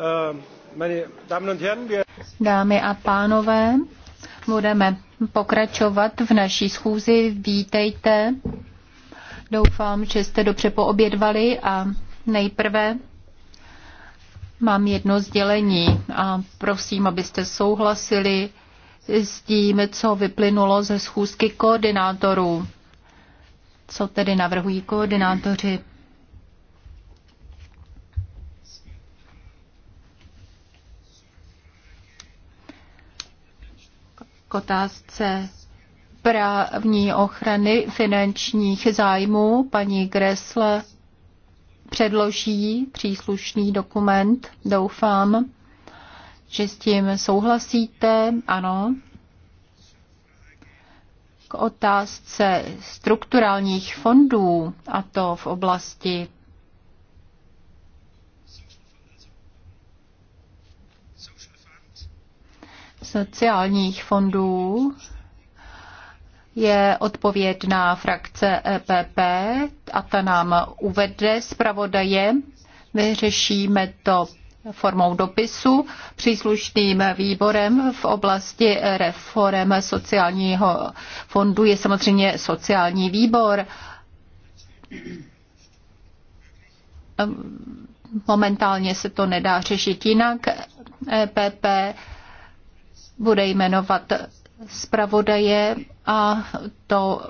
Eh, Dámy a pánové, budeme pokračovat v naší schůzi. Vítejte. Doufám, že jste dobře poobědvali a nejprve mám jedno sdělení a prosím, abyste souhlasili s tím, co vyplynulo ze schůzky koordinátorů. Co tedy navrhují koordinátoři? k otázce právní ochrany finančních zájmů. Paní Gressle předloží příslušný dokument. Doufám, že s tím souhlasíte. Ano. K otázce strukturálních fondů, a to v oblasti sociálních fondů je odpovědná frakce EPP a ta nám uvede zpravodaje. Vyřešíme to formou dopisu příslušným výborem v oblasti reform sociálního fondu je samozřejmě sociální výbor. Ehm, momentálně se to nedá řešit jinak. EPP bude jmenovat zpravodaje a to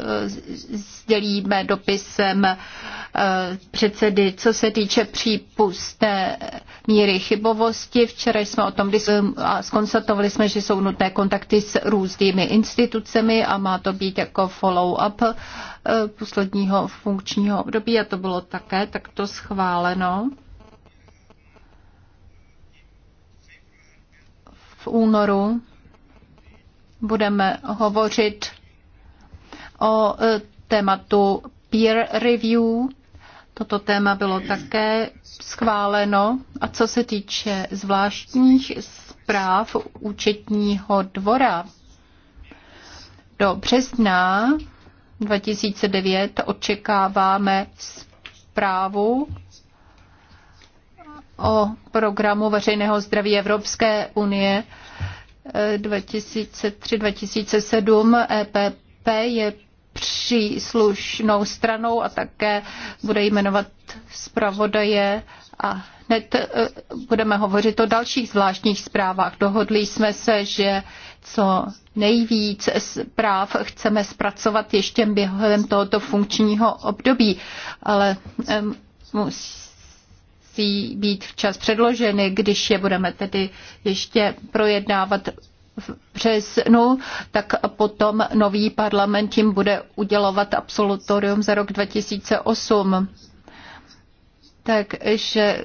eh, sdělíme dopisem eh, předsedy. Co se týče přípustné míry chybovosti, včera jsme o tom a skonstatovali jsme, že jsou nutné kontakty s různými institucemi a má to být jako follow-up eh, posledního funkčního období a to bylo také takto schváleno. únoru budeme hovořit o e, tématu peer review. Toto téma bylo také schváleno. A co se týče zvláštních zpráv účetního dvora, do března 2009 očekáváme zprávu o programu veřejného zdraví Evropské unie 2003-2007 EPP je příslušnou stranou a také bude jmenovat zpravodaje a hned e, budeme hovořit o dalších zvláštních zprávách. Dohodli jsme se, že co nejvíc zpráv chceme zpracovat ještě během tohoto funkčního období, ale musí musí být včas předloženy, když je budeme tedy ještě projednávat v březnu, tak potom nový parlament jim bude udělovat absolutorium za rok 2008. Takže e,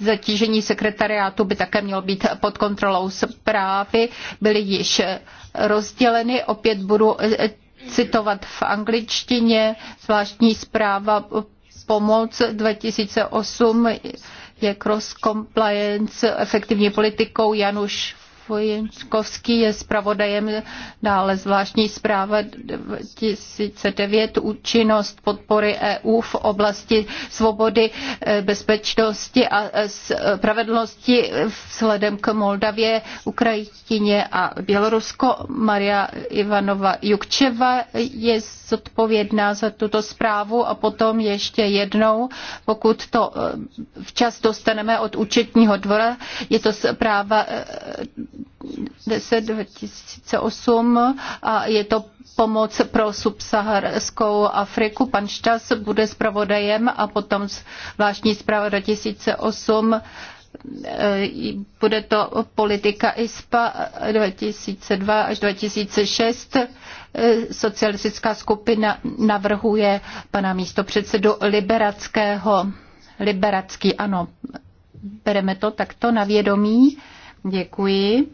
zatížení sekretariátu by také mělo být pod kontrolou zprávy, byly již rozděleny. Opět budu e, citovat v angličtině zvláštní zpráva pomoc 2008 je cross compliance efektivní politikou Januš Vojenskovský je zpravodajem dále zvláštní zpráva 2009 účinnost podpory EU v oblasti svobody, eh, bezpečnosti a eh, eh, spravedlnosti vzhledem k Moldavě, Ukrajině a Bělorusko. Maria Ivanova Jukčeva je zodpovědná za tuto zprávu a potom ještě jednou, pokud to včas dostaneme od účetního dvora, je to zpráva 2008 a je to pomoc pro subsaharskou Afriku. Pan Štas bude zpravodajem a potom zvláštní zpráva 2008 e, bude to politika ISPA 2002 až 2006. E, socialistická skupina navrhuje pana místopředsedu Liberackého. Liberacký, ano, bereme to takto na vědomí. Děkuji.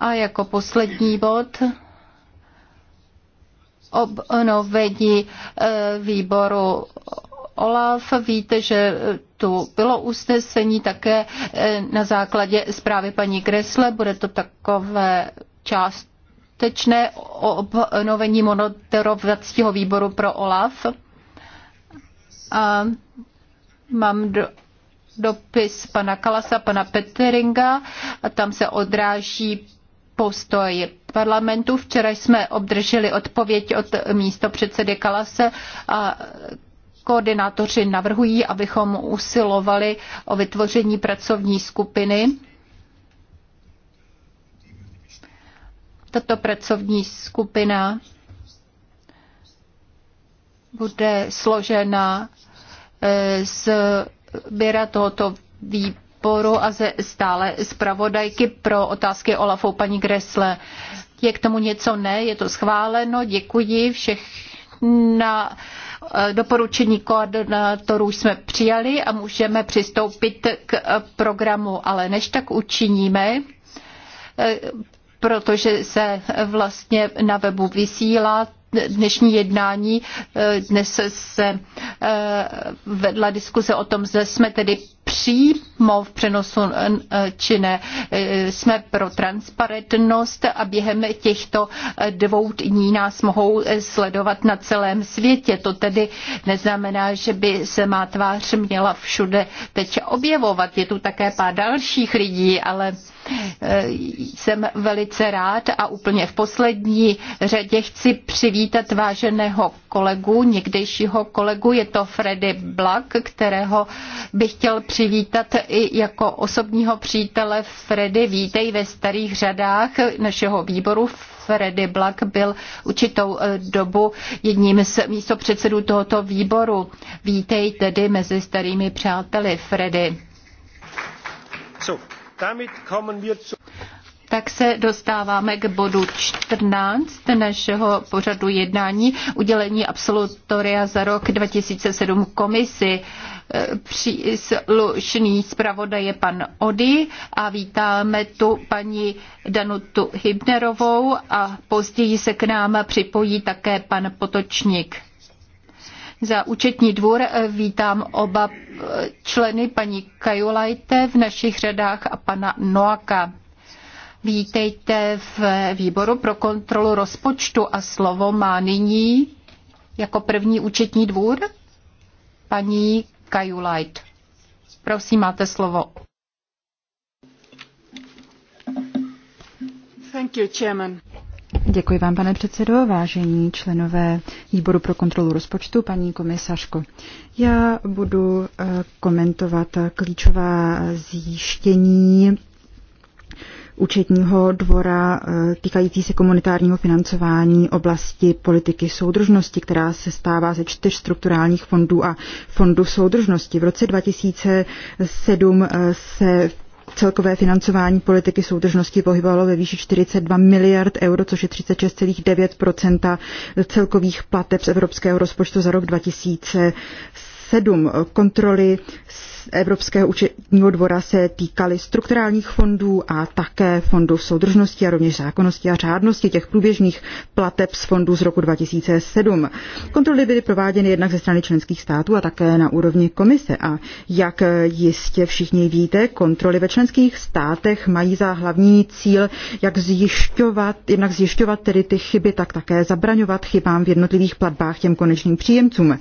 A jako poslední bod obnovení eh, výboru OLAF. Víte, že tu bylo usnesení také eh, na základě zprávy paní Kresle. Bude to takové částečné obnovení monitorovacího výboru pro OLAF. A mám do dopis pana Kalasa, pana Petteringa, a tam se odráží postoj parlamentu. Včera jsme obdrželi odpověď od místo předsedy Kalase a koordinátoři navrhují, abychom usilovali o vytvoření pracovní skupiny. Tato pracovní skupina bude složena eh, z záběra tohoto výboru a ze stále zpravodajky pro otázky Olafu paní Gresle. Je k tomu něco ne, je to schváleno, děkuji všech na eh, doporučení koordinátorů jsme přijali a můžeme přistoupit k programu, ale než tak učiníme, eh, protože se vlastně na webu vysílá dnešní jednání. Eh, dnes se eh, vedla diskuse o tom, že jsme tedy přímo v přenosu eh, či ne. Eh, jsme pro transparentnost a během těchto eh, dvou dní nás mohou sledovat na celém světě. To tedy neznamená, že by se má tvář měla všude teď objevovat. Je tu také pár dalších lidí, ale jsem velice rád a úplně v poslední řadě chci přivítat váženého kolegu, někdejšího kolegu, je to Freddy Black, kterého bych chtěl přivítat přivítat i jako osobního přítele Freddy. Vítej ve starých řadách našeho výboru. Freddy Black byl určitou eh, dobu jedním z místopředsedů tohoto výboru. Vítej tedy mezi starými přáteli, Freddy. So, damit kommen wir zu tak se dostáváme k bodu 14 našeho pořadu jednání udělení absolutoria za rok 2007 komisi. Eh, příslušný zpravodaj je pan Ody a vítáme tu paní Danutu Hybnerovou a později se k nám připojí také pan Potočník. Za účetní dvůr eh, vítám oba eh, členy paní Kajulajte v našich řadách a pana Noaka. Vítejte v výboru pro kontrolu rozpočtu a slovo má nyní jako první účetní dvůr paní Kajulajt. Prosím, máte slovo. Thank you, chairman. Děkuji vám, pane předsedo, vážení členové výboru pro kontrolu rozpočtu, paní komisařko. Já budu eh, komentovat eh, klíčová zjištění účetního dvora eh, týkající se komunitárního financování oblasti politiky soudržnosti, která se stává ze čtyř strukturálních fondů a fondu soudržnosti. V roce 2007 eh, se Celkové financování politiky soudržnosti pohybovalo ve výši 42 miliard euro, což je 36,9 celkových plateb z evropského rozpočtu za rok 2007. Sedm eh, kontroly Evropského účetního dvora se týkaly strukturálních fondů a také fondů soudržnosti a rovněž zákonnosti a řádnosti těch průběžných plateb z fondů z roku 2007. Kontroly byly prováděny jednak ze strany členských států a také na úrovni komise. A jak jistě všichni víte, kontroly ve členských státech mají za hlavní cíl, jak zjišťovat, jednak zjišťovat tedy ty chyby, tak také zabraňovat chybám v jednotlivých platbách těm konečným příjemcům.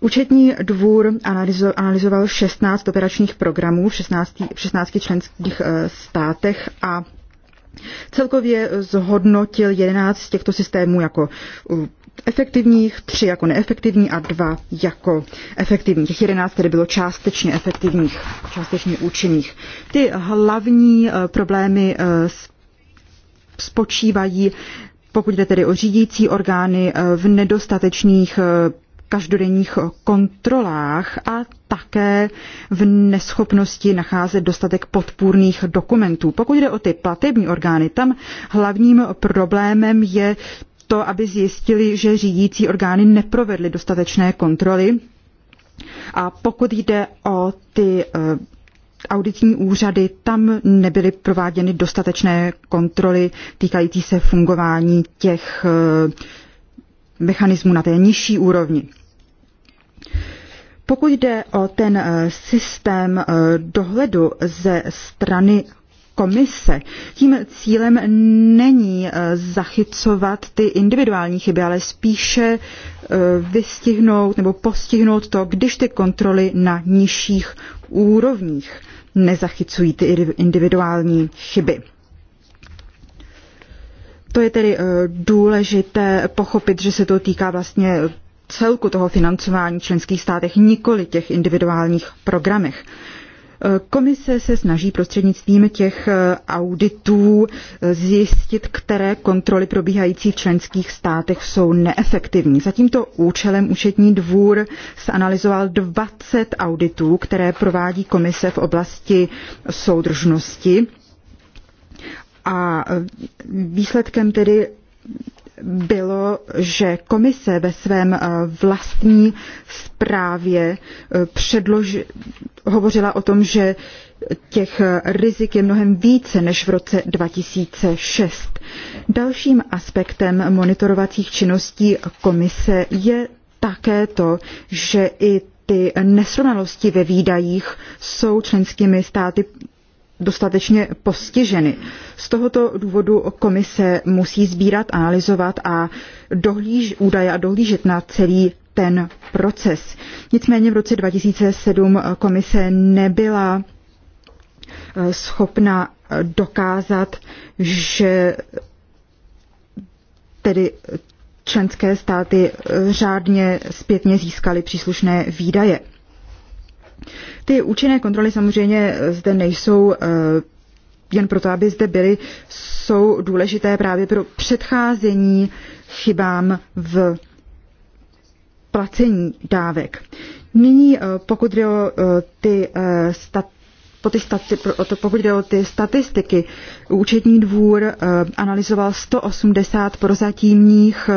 Účetní dvůr analyzoval 16 operačních programů v 16, 16 členských eh, státech a celkově zhodnotil 11 z těchto systémů jako efektivních, tři jako neefektivní a dva jako efektivní. Těch jedenáct tedy bylo částečně efektivních, částečně účinných. Ty hlavní eh, problémy eh, spočívají, pokud jde tedy o řídící orgány, v nedostatečných každodenních eh, kontrolách a také v neschopnosti nacházet dostatek podpůrných dokumentů. Pokud jde o ty platební orgány, tam hlavním problémem je to, aby zjistili, že řídící orgány neprovedly dostatečné kontroly. A pokud jde o ty eh, auditní úřady, tam nebyly prováděny dostatečné kontroly týkající se fungování těch eh, mechanismů na té nižší úrovni. Pokud jde o ten eh, systém eh, dohledu ze strany komise. Tím cílem není eh, zachycovat ty individuální chyby, ale spíše vystihnout nebo postihnout to, když ty kontroly na nižších úrovních nezachycují ty individuální chyby. To je tedy důležité pochopit, že se to týká vlastně celku toho financování v členských státech, nikoli těch individuálních programech. Komise se snaží prostřednictvím těch eh, auditů eh, zjistit, které kontroly probíhající v členských státech jsou neefektivní. Za tímto účelem účetní dvůr zanalizoval 20 auditů, které provádí komise v oblasti soudržnosti. A eh, výsledkem tedy bylo, že komise ve svém eh, vlastní zprávě eh, předlož, hovořila o tom, že těch eh, rizik je mnohem více než v roce 2006. Dalším aspektem monitorovacích činností komise je také to, že i ty nesrovnalosti ve výdajích jsou členskými státy dostatečně postiženy. Z tohoto důvodu komise musí sbírat, analyzovat a dohlíž, údaje a dohlížet na celý ten proces. Nicméně v roce 2007 komise nebyla eh, schopna dokázat, že tedy členské státy eh, řádně zpětně získaly příslušné výdaje. Ty účinné kontroly samozřejmě zde nejsou eh, jen proto, aby zde byly, jsou důležité právě pro předcházení chybám v placení dávek. Nyní, eh, pokud jde o eh, ty, po ty stati, pokud jde o ty statistiky, účetní dvůr analyzoval 180 prozatímních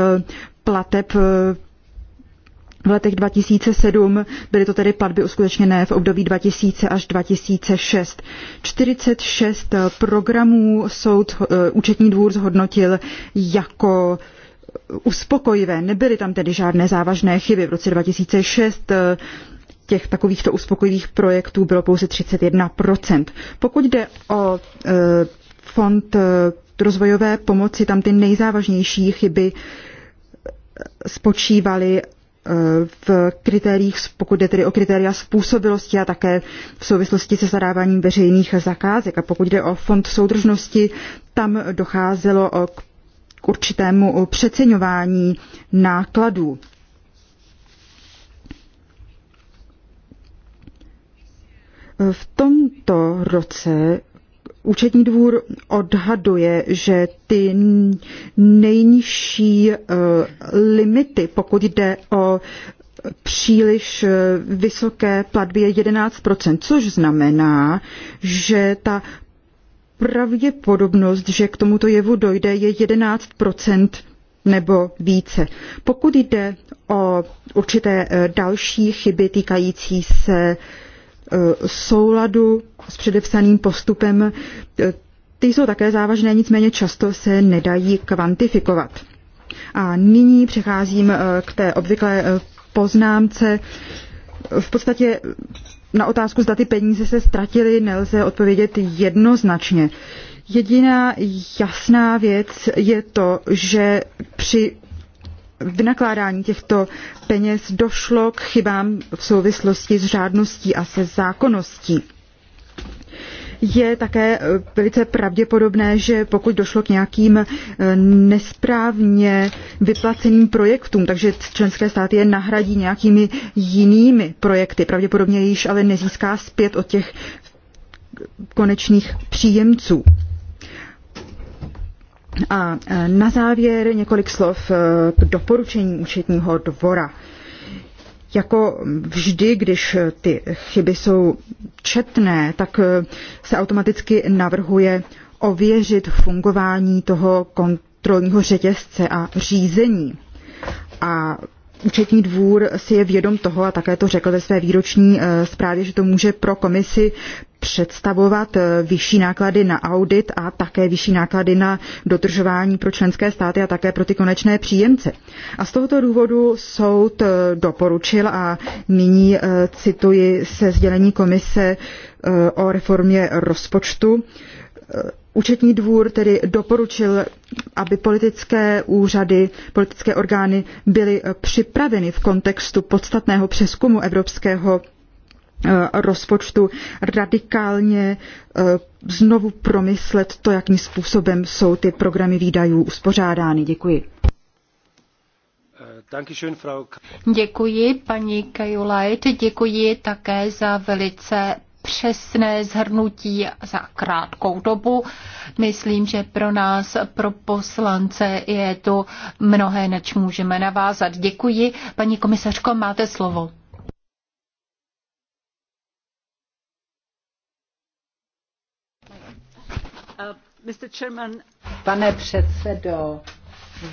plateb v letech 2007 byly to tedy platby uskutečněné v období 2000 až 2006. 46 programů soud eh, účetní dvůr zhodnotil jako eh, uspokojivé. Nebyly tam tedy žádné závažné chyby. V roce 2006 eh, těch takovýchto uspokojivých projektů bylo pouze 31%. Pokud jde o fond rozvojové pomoci, tam ty nejzávažnější chyby spočívaly v kritériích, pokud jde tedy o kritéria způsobilosti a také v souvislosti se zadáváním veřejných zakázek. A pokud jde o fond soudržnosti, tam docházelo k k určitému přeceňování nákladů. V tomto roce Účetní dvůr odhaduje, že ty nejnižší eh, limity, pokud jde o příliš eh, vysoké platby je 11%, což znamená, že ta pravděpodobnost, že k tomuto jevu dojde, je 11% nebo více. Pokud jde o určité eh, další chyby týkající se Eh, souladu s předepsaným postupem, eh, ty jsou také závažné, nicméně často se nedají kvantifikovat. A nyní přecházím eh, k té obvyklé poznámce. V podstatě na otázku, zda ty peníze se ztratily, nelze odpovědět jednoznačně. Jediná jasná věc je to, že při vynakládání těchto peněz došlo k chybám v souvislosti s řádností a se zákonností. Je také eh, velice pravděpodobné, že pokud došlo k nějakým eh, nesprávně vyplaceným projektům, takže členské státy je nahradí nějakými jinými projekty, pravděpodobně již ale nezíská zpět od těch konečných příjemců. A e, na závěr několik slov e, doporučení účetního dvora. Jako vždy, když ty chyby jsou četné, tak e, se automaticky navrhuje ověřit fungování toho kontrolního řetězce a řízení. A Účetní dvůr si je vědom toho, a také to řekl ve své výroční zprávě, že to může pro komisi představovat eh, vyšší náklady na audit a také vyšší náklady na dodržování pro členské státy a také pro ty konečné příjemce. A z tohoto důvodu soud eh, doporučil a nyní eh, cituji se sdělení komise o reformě rozpočtu. Účetní dvůr tedy doporučil, aby politické úřady, politické orgány byly připraveny v kontextu podstatného přeskumu evropského Eh, rozpočtu radikálně eh, znovu promyslet to, jakým způsobem jsou ty programy výdajů uspořádány. Děkuji. Eh, děkuji paní Kajulajt, děkuji také za velice přesné zhrnutí za krátkou dobu. Myslím, že pro nás, pro poslance, je to mnohé, na můžeme navázat. Děkuji. Paní komisařko, máte slovo. Uh, Pane předsedo,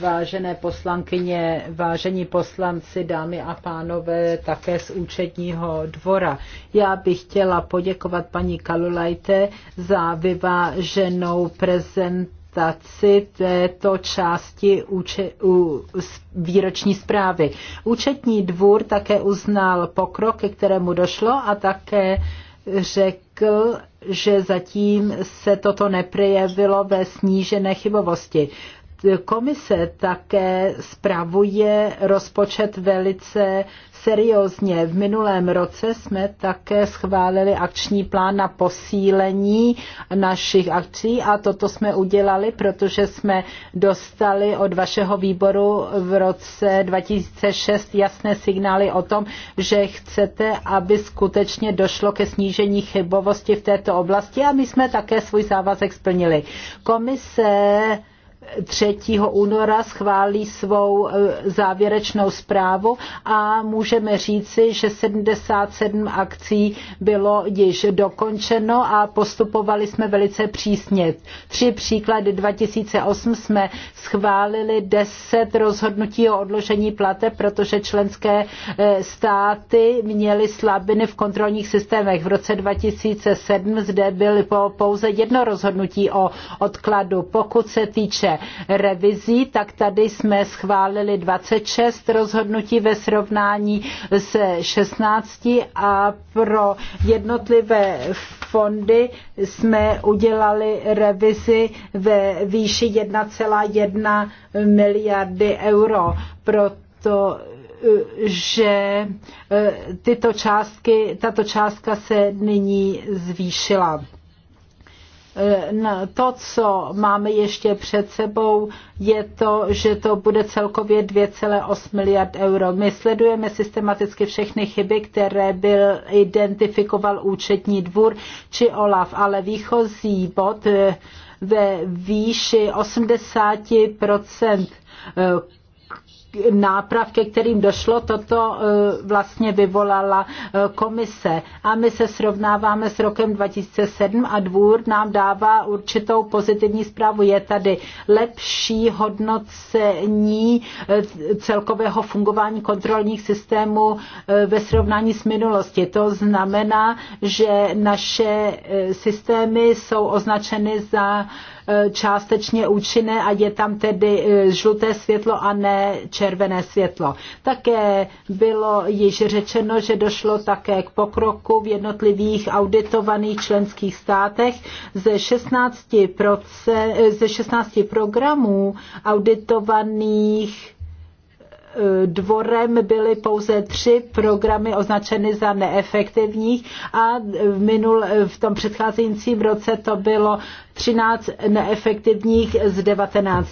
vážené poslankyně, vážení poslanci, dámy a pánové, také z účetního dvora. Já bych chtěla poděkovat paní Kalulajte za vyváženou prezentaci této části úče, u, výroční zprávy. Účetní dvůr také uznal pokrok, ke kterému došlo a také řekl, že zatím se toto neprojevilo ve snížené chybovosti. Komise také spravuje rozpočet velice seriózně. V minulém roce jsme také schválili akční plán na posílení našich akcí a toto jsme udělali, protože jsme dostali od vašeho výboru v roce 2006 jasné signály o tom, že chcete, aby skutečně došlo ke snížení chybovosti v této oblasti a my jsme také svůj závazek splnili. Komise 3. února schválí svou e, závěrečnou zprávu a můžeme říci, že 77 akcí bylo již dokončeno a postupovali jsme velice přísně. Tři příklady 2008 jsme schválili 10 rozhodnutí o odložení plateb, protože členské e, státy měly slabiny v kontrolních systémech. V roce 2007 zde byly pouze jedno rozhodnutí o odkladu. Pokud se týče revizí, tak tady jsme schválili 26 rozhodnutí ve srovnání se 16 a pro jednotlivé fondy jsme udělali revizi ve výši 1,1 miliardy euro. Proto že eh, tyto částky, tato částka se nyní zvýšila. Eh, to, co máme ještě před sebou, je to, že to bude celkově 2,8 miliard euro. My sledujeme systematicky všechny chyby, které byl identifikoval účetní dvůr či OLAF, ale výchozí bod eh, ve výši 80 náprav, ke kterým došlo, toto e, vlastně vyvolala e, komise. A my se srovnáváme s rokem 2007 a dvůr nám dává určitou pozitivní zprávu. Je tady lepší hodnocení e, celkového fungování kontrolních systémů ve srovnání s minulosti. To znamená, že naše systémy jsou označeny za uh, částečně účinné a je tam tedy e, žluté světlo a ne červené světlo. Také bylo již řečeno, že došlo také k pokroku v jednotlivých auditovaných členských státech ze 16, proce, e, ze 16 programů auditovaných Eh, dvorem byly pouze tři programy označeny za neefektivních a v, minul, v tom předcházejícím roce to bylo 13 neefektivních z 19.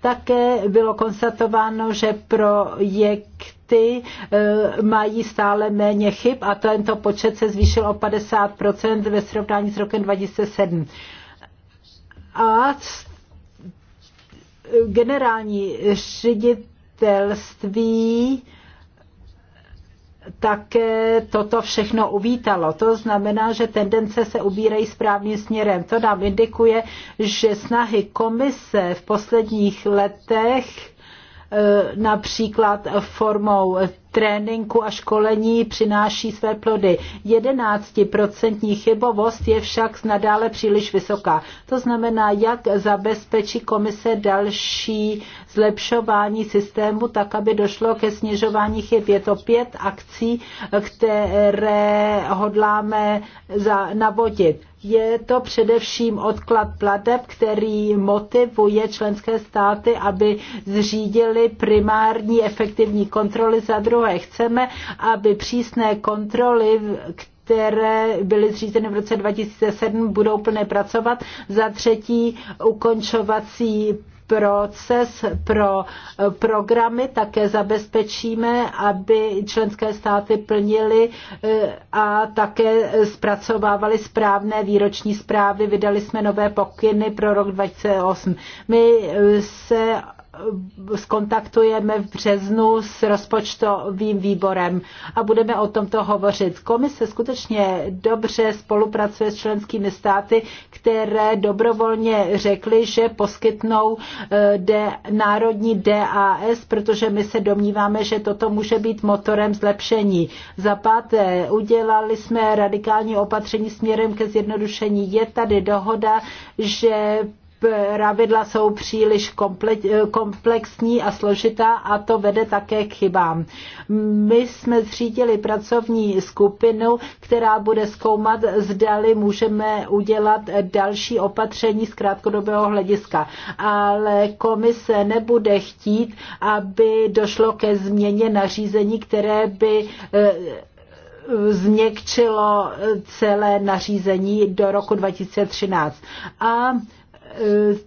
Také bylo konstatováno, že projekty eh, mají stále méně chyb a tento počet se zvýšil o 50% ve srovnání s rokem 2007. A generální ředitel obyvatelství také toto všechno uvítalo. To znamená, že tendence se ubírají správným směrem. To nám indikuje, že snahy komise v posledních letech Eh, například formou tréninku a školení přináší své plody. 11% chybovost je však nadále příliš vysoká. To znamená, jak zabezpečí komise další zlepšování systému, tak aby došlo ke snižování chyb. Je to pět akcí, eh, které hodláme navodit je to především odklad plateb, který motivuje členské státy, aby zřídili primární efektivní kontroly. Za druhé, chceme, aby přísné kontroly, které byly zřízeny v roce 2007, budou plně pracovat. Za třetí, ukončovací proces pro eh, programy také zabezpečíme, aby členské státy plnili eh, a také zpracovávali správné výroční zprávy. Vydali jsme nové pokyny pro rok 2008. My eh, se skontaktujeme v březnu s rozpočtovým výborem a budeme o tomto hovořit. Komise skutečně dobře spolupracuje s členskými státy, které dobrovolně řekly, že poskytnou eh, de, národní DAS, protože my se domníváme, že toto může být motorem zlepšení. Za páté, udělali jsme radikální opatření směrem ke zjednodušení. Je tady dohoda, že pravidla jsou příliš komplexní a složitá a to vede také k chybám. My jsme zřídili pracovní skupinu, která bude zkoumat, zdali můžeme udělat další opatření z krátkodobého hlediska. Ale komise nebude chtít, aby došlo ke změně nařízení, které by eh, změkčilo celé nařízení do roku 2013. A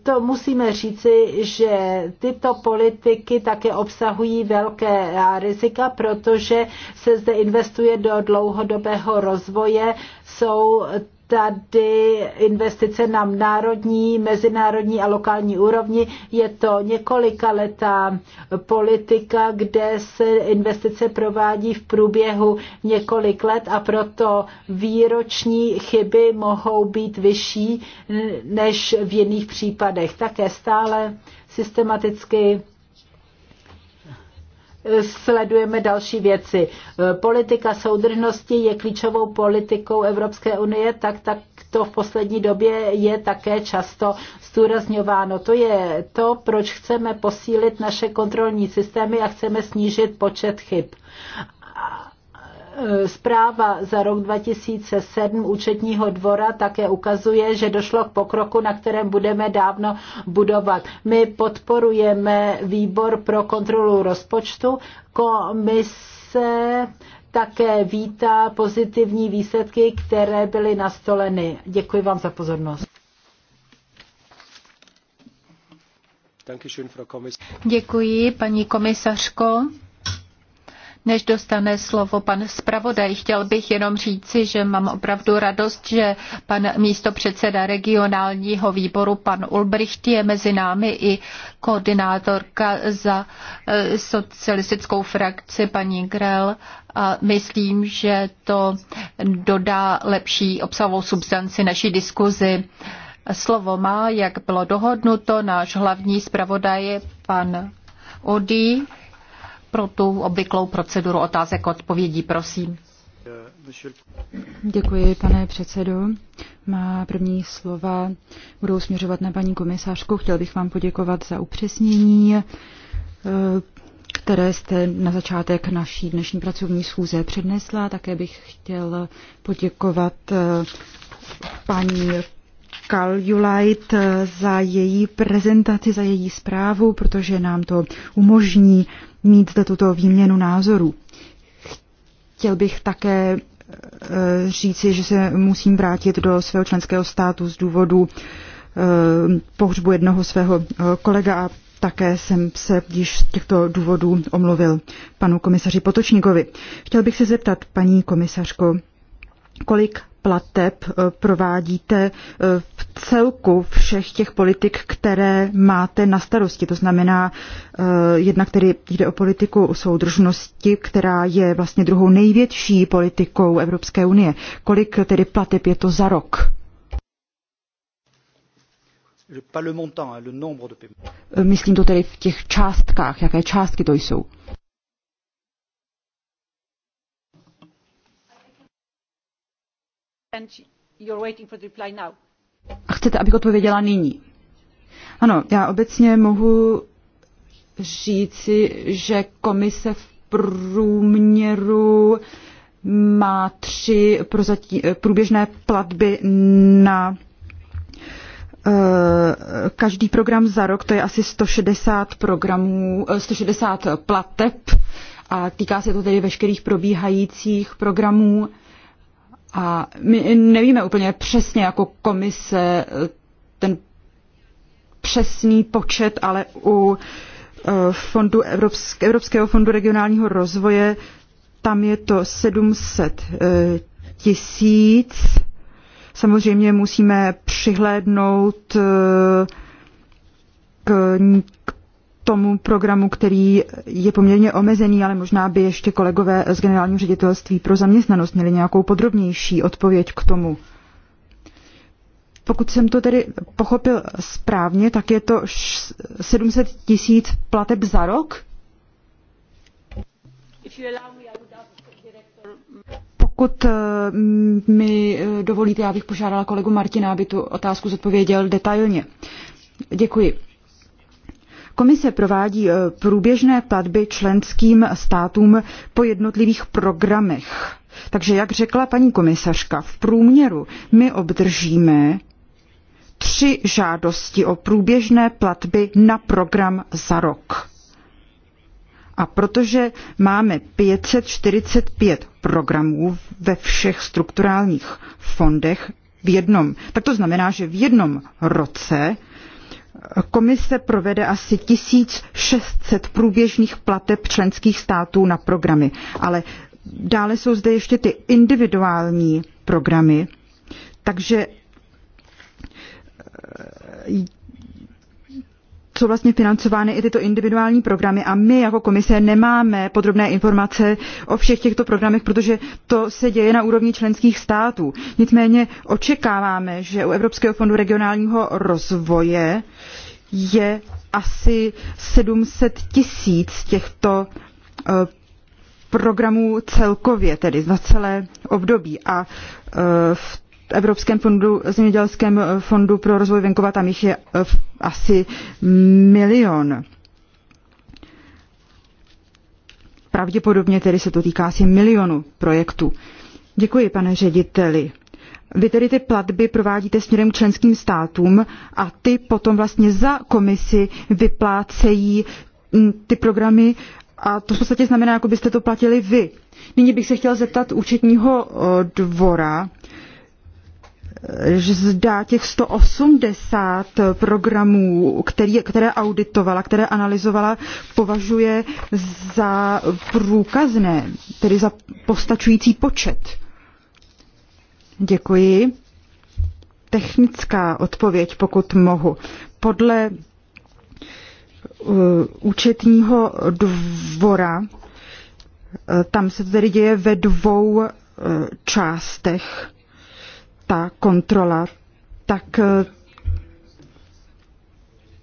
to musíme říci, že tyto politiky také obsahují velké rizika, protože se zde investuje do dlouhodobého rozvoje, jsou tady investice na národní, mezinárodní a lokální úrovni. Je to několika letá politika, kde se investice provádí v průběhu několik let a proto výroční chyby mohou být vyšší než v jiných případech. Také stále systematicky sledujeme další věci. Politika soudržnosti je klíčovou politikou Evropské unie, tak, tak to v poslední době je také často zdůrazňováno. To je to, proč chceme posílit naše kontrolní systémy a chceme snížit počet chyb. Eh, zpráva za rok 2007 účetního dvora také ukazuje, že došlo k pokroku, na kterém budeme dávno budovat. My podporujeme výbor pro kontrolu rozpočtu, komise také vítá pozitivní výsledky, které byly nastoleny. Děkuji vám za pozornost. Děkuji, paní komisařko. Než dostane slovo pan zpravodaj, chtěl bych jenom říci, že mám opravdu radost, že pan místo předseda regionálního výboru, pan Ulbricht, je mezi námi i koordinátorka za e, socialistickou frakci, paní Grel. A myslím, že to dodá lepší obsahovou substanci naší diskuzi. Slovo má, jak bylo dohodnuto, náš hlavní zpravodaj, pan Odí pro tu obvyklou proceduru otázek odpovědí, prosím. Děkuji, pane předsedo. Má první slova budou směřovat na paní komisářku. Chtěl bych vám poděkovat za upřesnění, které jste na začátek naší dnešní pracovní schůze přednesla. Také bych chtěl poděkovat paní Kaljulajt za její prezentaci, za její zprávu, protože nám to umožní mít zde tuto výměnu názorů. Chtěl bych také eh, říci, že se musím vrátit do svého členského státu z důvodu eh, pohřbu jednoho svého eh, kolega a také jsem se již z těchto důvodů omluvil panu komisaři Potočníkovi. Chtěl bych se zeptat, paní komisařko, kolik plateb provádíte celku všech těch politik, které máte na starosti. To znamená, eh, jednak tedy jde o politiku soudržnosti, která je vlastně druhou největší politikou Evropské unie. Kolik tedy plateb je to za rok? Eh, myslím to tedy v těch částkách, jaké částky to jsou. And you're waiting for the reply now chcete, abych odpověděla nyní? Ano, já obecně mohu říci, že komise v průměru má tři prozatí, průběžné platby na eh, každý program za rok, to je asi 160 programů, 160 eh, plateb a týká se to tedy veškerých probíhajících programů. A my nevíme úplně přesně jako komise ten přesný počet, ale u e, fondu Evropské, Evropského fondu regionálního rozvoje tam je to 700 e, tisíc. Samozřejmě musíme přihlédnout e, k tomu programu, který je poměrně omezený, ale možná by ještě kolegové z generálního ředitelství pro zaměstnanost měli nějakou podrobnější odpověď k tomu. Pokud jsem to tedy pochopil správně, tak je to 700 tisíc plateb za rok? Pokud eh, mi eh, dovolíte, já bych požádala kolegu Martina, aby tu otázku zodpověděl detailně. Děkuji. Komise provádí eh, průběžné platby členským státům po jednotlivých programech. Takže, jak řekla paní komisařka, v průměru my obdržíme tři žádosti o průběžné platby na program za rok. A protože máme 545 programů ve všech strukturálních fondech v jednom, tak to znamená, že v jednom roce Komise provede asi 1600 průběžných plateb členských států na programy, ale dále jsou zde ještě ty individuální programy, takže eh, jsou vlastně financovány i tyto individuální programy a my jako komise nemáme podrobné informace o všech těchto programech, protože to se děje na úrovni členských států. Nicméně očekáváme, že u Evropského fondu regionálního rozvoje je asi 700 tisíc těchto eh, programů celkově, tedy za celé období. A eh, v Evropském fondu, zemědělském fondu pro rozvoj venkova, tam jich je eh, asi milion. Pravděpodobně tedy se to týká asi milionu projektů. Děkuji, pane řediteli. Vy tedy ty platby provádíte směrem k členským státům a ty potom vlastně za komisi vyplácejí mm, ty programy a to v podstatě znamená, jako byste to platili vy. Nyní bych se chtěla zeptat účetního eh, dvora, eh, zda těch 180 eh, programů, který, které auditovala, které analyzovala, považuje za průkazné, tedy za postačující počet. Děkuji. Technická odpověď, pokud mohu. Podle eh, účetního dvora, eh, tam se to tedy děje ve dvou eh, částech ta kontrola, tak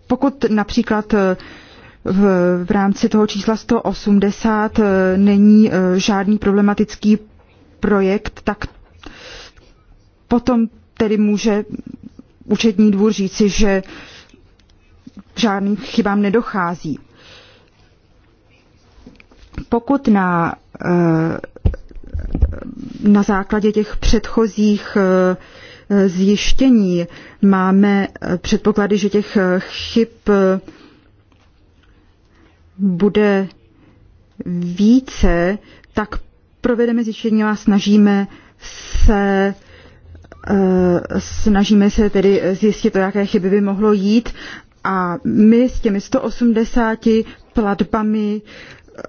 pokud například v, v rámci toho čísla 180 není žádný problematický projekt, tak potom tedy může účetní dvůr říci, že žádným chybám nedochází. Pokud na, eh, na základě těch předchozích eh, zjištění máme eh, předpoklady, že těch chyb bude více, tak provedeme zjištění a snažíme se Eh, snažíme se tedy zjistit, o jaké chyby by mohlo jít a my s těmi 180 platbami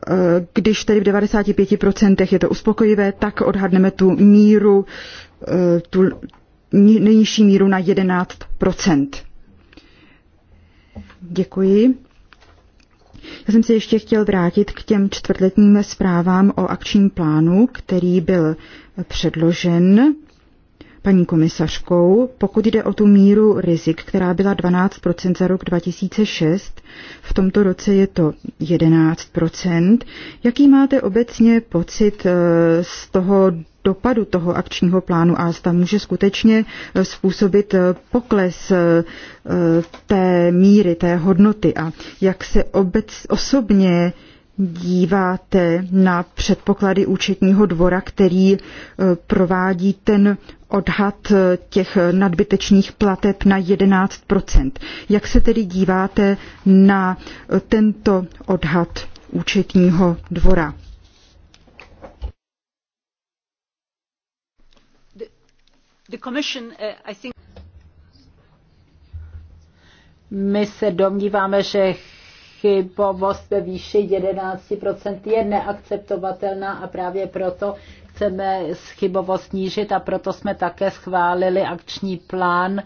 eh, když tedy v 95% je to uspokojivé, tak odhadneme tu míru, eh, tu nejnižší míru na 11%. Děkuji. Já jsem se ještě chtěl vrátit k těm čtvrtletním zprávám o akčním plánu, který byl předložen paní komisařkou, pokud jde o tu míru rizik, která byla 12% za rok 2006, v tomto roce je to 11%. Jaký máte obecně pocit eh, z toho dopadu toho akčního plánu a zda může skutečně eh, způsobit eh, pokles té míry, té hodnoty a jak se obec, osobně díváte na předpoklady účetního dvora, který eh, provádí ten odhad eh, těch nadbytečných plateb na 11 Jak se tedy díváte na eh, tento odhad účetního dvora? My se domníváme, že chybovost ve výši 11% je neakceptovatelná a právě proto chceme chybovost snížit a proto jsme také schválili akční plán,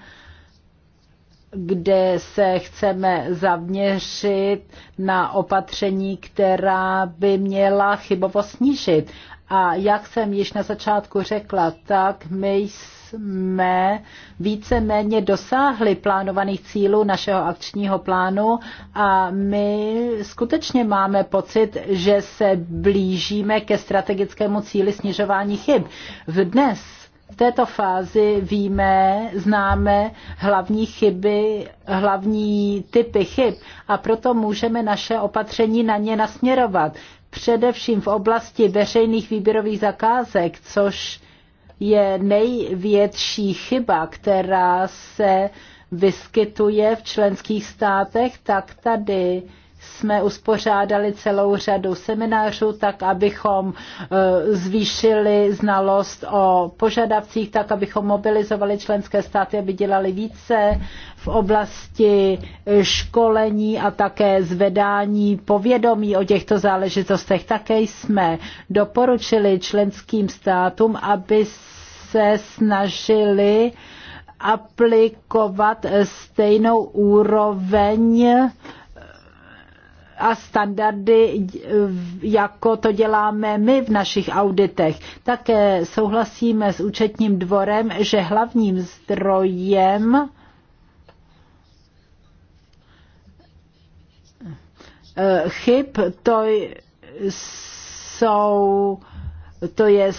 kde se chceme zaměřit na opatření, která by měla chybovost snížit. A jak jsem již na začátku řekla, tak my jsme jsme víceméně dosáhli plánovaných cílů našeho akčního plánu a my skutečně máme pocit, že se blížíme ke strategickému cíli snižování chyb. V dnes v této fázi víme, známe hlavní chyby, hlavní typy chyb a proto můžeme naše opatření na ně nasměrovat. Především v oblasti veřejných výběrových zakázek, což je největší chyba, která se vyskytuje v členských státech, tak tady jsme uspořádali celou řadu seminářů, tak abychom e, zvýšili znalost o požadavcích, tak abychom mobilizovali členské státy, aby dělali více v oblasti školení a také zvedání povědomí o těchto záležitostech. Také jsme doporučili členským státům, aby se snažili aplikovat stejnou úroveň a standardy, jako to děláme my v našich auditech. Také souhlasíme s účetním dvorem, že hlavním zdrojem chyb to jsou, to je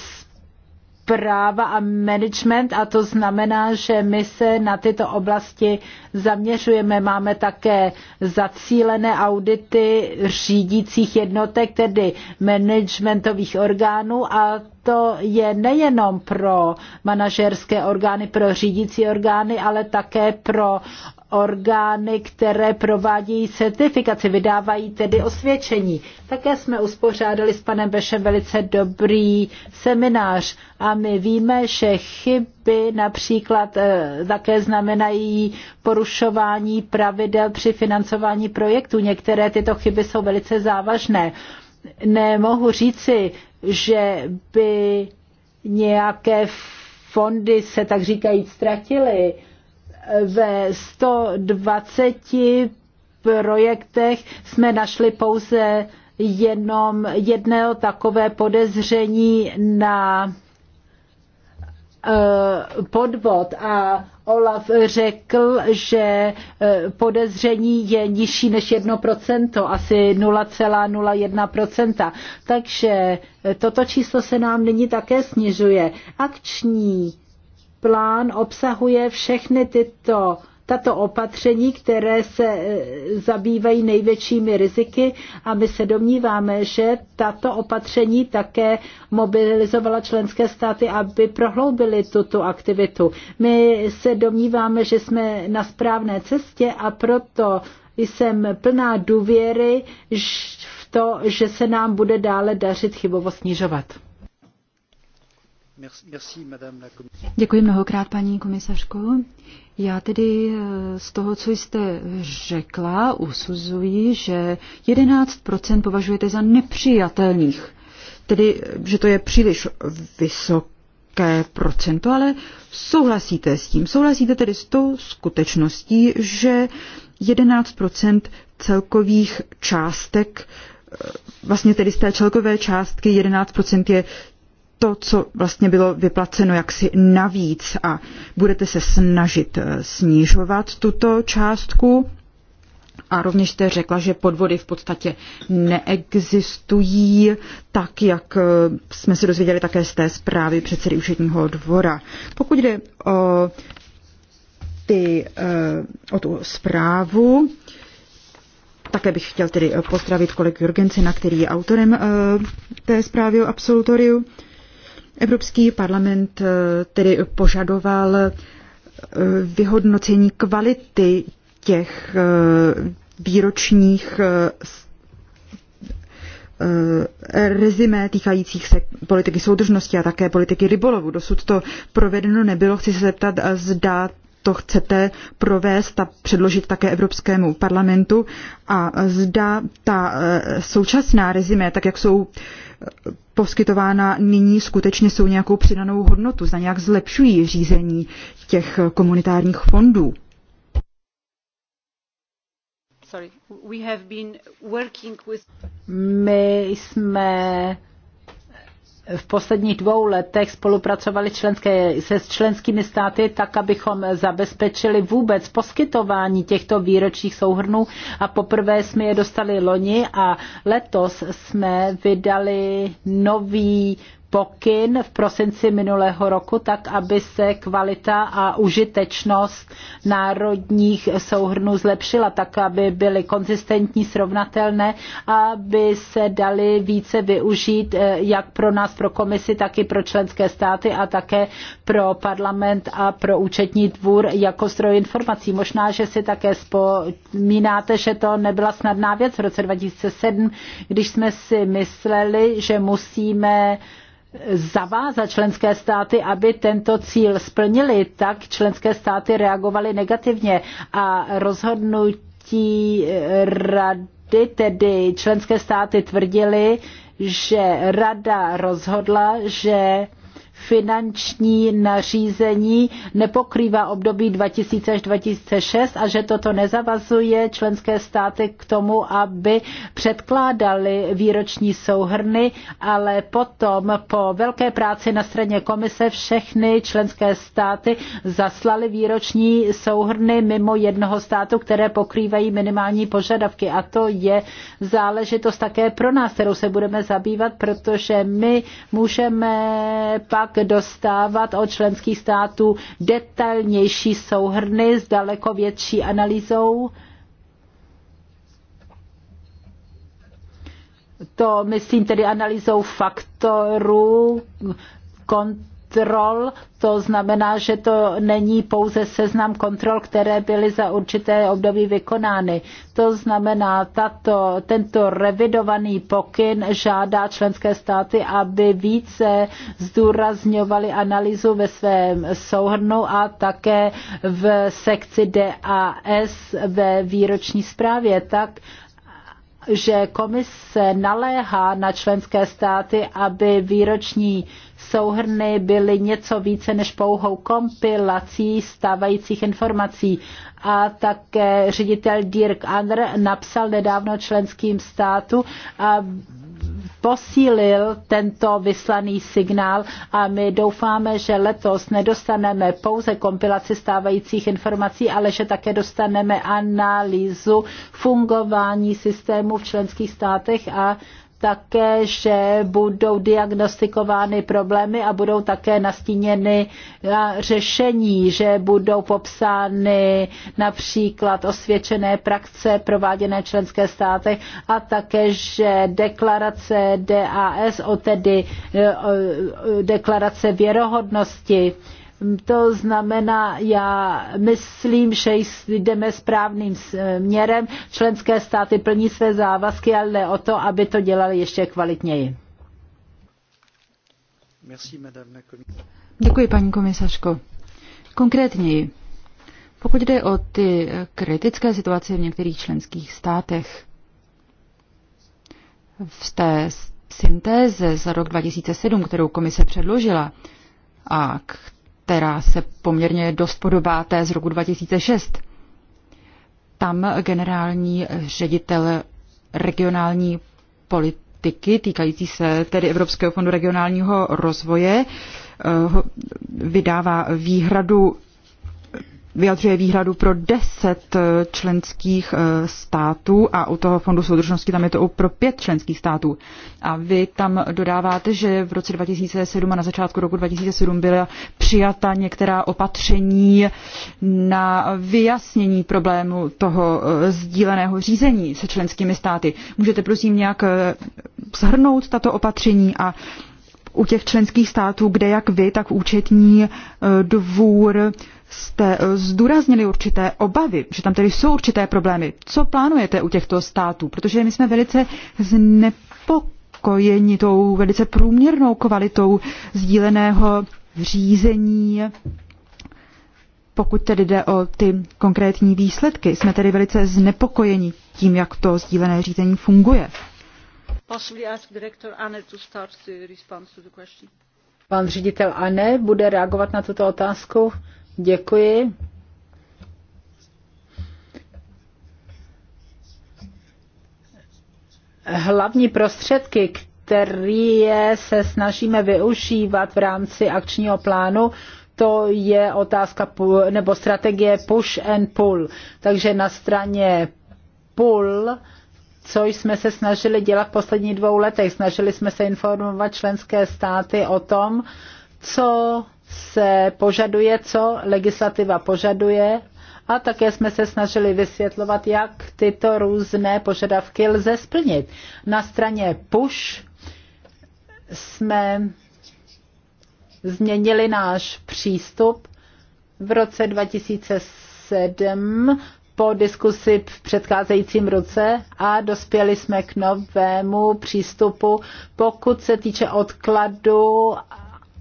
práva a management a to znamená, že my se na tyto oblasti zaměřujeme. Máme také zacílené audity řídících jednotek, tedy managementových orgánů a to je nejenom pro manažerské orgány, pro řídící orgány, ale také pro orgány, které provádějí certifikaci, vydávají tedy osvědčení. Také jsme uspořádali s panem Bešem velice dobrý seminář a my víme, že chyby například e, také znamenají porušování pravidel při financování projektu. Některé tyto chyby jsou velice závažné. E, nemohu říci, že by nějaké fondy se tak říkají ztratily. Ve 120 projektech jsme našli pouze jenom jedno takové podezření na Eh, podvod a Olaf řekl, že eh, podezření je nižší než 1%, asi 0,01%. Takže eh, toto číslo se nám nyní také snižuje. Akční plán obsahuje všechny tyto tato opatření, které se e, zabývají největšími riziky a my se domníváme, že tato opatření také mobilizovala členské státy, aby prohloubili tuto aktivitu. My se domníváme, že jsme na správné cestě a proto jsem plná důvěry v to, že se nám bude dále dařit chybovost snižovat. Děkuji mnohokrát, paní komisařko. Já tedy eh, z toho, co jste řekla, usuzuji, že 11% považujete za nepřijatelných. Tedy, že to je příliš vysoké procento, ale souhlasíte s tím. Souhlasíte tedy s tou skutečností, že 11% celkových částek eh, vlastně tedy z té celkové částky 11% je to, co vlastně bylo vyplaceno jaksi navíc a budete se snažit eh, snižovat tuto částku. A rovněž jste řekla, že podvody v podstatě neexistují, tak jak eh, jsme se dozvěděli také z té zprávy předsedy účetního dvora. Pokud jde o, ty, eh, o tu zprávu, také bych chtěl tedy pozdravit kolegu na který je autorem té zprávy o absolutoriu. Evropský parlament eh, tedy požadoval eh, vyhodnocení kvality těch eh, výročních rezime týkajících se politiky soudržnosti a také politiky rybolovu. Dosud to provedeno nebylo. Chci se zeptat, zda to chcete provést a předložit také Evropskému parlamentu a zda ta současná rezime, tak jak jsou poskytována nyní skutečně jsou nějakou přidanou hodnotu, za nějak zlepšují řízení těch komunitárních fondů. My jsme v posledních dvou letech spolupracovali členské, se s členskými státy tak, abychom zabezpečili vůbec poskytování těchto výročních souhrnů a poprvé jsme je dostali loni a letos jsme vydali nový pokyn v prosinci minulého roku, tak aby se kvalita a užitečnost národních souhrnů zlepšila, tak aby byly konzistentní, srovnatelné, aby se dali více využít eh, jak pro nás, pro komisi, tak i pro členské státy a také pro parlament a pro účetní dvůr jako stroj informací. Možná, že si také vzpomínáte, že to nebyla snadná věc v roce 2007, když jsme si mysleli, že musíme zavázat členské státy, aby tento cíl splnili, tak členské státy reagovaly negativně a rozhodnutí rady, tedy členské státy tvrdili, že rada rozhodla, že finanční nařízení nepokrývá období 2000 až 2006 a že toto nezavazuje členské státy k tomu, aby předkládali výroční souhrny, ale potom po velké práci na straně komise všechny členské státy zaslali výroční souhrny mimo jednoho státu, které pokrývají minimální požadavky. A to je záležitost také pro nás, kterou se budeme zabývat, protože my můžeme pak pak dostávat od členských států detailnější souhrny s daleko větší analýzou. To myslím tedy analýzou faktorů, kont- kontrol, to znamená, že to není pouze seznam kontrol, které byly za určité období vykonány. To znamená, tato, tento revidovaný pokyn žádá členské státy, aby více zdůrazňovali analýzu ve svém souhrnu a také v sekci DAS ve výroční zprávě, tak že komise naléhá na členské státy, aby výroční souhrny byly něco více než pouhou kompilací stávajících informací. A také ředitel Dirk Andr napsal nedávno členským státu, a posílil tento vyslaný signál a my doufáme, že letos nedostaneme pouze kompilaci stávajících informací, ale že také dostaneme analýzu fungování systému v členských státech a také, že budou diagnostikovány problémy a budou také nastíněny eh, řešení, že budou popsány například osvědčené praxe prováděné v členské státech a také, že deklarace DAS, o tedy eh, eh, deklarace věrohodnosti, to znamená, já myslím, že jdeme správným směrem. Členské státy plní své závazky, ale ne o to, aby to dělali ještě kvalitněji. Děkuji, paní komisařko. Konkrétněji, pokud jde o ty kritické situace v některých členských státech, v té syntéze za rok 2007, kterou komise předložila, a která se poměrně dost podobá té z roku 2006. Tam generální ředitel regionální politiky týkající se tedy Evropského fondu regionálního rozvoje eh, vydává výhradu vyjadřuje výhradu pro deset eh, členských eh, států a u toho fondu soudržnosti tam je to pro pět členských států. A vy tam dodáváte, že v roce 2007 a na začátku roku 2007 byla přijata některá opatření na vyjasnění problému toho eh, sdíleného řízení se členskými státy. Můžete prosím nějak shrnout tato opatření a u těch členských států, kde jak vy, tak účetní dvůr jste eh, zdůraznili určité obavy, že tam tedy jsou určité problémy. Co plánujete u těchto států? Protože my jsme velice znepokojeni tou velice průměrnou kvalitou sdíleného řízení pokud tedy jde o ty konkrétní výsledky, jsme tedy velice znepokojeni tím, jak to sdílené řízení funguje. Pan ředitel Anne bude reagovat na tuto otázku. Děkuji. Hlavní prostředky, které se snažíme využívat v rámci akčního plánu, to je otázka nebo strategie push and pull. Takže na straně pull co jsme se snažili dělat v posledních dvou letech. Snažili jsme se informovat členské státy o tom, co se požaduje, co legislativa požaduje a také jsme se snažili vysvětlovat, jak tyto různé požadavky lze splnit. Na straně push jsme změnili náš přístup v roce 2007 po diskusi v předcházejícím roce a dospěli jsme k novému přístupu, pokud se týče odkladu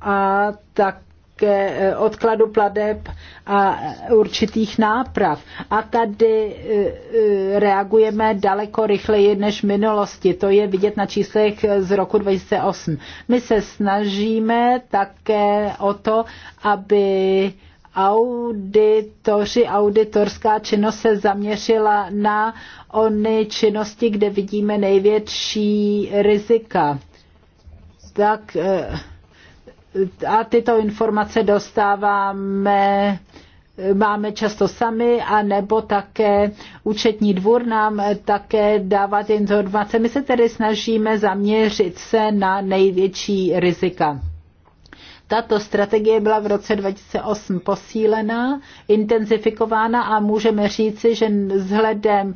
a tak ke eh, odkladu pladeb a určitých náprav. A tady eh, eh, reagujeme daleko rychleji než v minulosti. To je vidět na číslech z roku 2008. My se snažíme také o to, aby auditoři, auditorská činnost se zaměřila na ony činnosti, kde vidíme největší rizika. Tak eh, a tyto informace dostáváme máme často sami, a nebo také účetní dvůr nám také dává ty informace. My se tedy snažíme zaměřit se na největší rizika. Tato strategie byla v roce 2008 posílená, intenzifikována a můžeme říci, že vzhledem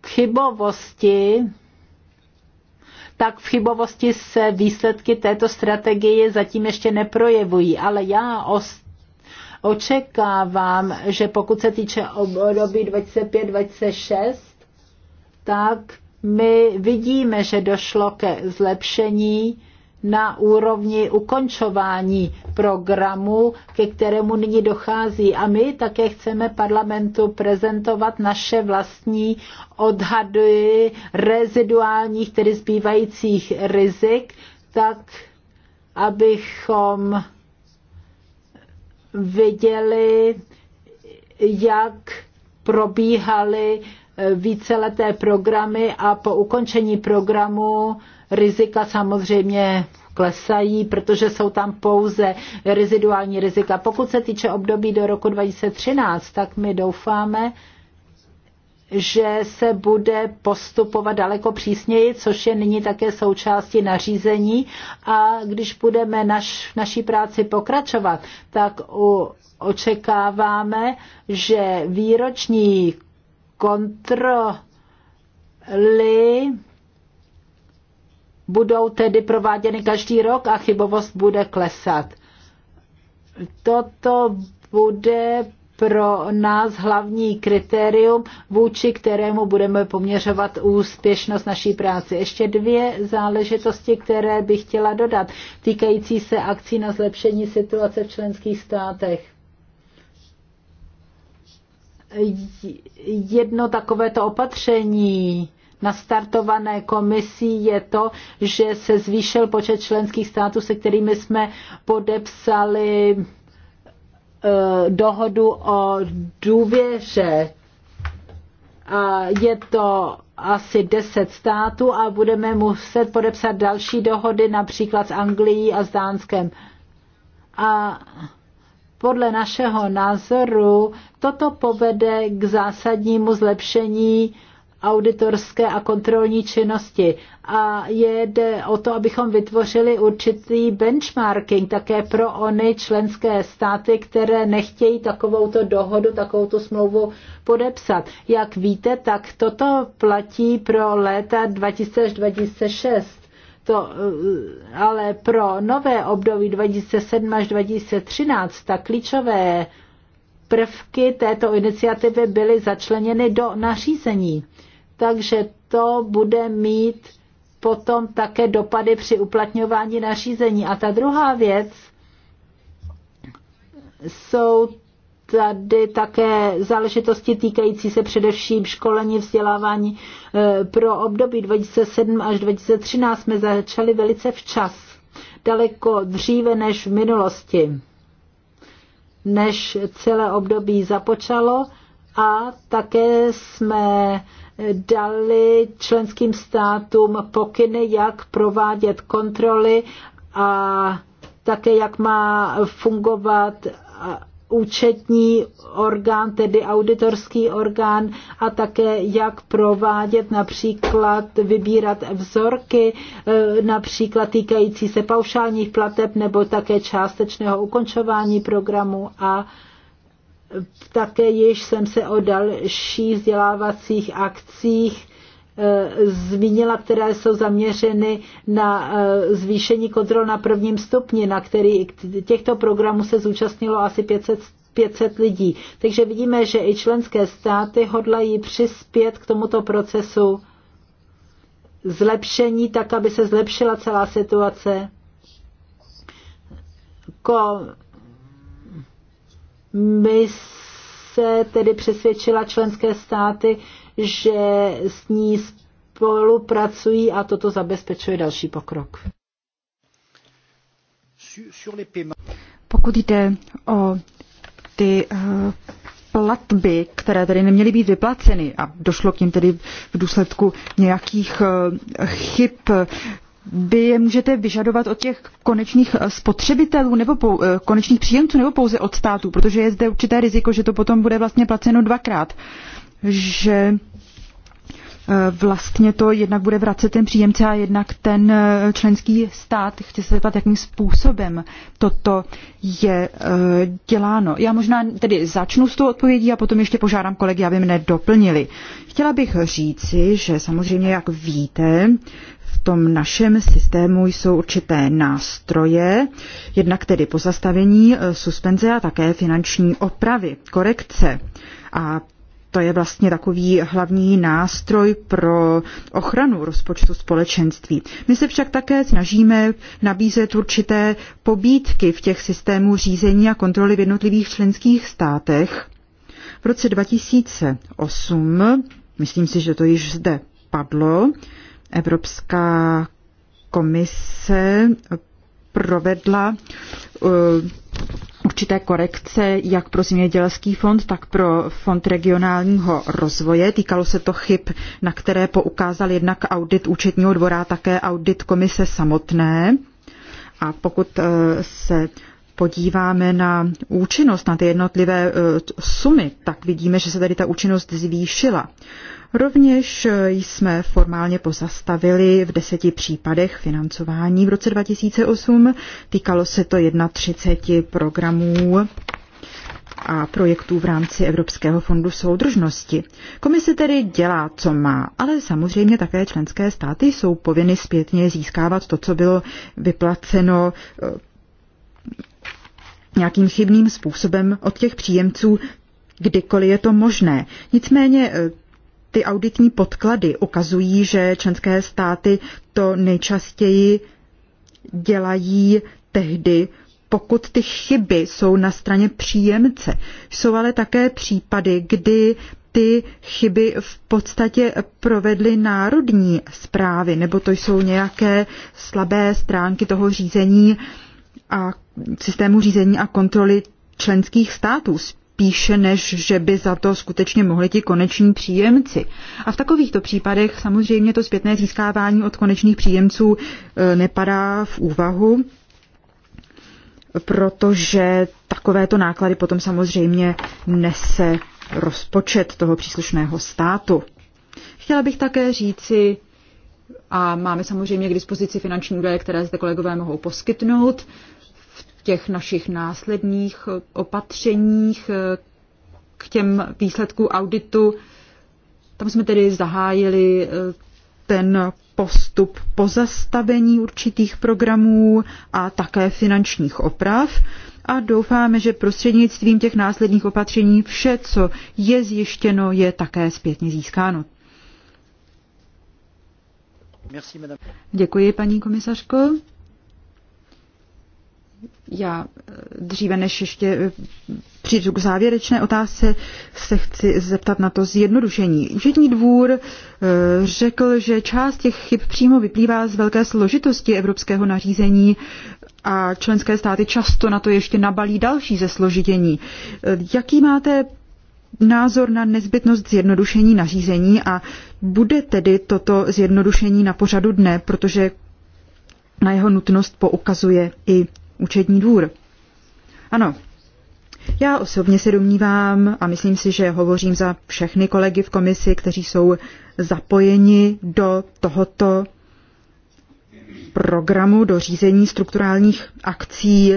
k chybovosti tak v chybovosti se výsledky této strategie zatím ještě neprojevují. Ale já očekávám, že pokud se týče období 2005-2006, tak my vidíme, že došlo ke zlepšení na úrovni ukončování programu, ke kterému nyní dochází. A my také chceme parlamentu prezentovat naše vlastní odhady reziduálních, tedy zbývajících rizik, tak abychom viděli, jak probíhaly víceleté programy a po ukončení programu rizika samozřejmě klesají, protože jsou tam pouze reziduální rizika. Pokud se týče období do roku 2013, tak my doufáme, že se bude postupovat daleko přísněji, což je nyní také součástí nařízení. A když budeme naš, naší práci pokračovat, tak u, očekáváme, že výroční kontroly budou tedy prováděny každý rok a chybovost bude klesat. Toto bude pro nás hlavní kritérium, vůči kterému budeme poměřovat úspěšnost naší práce. Ještě dvě záležitosti, které bych chtěla dodat, týkající se akcí na zlepšení situace v členských státech. Jedno takovéto opatření nastartované komisí je to, že se zvýšil počet členských států, se kterými jsme podepsali eh, dohodu o důvěře. A je to asi 10 států a budeme muset podepsat další dohody, například s Anglií a s Dánskem. A podle našeho názoru toto povede k zásadnímu zlepšení auditorské a kontrolní činnosti. A jde o to, abychom vytvořili určitý benchmarking také pro ony členské státy, které nechtějí takovouto dohodu, takovouto smlouvu podepsat. Jak víte, tak toto platí pro léta 2026, to, eh, ale pro nové období 2007 až 2013 tak klíčové prvky této iniciativy byly začleněny do nařízení takže to bude mít potom také dopady při uplatňování nařízení. A ta druhá věc jsou tady také záležitosti týkající se především školení, vzdělávání. E, pro období 2007 až 2013 jsme začali velice včas, daleko dříve než v minulosti, než celé období započalo a také jsme dali členským státům pokyny, jak provádět kontroly a také jak má fungovat účetní orgán, tedy auditorský orgán a také jak provádět například vybírat vzorky, e, například týkající se paušálních plateb nebo také částečného ukončování programu a také již jsem se o dalších vzdělávacích akcích eh, zmínila, které jsou zaměřeny na eh, zvýšení kontrol na prvním stupni, na který těchto programů se zúčastnilo asi 500 500 lidí. Takže vidíme, že i členské státy hodlají přispět k tomuto procesu zlepšení, tak aby se zlepšila celá situace. Ko, se tedy přesvědčila členské státy, že s ní spolupracují a toto zabezpečuje další pokrok. Pokud jde o ty eh, platby, které tedy neměly být vyplaceny a došlo k ním tedy v důsledku nějakých eh, chyb vy je můžete vyžadovat od těch konečných eh, spotřebitelů nebo pou, eh, konečných příjemců nebo pouze od státu, protože je zde určité riziko, že to potom bude vlastně placeno dvakrát, že Eh, vlastně to jednak bude vracet ten příjemce a jednak ten eh, členský stát. Chci se zeptat, jakým způsobem toto je eh, děláno. Já možná tedy začnu s tou odpovědí a potom ještě požádám kolegy, aby mne doplnili. Chtěla bych říci, že samozřejmě, jak víte, v tom našem systému jsou určité nástroje, jednak tedy pozastavení suspenze a také finanční opravy, korekce. A to je vlastně takový hlavní nástroj pro ochranu rozpočtu společenství. My se však také snažíme nabízet určité pobídky v těch systémů řízení a kontroly v jednotlivých členských státech. V roce 2008, myslím si, že to již zde padlo, Evropská komise provedla Eh, určité korekce jak pro zemědělský fond, tak pro fond regionálního rozvoje. Týkalo se to chyb, na které poukázal jednak audit účetního dvora, také audit komise samotné. A pokud eh, se podíváme na účinnost, na ty jednotlivé eh, sumy, tak vidíme, že se tady ta účinnost zvýšila. Rovněž jsme formálně pozastavili v deseti případech financování v roce 2008. Týkalo se to 31 programů a projektů v rámci Evropského fondu soudržnosti. Komise tedy dělá, co má, ale samozřejmě také členské státy jsou povinny zpětně získávat to, co bylo vyplaceno eh, nějakým chybným způsobem od těch příjemců, kdykoliv je to možné. Nicméně eh, ty auditní podklady ukazují, že členské státy to nejčastěji dělají tehdy, pokud ty chyby jsou na straně příjemce. Jsou ale také případy, kdy ty chyby v podstatě provedly národní zprávy, nebo to jsou nějaké slabé stránky toho řízení a systému řízení a kontroly členských států spíše než že by za to skutečně mohli ti koneční příjemci. A v takovýchto případech samozřejmě to zpětné získávání od konečných příjemců e, nepadá v úvahu, protože takovéto náklady potom samozřejmě nese rozpočet toho příslušného státu. Chtěla bych také říci, a máme samozřejmě k dispozici finanční údaje, které zde kolegové mohou poskytnout, těch našich následných opatřeních eh, k těm výsledkům auditu. Tam jsme tedy zahájili eh, ten postup pozastavení určitých programů a také finančních oprav a doufáme, že prostřednictvím těch následných opatření vše, co je zjištěno, je také zpětně získáno. Děkuji, paní komisařko. Já eh, dříve než ještě eh, přijdu k závěrečné otázce, se chci zeptat na to zjednodušení. Úřední dvůr eh, řekl, že část těch chyb přímo vyplývá z velké složitosti evropského nařízení a členské státy často na to ještě nabalí další ze složitění. Jaký máte názor na nezbytnost zjednodušení nařízení a bude tedy toto zjednodušení na pořadu dne, protože na jeho nutnost poukazuje i účetní dvůr. Ano, já osobně se domnívám a myslím si, že hovořím za všechny kolegy v komisi, kteří jsou zapojeni do tohoto programu, do řízení strukturálních akcí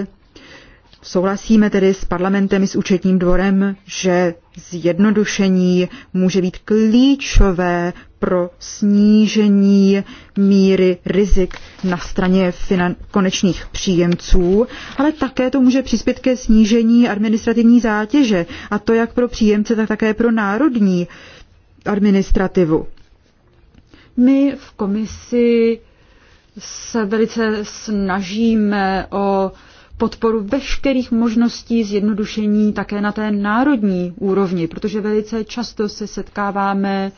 Souhlasíme tedy s parlamentem i s účetním dvorem, že zjednodušení může být klíčové pro snížení míry rizik na straně konečných příjemců, ale také to může přispět ke snížení administrativní zátěže, a to jak pro příjemce, tak také pro národní administrativu. My v komisi se velice snažíme o podporu veškerých možností zjednodušení také na té národní úrovni, protože velice často se setkáváme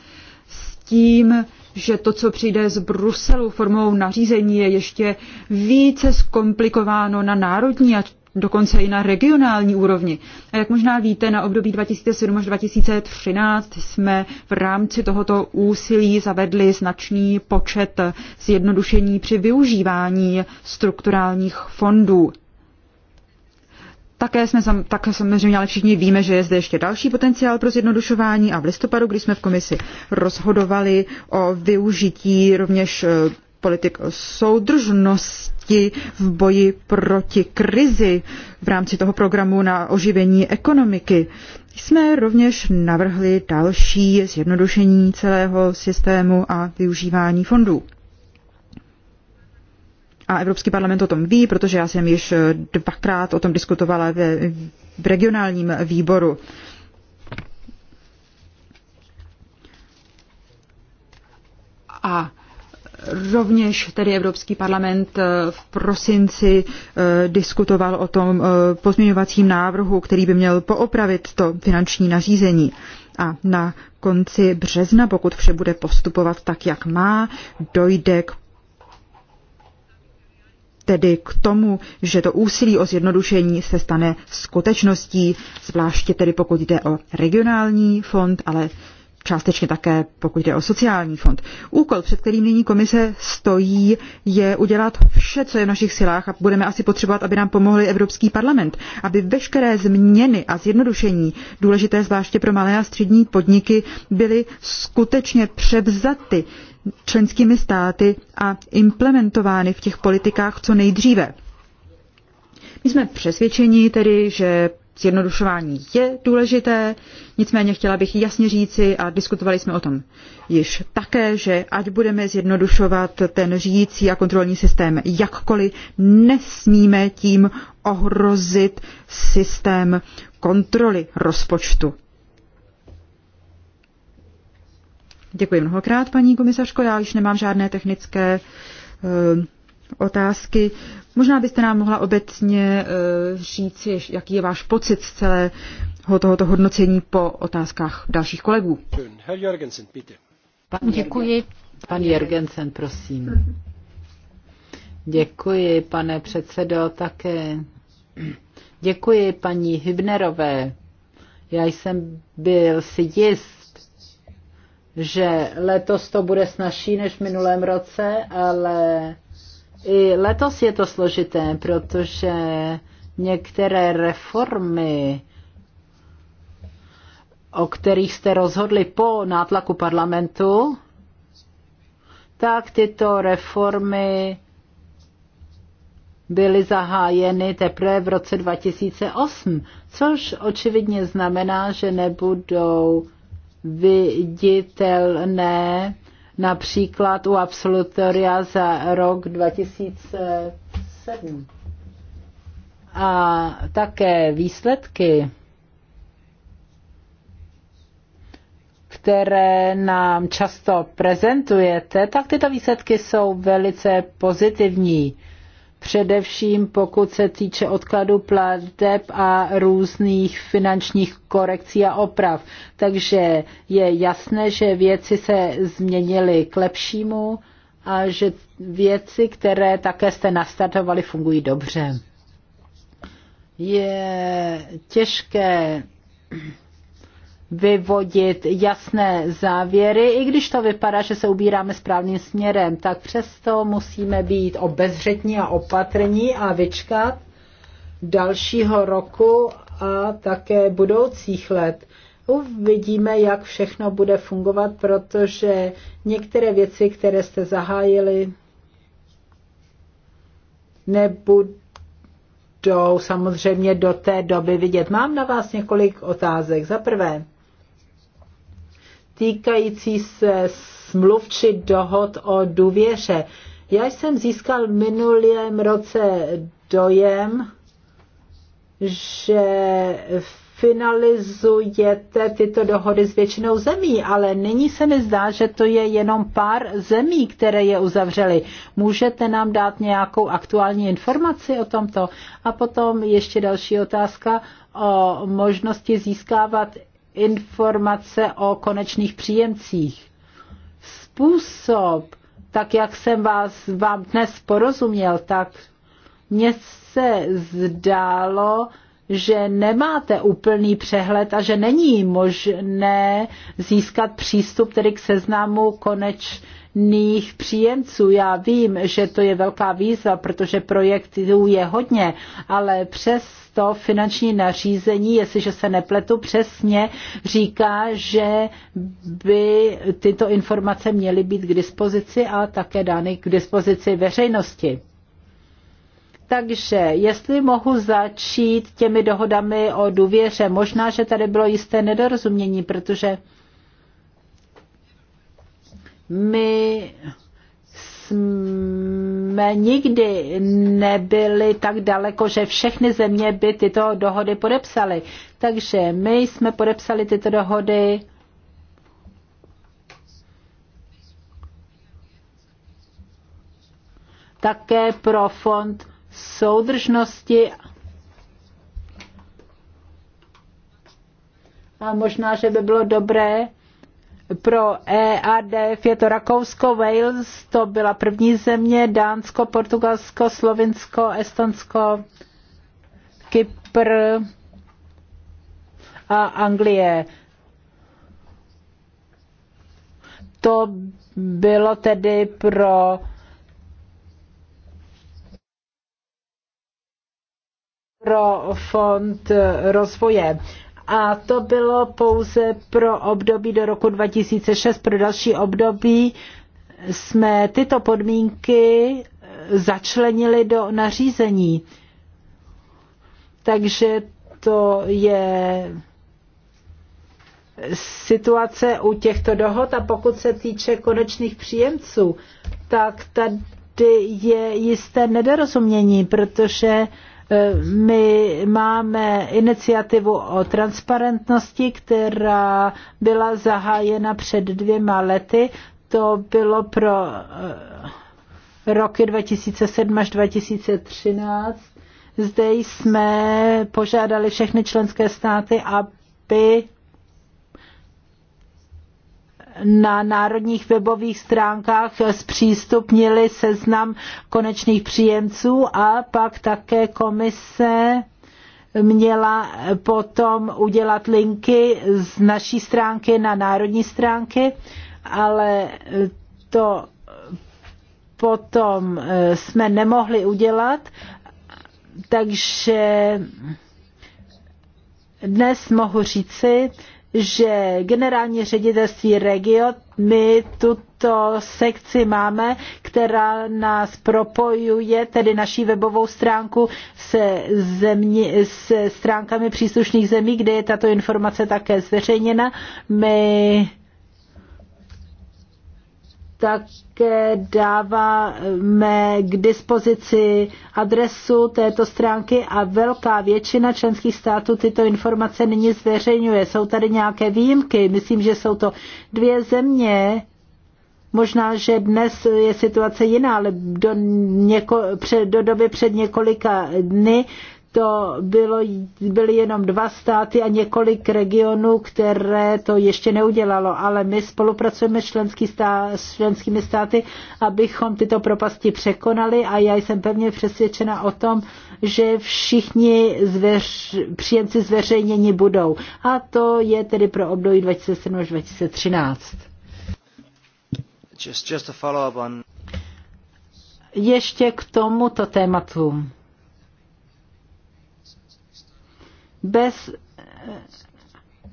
s tím, že to, co přijde z Bruselu formou nařízení, je ještě více zkomplikováno na národní a dokonce i na regionální úrovni. A jak možná víte, na období 2007 až 2013 jsme v rámci tohoto úsilí zavedli značný počet zjednodušení při využívání strukturálních fondů. Také jsme, tak samozřejmě ale všichni víme, že je zde ještě další potenciál pro zjednodušování a v listopadu, kdy jsme v komisi rozhodovali o využití rovněž eh, politik soudržnosti v boji proti krizi v rámci toho programu na oživení ekonomiky. Jsme rovněž navrhli další zjednodušení celého systému a využívání fondů a Evropský parlament o tom ví, protože já jsem již eh, dvakrát o tom diskutovala ve, v regionálním výboru. A Rovněž tedy Evropský parlament eh, v prosinci eh, diskutoval o tom pozměňovacím návrhu, který by měl poopravit to finanční nařízení. A na konci března, pokud vše bude postupovat tak, jak má, dojde k tedy k tomu, že to úsilí o zjednodušení se stane skutečností, zvláště tedy pokud jde o regionální fond, ale částečně také, pokud jde o sociální fond. Úkol, před kterým nyní komise stojí, je udělat vše, co je v našich silách a budeme asi potřebovat, aby nám pomohli Evropský parlament, aby veškeré změny a zjednodušení, důležité zvláště pro malé a střední podniky, byly skutečně převzaty členskými státy a implementovány v těch politikách co nejdříve. My jsme přesvědčeni tedy, že zjednodušování je důležité, nicméně chtěla bych jasně říci, a diskutovali jsme o tom již také, že ať budeme zjednodušovat ten řídící a kontrolní systém jakkoliv, nesmíme tím ohrozit systém kontroly rozpočtu. Děkuji mnohokrát, paní komisařko. Já již nemám žádné technické uh, otázky. Možná byste nám mohla obecně eh, říct, jaký je váš pocit z celého tohoto hodnocení po otázkách dalších kolegů. Pan Děkuji. Pan Jergensen, prosím. Děkuji, pane předsedo, také. Děkuji paní Hybnerové. Já jsem byl si jist, že letos to bude snažší než v minulém roce, ale i letos je to složité, protože některé reformy, o kterých jste rozhodli po nátlaku parlamentu, tak tyto reformy byly zahájeny teprve v roce 2008, což očividně znamená, že nebudou viditelné například u absolutoria za rok 2007. A také výsledky, které nám často prezentujete, tak tyto výsledky jsou velice pozitivní především pokud se týče odkladu plateb a různých finančních korekcí a oprav. Takže je jasné, že věci se změnily k lepšímu a že věci, které také jste nastartovali, fungují dobře. Je těžké vyvodit jasné závěry, i když to vypadá, že se ubíráme správným směrem, tak přesto musíme být obezřetní a opatrní a vyčkat dalšího roku a také budoucích let. Uvidíme, jak všechno bude fungovat, protože některé věci, které jste zahájili, nebudou samozřejmě do té doby vidět. Mám na vás několik otázek. Za prvé, týkající se smluvči dohod o důvěře. Já jsem získal v minulém roce dojem, že finalizujete tyto dohody s většinou zemí, ale nyní se mi zdá, že to je jenom pár zemí, které je uzavřely. Můžete nám dát nějakou aktuální informaci o tomto? A potom ještě další otázka o možnosti získávat informace o konečných příjemcích. Způsob, tak jak jsem vás, vám dnes porozuměl, tak mně se zdálo, že nemáte úplný přehled a že není možné získat přístup tedy k seznamu konečných konečných příjemců. Já vím, že to je velká výzva, protože projektů je hodně, ale přes to finanční nařízení, jestliže se nepletu, přesně říká, že by tyto informace měly být k dispozici a také dány k dispozici veřejnosti. Takže jestli mohu začít těmi dohodami o důvěře, možná, že tady bylo jisté nedorozumění, protože my jsme nikdy nebyli tak daleko, že všechny země by tyto dohody podepsaly. Takže my jsme podepsali tyto dohody také pro fond soudržnosti a možná, že by bylo dobré, pro EADF je to Rakousko, Wales, to byla první země, Dánsko, Portugalsko, Slovinsko, Estonsko, Kypr a Anglie. To bylo tedy pro pro fond rozvoje a to bylo pouze pro období do roku 2006. Pro další období jsme tyto podmínky začlenili do nařízení. Takže to je situace u těchto dohod a pokud se týče konečných příjemců, tak tady je jisté nedorozumění, protože my máme iniciativu o transparentnosti, která byla zahájena před dvěma lety. To bylo pro eh, roky 2007 až 2013. Zde jsme požádali všechny členské státy, aby na národních webových stránkách zpřístupnili seznam konečných příjemců a pak také komise měla potom udělat linky z naší stránky na národní stránky, ale to potom eh, jsme nemohli udělat, takže dnes mohu říci, že generální ředitelství Regio, my tuto sekci máme, která nás propojuje, tedy naší webovou stránku se, zemí, se stránkami příslušných zemí, kde je tato informace také zveřejněna. My také dáváme k dispozici adresu této stránky a velká většina členských států tyto informace nyní zveřejňuje. Jsou tady nějaké výjimky, myslím, že jsou to dvě země, Možná, že dnes je situace jiná, ale do, něko, před, do doby před několika dny to bylo, byly jenom dva státy a několik regionů, které to ještě neudělalo, ale my spolupracujeme členský stá, s členskými státy, abychom tyto propasti překonali a já jsem pevně přesvědčena o tom, že všichni zveř, příjemci zveřejnění budou. A to je tedy pro období 2007 až 2013. Just, just a follow-up on... Ještě k tomuto tématu. Bez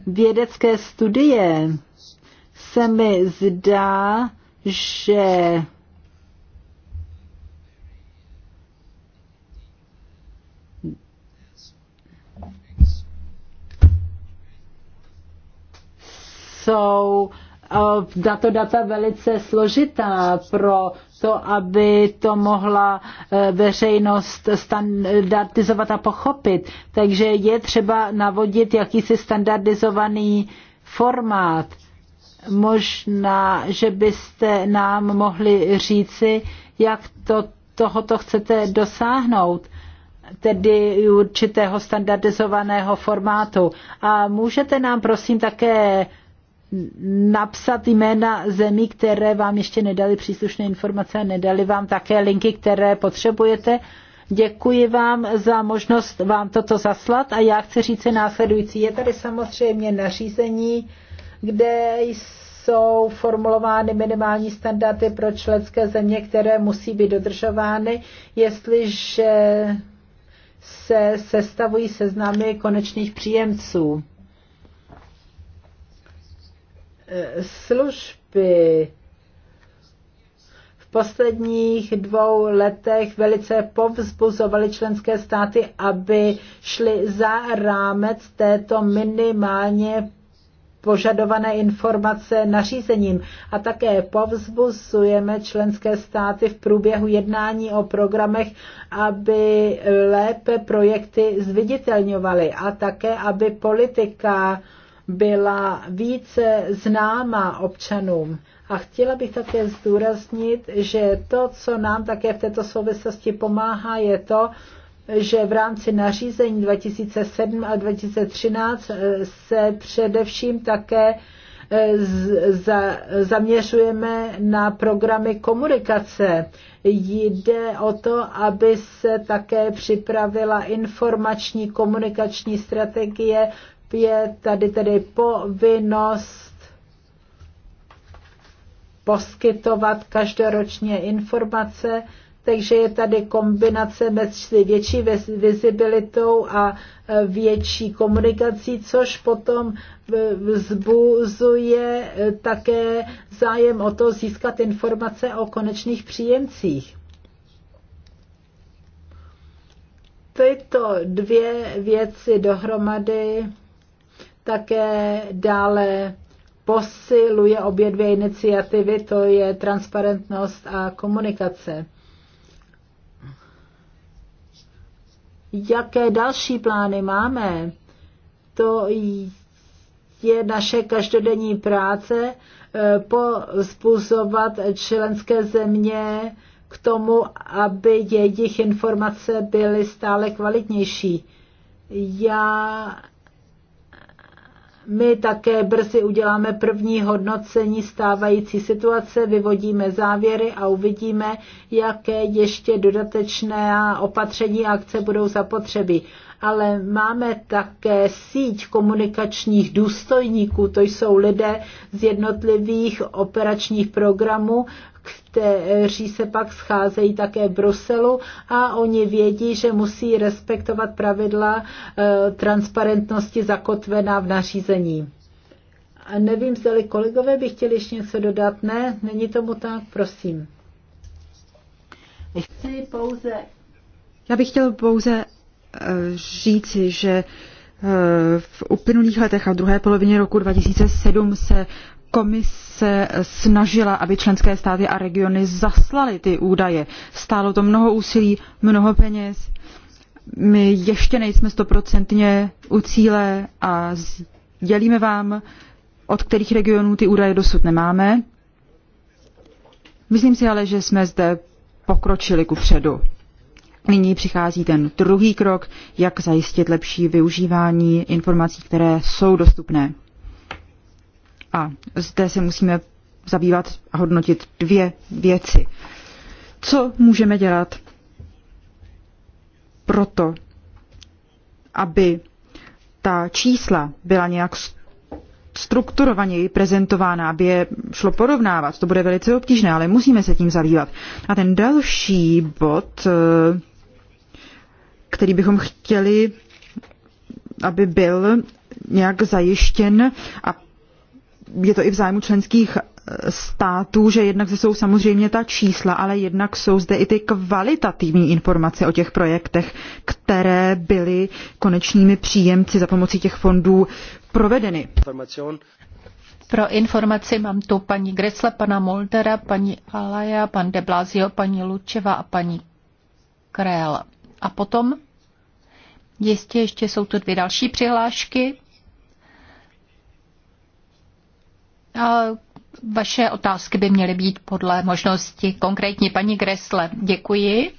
vědecké studie se mi zdá, že jsou tato data velice složitá pro to, aby to mohla eh, veřejnost standardizovat a pochopit. Takže je třeba navodit jakýsi standardizovaný formát. Možná, že byste nám mohli říci, jak to, tohoto chcete dosáhnout tedy určitého standardizovaného formátu. A můžete nám prosím také napsat jména zemí, které vám ještě nedali příslušné informace a nedali vám také linky, které potřebujete. Děkuji vám za možnost vám toto zaslat a já chci říct si následující. Je tady samozřejmě nařízení, kde jsou formulovány minimální standardy pro členské země, které musí být dodržovány, jestliže se sestavují seznamy konečných příjemců služby v posledních dvou letech velice povzbuzovaly členské státy, aby šly za rámec této minimálně požadované informace nařízením a také povzbuzujeme členské státy v průběhu jednání o programech, aby lépe projekty zviditelňovaly a také, aby politika byla více známa občanům. A chtěla bych také zdůraznit, že to, co nám také v této souvislosti pomáhá, je to, že v rámci nařízení 2007 a 2013 eh, se především také eh, za, zaměřujeme na programy komunikace. Jde o to, aby se také připravila informační komunikační strategie je tady tedy povinnost poskytovat každoročně informace, takže je tady kombinace mezi větší vizibilitou a e, větší komunikací, což potom e, vzbuzuje e, také zájem o to získat informace o konečných příjemcích. Tyto dvě věci dohromady také dále posiluje obě dvě iniciativy, to je transparentnost a komunikace. Jaké další plány máme? To je naše každodenní práce eh, pozbuzovat členské země k tomu, aby jejich informace byly stále kvalitnější. Já my také brzy uděláme první hodnocení stávající situace, vyvodíme závěry a uvidíme, jaké ještě dodatečné opatření a akce budou zapotřebí. Ale máme také síť komunikačních důstojníků, to jsou lidé z jednotlivých operačních programů, kteří se pak scházejí také v Bruselu a oni vědí, že musí respektovat pravidla eh, transparentnosti zakotvená v nařízení. A nevím, zda kolegové by chtěli ještě něco dodat. Ne, není tomu tak, prosím. Chci pouze... Já bych chtěl pouze eh, říci, že eh, v uplynulých letech a v druhé polovině roku 2007 se komise se snažila, aby členské státy a regiony zaslaly ty údaje. Stálo to mnoho úsilí, mnoho peněz. My ještě nejsme stoprocentně u cíle a dělíme vám, od kterých regionů ty údaje dosud nemáme. Myslím si ale, že jsme zde pokročili ku předu. Nyní přichází ten druhý krok, jak zajistit lepší využívání informací, které jsou dostupné. A zde se musíme zabývat a hodnotit dvě věci. Co můžeme dělat proto, aby ta čísla byla nějak strukturovaněji prezentována, aby je šlo porovnávat. To bude velice obtížné, ale musíme se tím zabývat. A ten další bod, eh, který bychom chtěli, aby byl nějak zajištěn a je to i v zájmu členských eh, států, že jednak jsou samozřejmě ta čísla, ale jednak jsou zde i ty kvalitativní informace o těch projektech, které byly konečnými příjemci za pomocí těch fondů provedeny. Pro informaci mám tu paní Gresle, pana Moldera, paní Alaja, pan de Blasio, paní Lučeva a paní Krell. A potom jistě ještě jsou tu dvě další přihlášky. Vaše otázky by měly být podle možnosti konkrétní. Paní Gresle, děkuji.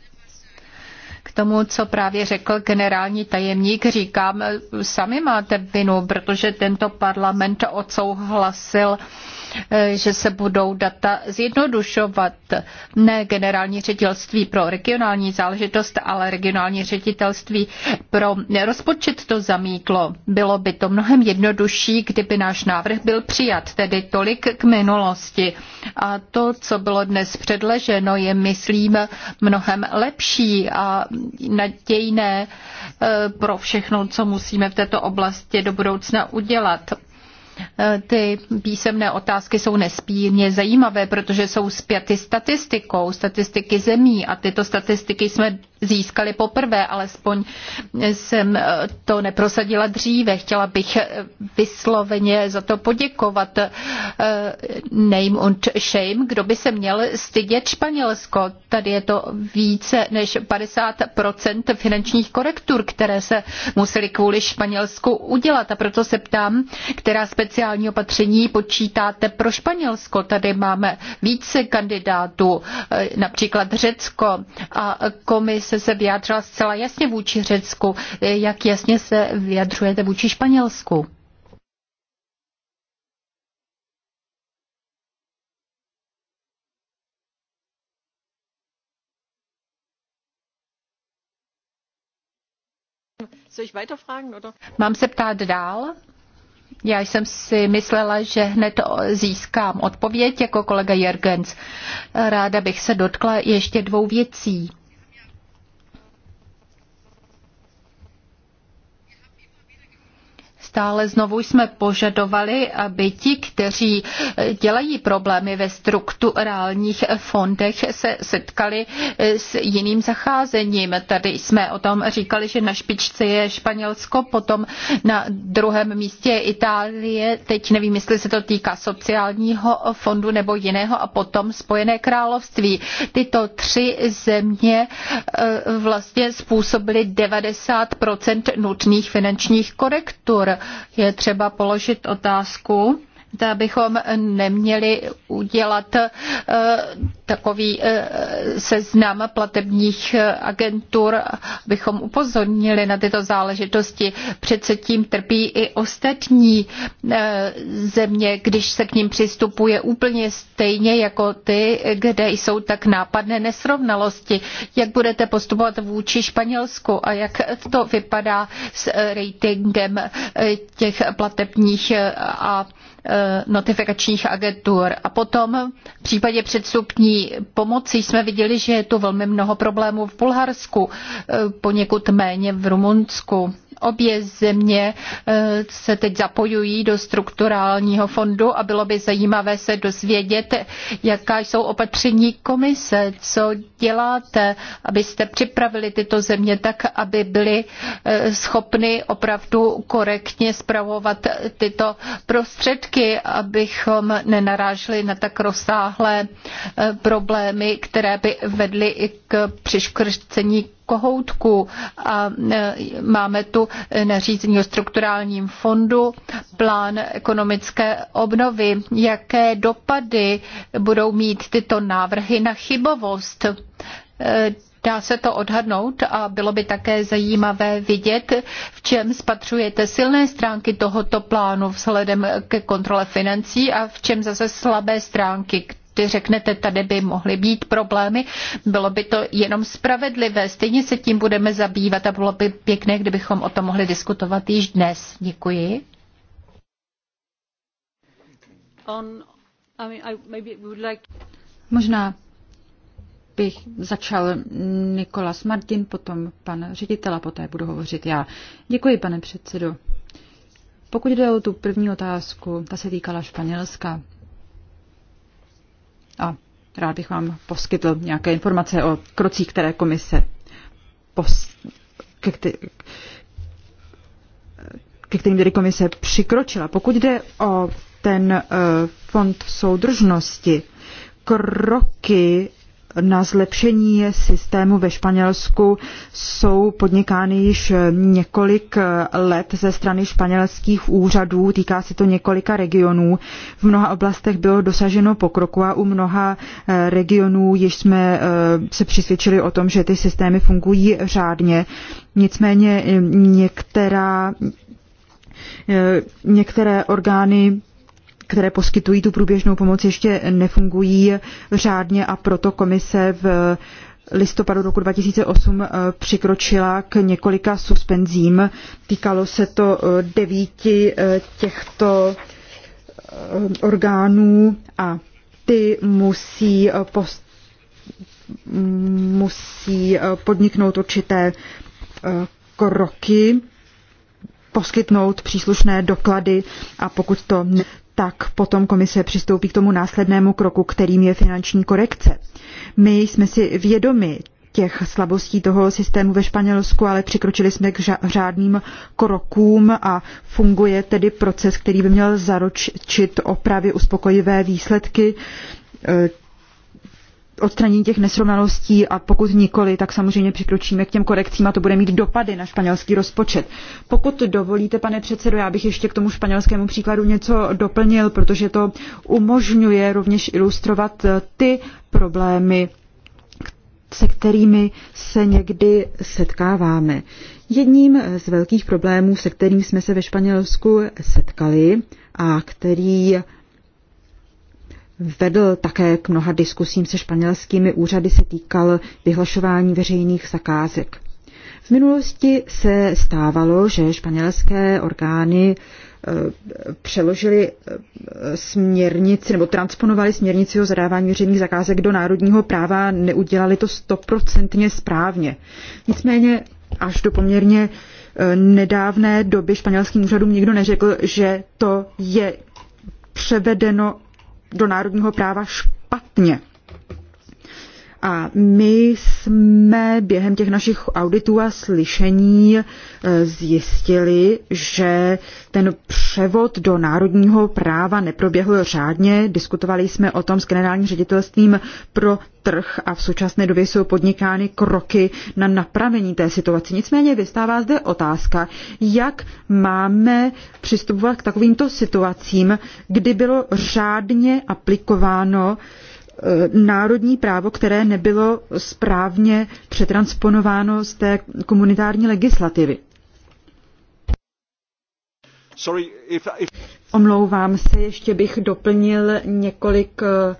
K tomu, co právě řekl generální tajemník, říkám, sami máte vinu, protože tento parlament odsouhlasil uh, Eh, že se budou data zjednodušovat. Ne generální ředitelství pro regionální záležitost, ale regionální ředitelství pro rozpočet to zamítlo. Bylo by to mnohem jednodušší, kdyby náš návrh byl přijat, tedy tolik k minulosti. A to, co bylo dnes předleženo, je, myslím, mnohem lepší a nadějné eh, pro všechno, co musíme v této oblasti do budoucna udělat. Ty písemné otázky jsou nespírně zajímavé, protože jsou spjaty statistikou, statistiky zemí a tyto statistiky jsme získali poprvé, alespoň jsem eh, to neprosadila dříve. Chtěla bych eh, vysloveně za to poděkovat eh, name und shame, kdo by se měl stydět Španělsko. Tady je to více než 50% finančních korektur, které se museli kvůli Španělsku udělat. A proto se ptám, která speciální opatření počítáte pro Španělsko. Tady máme více kandidátů, například Řecko a komis komise se vyjádřila zcela jasně vůči Řecku. Eh, jak jasně se vyjadřujete vůči Španělsku? Mám se ptát dál? Já jsem si myslela, že hned získám odpověď jako kolega Jergens. Ráda bych se dotkla ještě dvou věcí. Neustále znovu jsme požadovali, aby ti, kteří eh, dělají problémy ve strukturálních fondech, se setkali eh, s jiným zacházením. Tady jsme o tom říkali, že na špičce je Španělsko, potom na druhém místě je Itálie, teď nevím, jestli se to týká sociálního fondu nebo jiného, a potom Spojené království. Tyto tři země eh, vlastně způsobily 90 nutných finančních korektur je třeba položit otázku, zda bychom neměli udělat eh, takový eh, seznam platebních eh, agentur, abychom upozornili na tyto záležitosti. Přece tím trpí i ostatní země, když se k ním přistupuje úplně stejně jako ty, kde jsou tak nápadné nesrovnalosti. Jak budete postupovat vůči Španělsku a jak to vypadá s ratingem těch platebních a Eh, notifikačních agentur. A potom v případě předstupní pomoci jsme viděli, že je tu velmi mnoho problémů v Bulharsku, eh, poněkud méně v Rumunsku. Obě země eh, se teď zapojují do strukturálního fondu a bylo by zajímavé se dozvědět, jaká jsou opatření komise, co děláte, abyste připravili tyto země tak, aby byly eh, schopny opravdu korektně spravovat tyto prostředky, abychom nenarážili na tak rozsáhlé eh, problémy, které by vedly i k přiškrcení kohoutku a e, máme tu nařízení o strukturálním fondu, plán ekonomické obnovy. Jaké dopady budou mít tyto návrhy na chybovost? E, dá se to odhadnout a bylo by také zajímavé vidět, v čem spatřujete silné stránky tohoto plánu vzhledem ke kontrole financí a v čem zase slabé stránky, vždy řeknete, tady by mohly být problémy, bylo by to jenom spravedlivé. Stejně se tím budeme zabývat a bylo by pěkné, kdybychom o tom mohli diskutovat již dnes. Děkuji. On, I mean, I maybe would like... Možná bych začal Nikolas Martin, potom pan ředitel a poté budu hovořit já. Děkuji, pane předsedo. Pokud jde o tu první otázku, ta se týkala Španělska a rád bych vám poskytl nějaké informace o krocích, které komise pos, ke, ke kterým tedy komise přikročila. Pokud jde o ten uh, fond soudržnosti, kroky na zlepšení systému ve Španělsku jsou podnikány již několik let ze strany španělských úřadů, týká se to několika regionů. V mnoha oblastech bylo dosaženo pokroku a u mnoha eh, regionů již jsme eh, se přisvědčili o tom, že ty systémy fungují řádně. Nicméně eh, některá, některé orgány které poskytují tu průběžnou pomoc, ještě nefungují řádně a proto komise v listopadu roku 2008 eh, přikročila k několika suspenzím. Týkalo se to eh, devíti eh, těchto orgánů a ty musí, post, musí podniknout určité kroky, poskytnout příslušné doklady a pokud to ne, tak potom komise přistoupí k tomu následnému kroku, kterým je finanční korekce. My jsme si vědomi těch slabostí toho systému ve Španělsku, ale přikročili jsme k řádným krokům a funguje tedy proces, který by měl zaročit opravy uspokojivé výsledky e, odstranění těch nesrovnalostí a pokud nikoli, tak samozřejmě přikročíme k těm korekcím a to bude mít dopady na španělský rozpočet. Pokud dovolíte, pane předsedo, já bych ještě k tomu španělskému příkladu něco doplnil, protože to umožňuje rovněž ilustrovat eh, ty problémy, se kterými se někdy setkáváme. Jedním eh, z velkých problémů, se kterým jsme se ve Španělsku setkali a který vedl také k mnoha diskusím se španělskými úřady, se týkal vyhlašování veřejných zakázek. V minulosti se stávalo, že španělské orgány eh, přeložili eh, směrnici nebo transponovali směrnici o zadávání veřejných zakázek do národního práva, neudělali to stoprocentně správně. Nicméně až do poměrně eh, nedávné doby španělským úřadům nikdo neřekl, že to je převedeno do národního práva špatně. A my jsme během těch našich auditů a slyšení eh, zjistili, že ten převod do národního práva neproběhl řádně. Diskutovali jsme o tom s generálním ředitelstvím pro trh a v současné době jsou podnikány kroky na napravení té situace. Nicméně vystává zde otázka, jak máme přistupovat k takovýmto situacím, kdy bylo řádně aplikováno uh, Eh, národní právo, které nebylo správně přetransponováno z té komunitární legislativy. Sorry, if, if... Omlouvám se, ještě bych doplnil několik eh,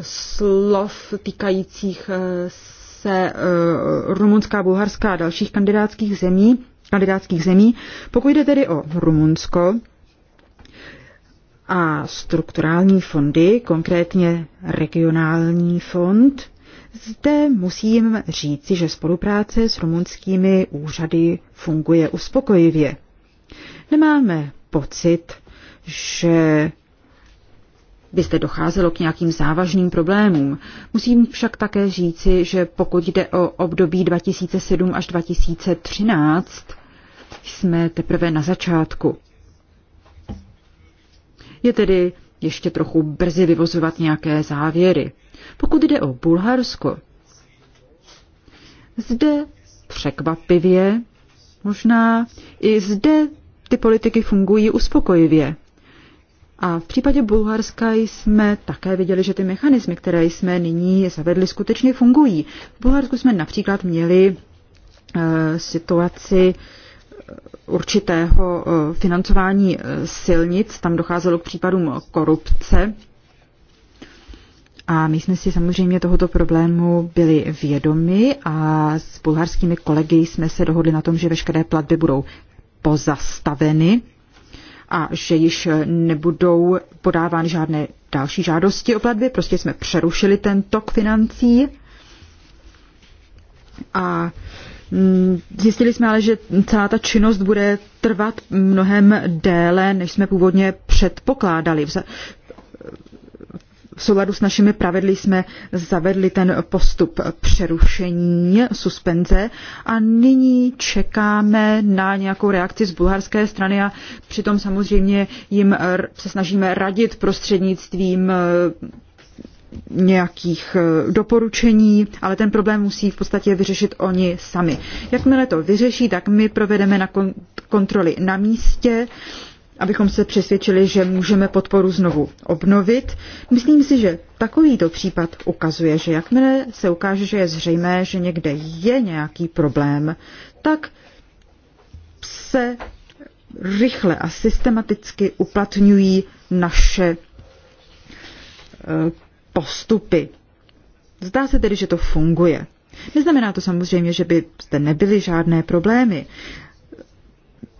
slov týkajících eh, se Rumunská, Bulharská a dalších kandidátských zemí. Kandidátských zemí. Pokud jde tedy o Rumunsko, a strukturální fondy, konkrétně regionální fond, zde musím říci, že spolupráce s rumunskými úřady funguje uspokojivě. Nemáme pocit, že by zde docházelo k nějakým závažným problémům. Musím však také říci, že pokud jde o období 2007 až 2013, jsme teprve na začátku. Je tedy ještě trochu brzy vyvozovat nějaké závěry. Pokud jde o Bulharsko, zde překvapivě, možná i zde ty politiky fungují uspokojivě. A v případě Bulharska jsme také viděli, že ty mechanismy, které jsme nyní zavedli, skutečně fungují. V Bulharsku jsme například měli e, situaci, e, určitého eh, financování eh, silnic, tam docházelo k případům korupce. A my jsme si samozřejmě tohoto problému byli vědomi a s bulharskými kolegy jsme se dohodli na tom, že veškeré platby budou pozastaveny a že již eh, nebudou podávány žádné další žádosti o platby. Prostě jsme přerušili ten tok financí. A Mm, zjistili jsme ale, že celá ta činnost bude trvat mnohem déle, než jsme původně předpokládali. V souladu s našimi pravidly jsme zavedli ten postup přerušení, suspenze a nyní čekáme na nějakou reakci z bulharské strany a přitom samozřejmě jim se snažíme radit prostřednictvím nějakých eh, doporučení, ale ten problém musí v podstatě vyřešit oni sami. Jakmile to vyřeší, tak my provedeme na kontroly na místě, abychom se přesvědčili, že můžeme podporu znovu obnovit. Myslím si, že takovýto případ ukazuje, že jakmile se ukáže, že je zřejmé, že někde je nějaký problém, tak se rychle a systematicky uplatňují naše eh, postupy. Zdá se tedy, že to funguje. Neznamená to samozřejmě, že by zde nebyly žádné problémy.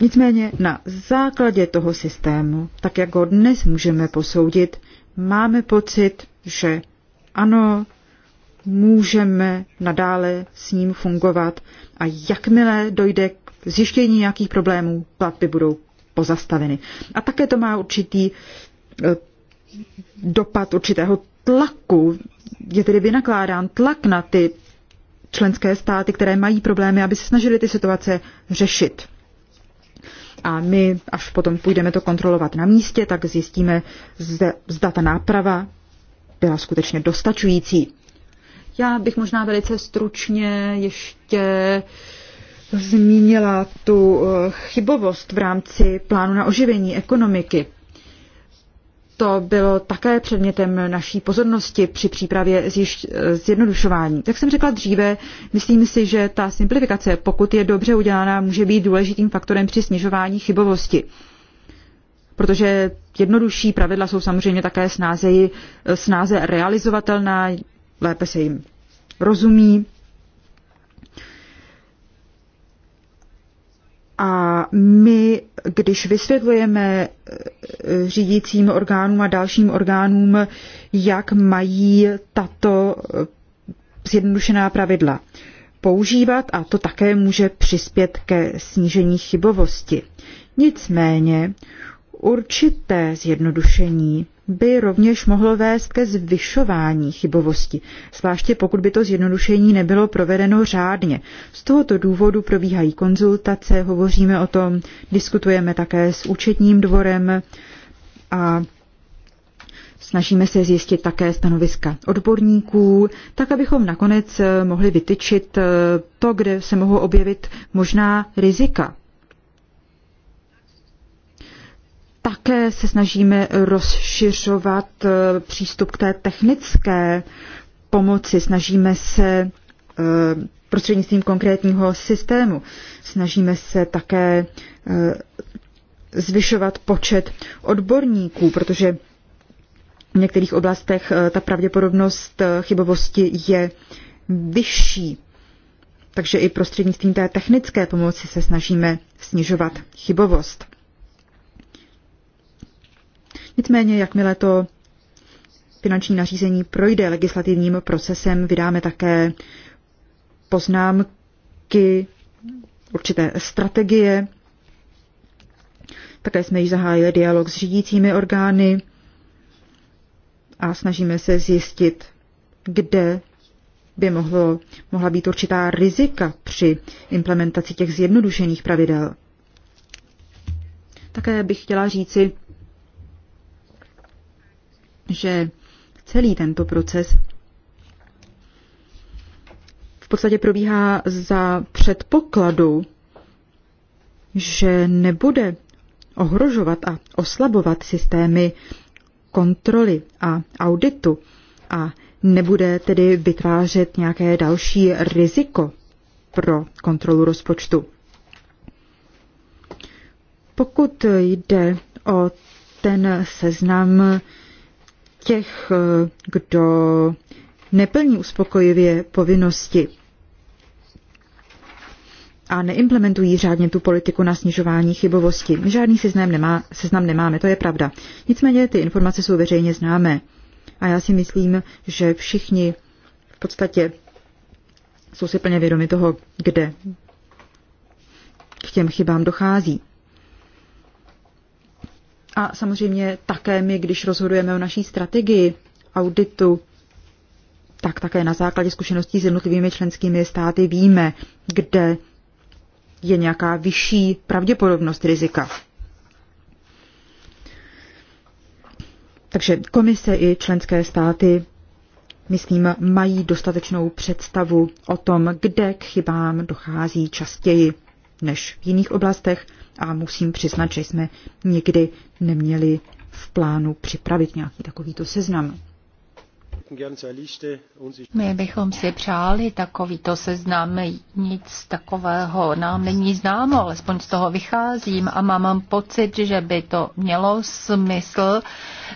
Nicméně na základě toho systému, tak jak ho dnes můžeme posoudit, máme pocit, že ano, můžeme nadále s ním fungovat a jakmile dojde k zjištění nějakých problémů, platby budou pozastaveny. A také to má určitý eh, dopad určitého tlaku, je tedy vynakládán tlak na ty členské státy, které mají problémy, aby se snažili ty situace řešit. A my, až potom půjdeme to kontrolovat na místě, tak zjistíme, zda ta náprava byla skutečně dostačující. Já bych možná velice stručně ještě zmínila tu eh, chybovost v rámci plánu na oživení ekonomiky to bylo také předmětem naší pozornosti při přípravě zjednodušování. Jak jsem řekla dříve, myslím si, že ta simplifikace, pokud je dobře udělána, může být důležitým faktorem při snižování chybovosti. Protože jednodušší pravidla jsou samozřejmě také snáze, snáze realizovatelná, lépe se jim rozumí. A my, když vysvětlujeme eh, řídícím orgánům a dalším orgánům, jak mají tato eh, zjednodušená pravidla používat a to také může přispět ke snížení chybovosti. Nicméně určité zjednodušení by rovněž mohlo vést ke zvyšování chybovosti, zvláště pokud by to zjednodušení nebylo provedeno řádně. Z tohoto důvodu probíhají konzultace, hovoříme o tom, diskutujeme také s účetním dvorem a Snažíme se zjistit také stanoviska odborníků, tak abychom nakonec mohli vytyčit to, kde se mohou objevit možná rizika Také se snažíme rozšiřovat eh, přístup k té technické pomoci. Snažíme se eh, prostřednictvím konkrétního systému. Snažíme se také eh, zvyšovat počet odborníků, protože v některých oblastech ta pravděpodobnost chybovosti je vyšší. Takže i prostřednictvím té technické pomoci se snažíme snižovat chybovost. Nicméně, jakmile to finanční nařízení projde legislativním procesem, vydáme také poznámky, určité strategie. Také jsme již zahájili dialog s řídícími orgány a snažíme se zjistit, kde by mohlo, mohla být určitá rizika při implementaci těch zjednodušených pravidel. Také bych chtěla říci, že celý tento proces v podstatě probíhá za předpokladu, že nebude ohrožovat a oslabovat systémy kontroly a auditu a nebude tedy vytvářet nějaké další riziko pro kontrolu rozpočtu. Pokud jde o ten seznam těch, eh, kdo neplní uspokojivě povinnosti a neimplementují řádně tu politiku na snižování chybovosti. My žádný seznam, nemá, seznam nemáme, to je pravda. Nicméně ty informace jsou veřejně známé. A já si myslím, že všichni v podstatě jsou si plně vědomi toho, kde k těm chybám dochází. A samozřejmě také my, když rozhodujeme o naší strategii auditu, tak také na základě zkušeností s jednotlivými členskými státy víme, kde je nějaká vyšší pravděpodobnost rizika. Takže komise i členské státy, myslím, mají dostatečnou představu o tom, kde k chybám dochází častěji než v jiných oblastech a musím přiznat, že jsme někdy neměli v plánu připravit nějaký takovýto seznam. My bychom si přáli takovýto seznam, nic takového nám není známo, alespoň z toho vycházím a mám pocit, že by to mělo smysl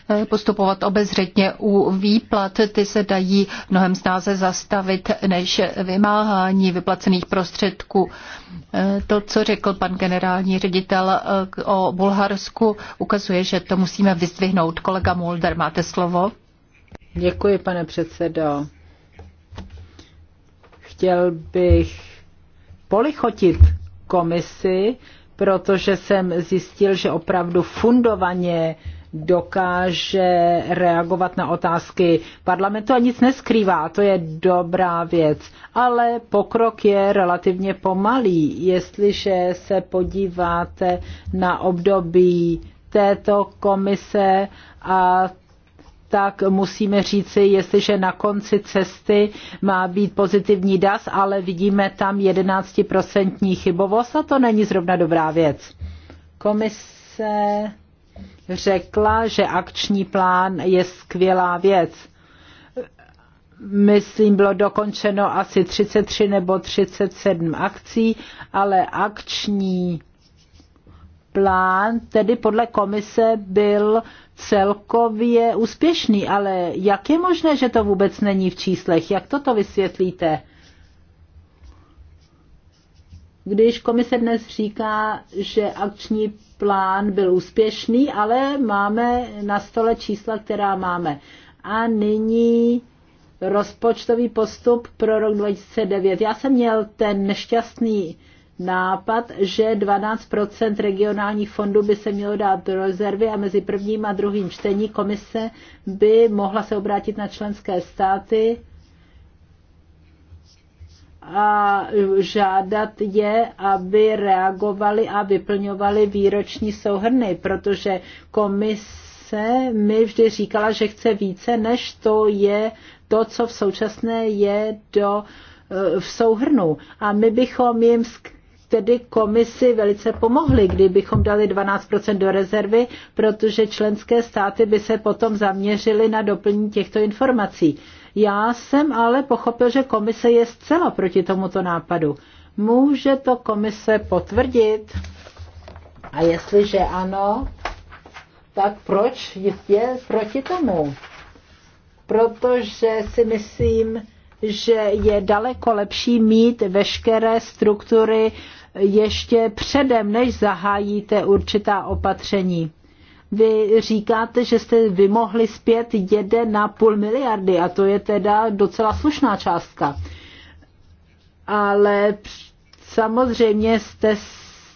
eh, postupovat obezřetně u výplat. Ty se dají mnohem snáze zastavit než vymáhání vyplacených prostředků. Eh, to, co řekl pan generální ředitel eh, o Bulharsku, ukazuje, že to musíme vyzdvihnout. Kolega Mulder, máte slovo? Děkuji, pane předsedo. Chtěl bych polichotit komisi, protože jsem zjistil, že opravdu fundovaně dokáže reagovat na otázky parlamentu a nic neskrývá. to je dobrá věc. Ale pokrok je relativně pomalý. Jestliže se podíváte na období této komise a tak musíme říci, jestliže na konci cesty má být pozitivní DAS, ale vidíme tam 11% chybovost a to není zrovna dobrá věc. Komise řekla, že akční plán je skvělá věc. Myslím, bylo dokončeno asi 33 nebo 37 akcí, ale akční plán tedy podle komise byl celkově úspěšný, ale jak je možné, že to vůbec není v číslech? Jak toto vysvětlíte? Když komise dnes říká, že akční plán byl úspěšný, ale máme na stole čísla, která máme. A nyní rozpočtový postup pro rok 2009. Já jsem měl ten nešťastný nápad, že 12% regionálních fondů by se mělo dát do rezervy a mezi prvním a druhým čtení komise by mohla se obrátit na členské státy a žádat je, aby reagovali a vyplňovali výroční souhrny, protože komise mi vždy říkala, že chce více, než to je to, co v současné je do eh, v souhrnu. A my bychom jim tedy komisi velice pomohly, kdybychom dali 12% do rezervy, protože členské státy by se potom zaměřily na doplnění těchto informací. Já jsem ale pochopil, že komise je zcela proti tomuto nápadu. Může to komise potvrdit? A jestliže ano, tak proč je proti tomu? Protože si myslím, že je daleko lepší mít veškeré struktury ještě předem, než zahájíte určitá opatření. Vy říkáte, že jste vymohli zpět 1,5 miliardy a to je teda docela slušná částka. Ale samozřejmě jste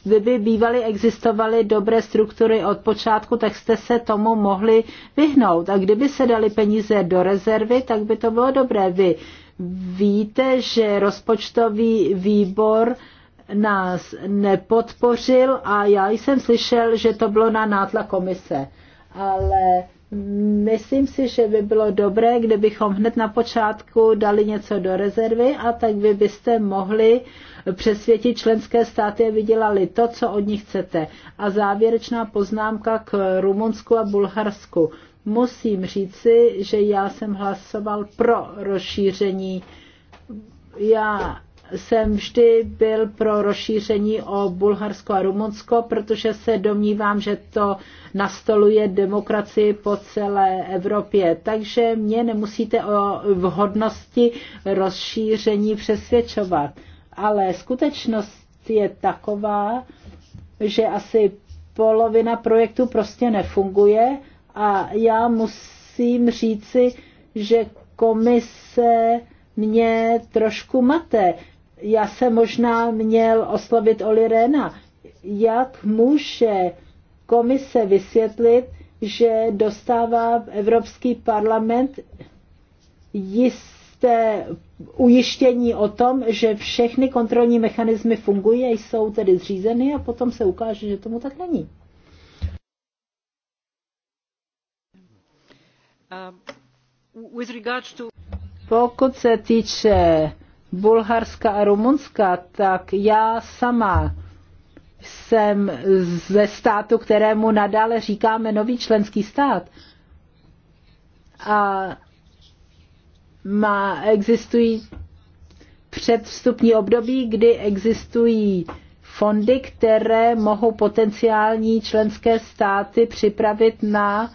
kdyby bývaly existovaly dobré struktury od počátku, tak jste se tomu mohli vyhnout. A kdyby se dali peníze do rezervy, tak by to bylo dobré. Vy víte, že rozpočtový výbor nás nepodpořil a já jsem slyšel, že to bylo na nátlak komise. Ale myslím si, že by bylo dobré, kdybychom hned na počátku dali něco do rezervy a tak vy byste mohli přesvědčit členské státy, aby dělali to, co od nich chcete. A závěrečná poznámka k Rumunsku a Bulharsku. Musím říci, že já jsem hlasoval pro rozšíření. Já jsem vždy byl pro rozšíření o Bulharsko a Rumunsko, protože se domnívám, že to nastoluje demokracii po celé Evropě. Takže mě nemusíte o vhodnosti rozšíření přesvědčovat. Ale skutečnost je taková, že asi polovina projektu prostě nefunguje a já musím říci, že komise mě trošku mate já se možná měl oslovit Oli Rena. Jak může komise vysvětlit, že dostává Evropský parlament jisté ujištění o tom, že všechny kontrolní mechanismy fungují a jsou tedy zřízeny a potom se ukáže, že tomu tak není. Uh, Pokud se týče Bulharska a Rumunska, tak já sama jsem ze státu, kterému nadále říkáme nový členský stát. A má, existují předvstupní období, kdy existují fondy, které mohou potenciální členské státy připravit na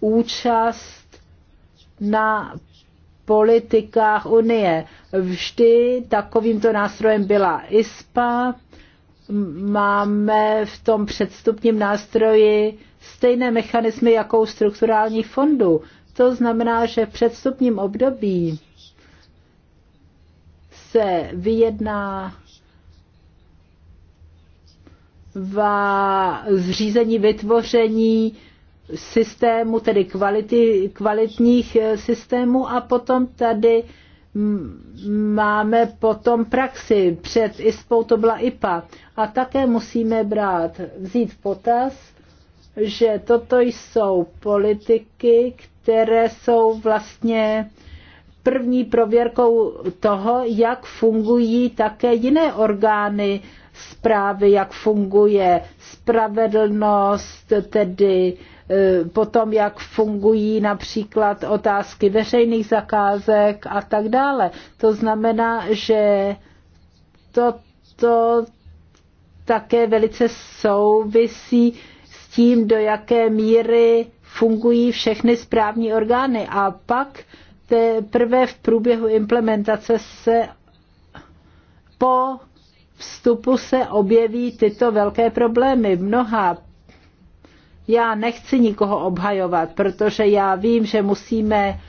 účast na politikách Unie. Vždy takovýmto nástrojem byla ISPA, máme v tom předstupním nástroji stejné mechanismy jako u strukturálních fondů. To znamená, že v předstupním období se vyjedná v zřízení, vytvoření systému, tedy kvality, kvalitních eh, systémů a potom tady máme potom praxi. Před ISPou to byla IPA. A také musíme brát, vzít v potaz, že toto jsou politiky, které jsou vlastně první prověrkou toho, jak fungují také jiné orgány zprávy, jak funguje spravedlnost, tedy Eh, potom jak fungují například otázky veřejných zakázek a tak dále. To znamená, že to, to také velice souvisí s tím, do jaké míry fungují všechny správní orgány a pak teprve v průběhu implementace se po vstupu se objeví tyto velké problémy. mnoha já nechci nikoho obhajovat, protože já vím, že musíme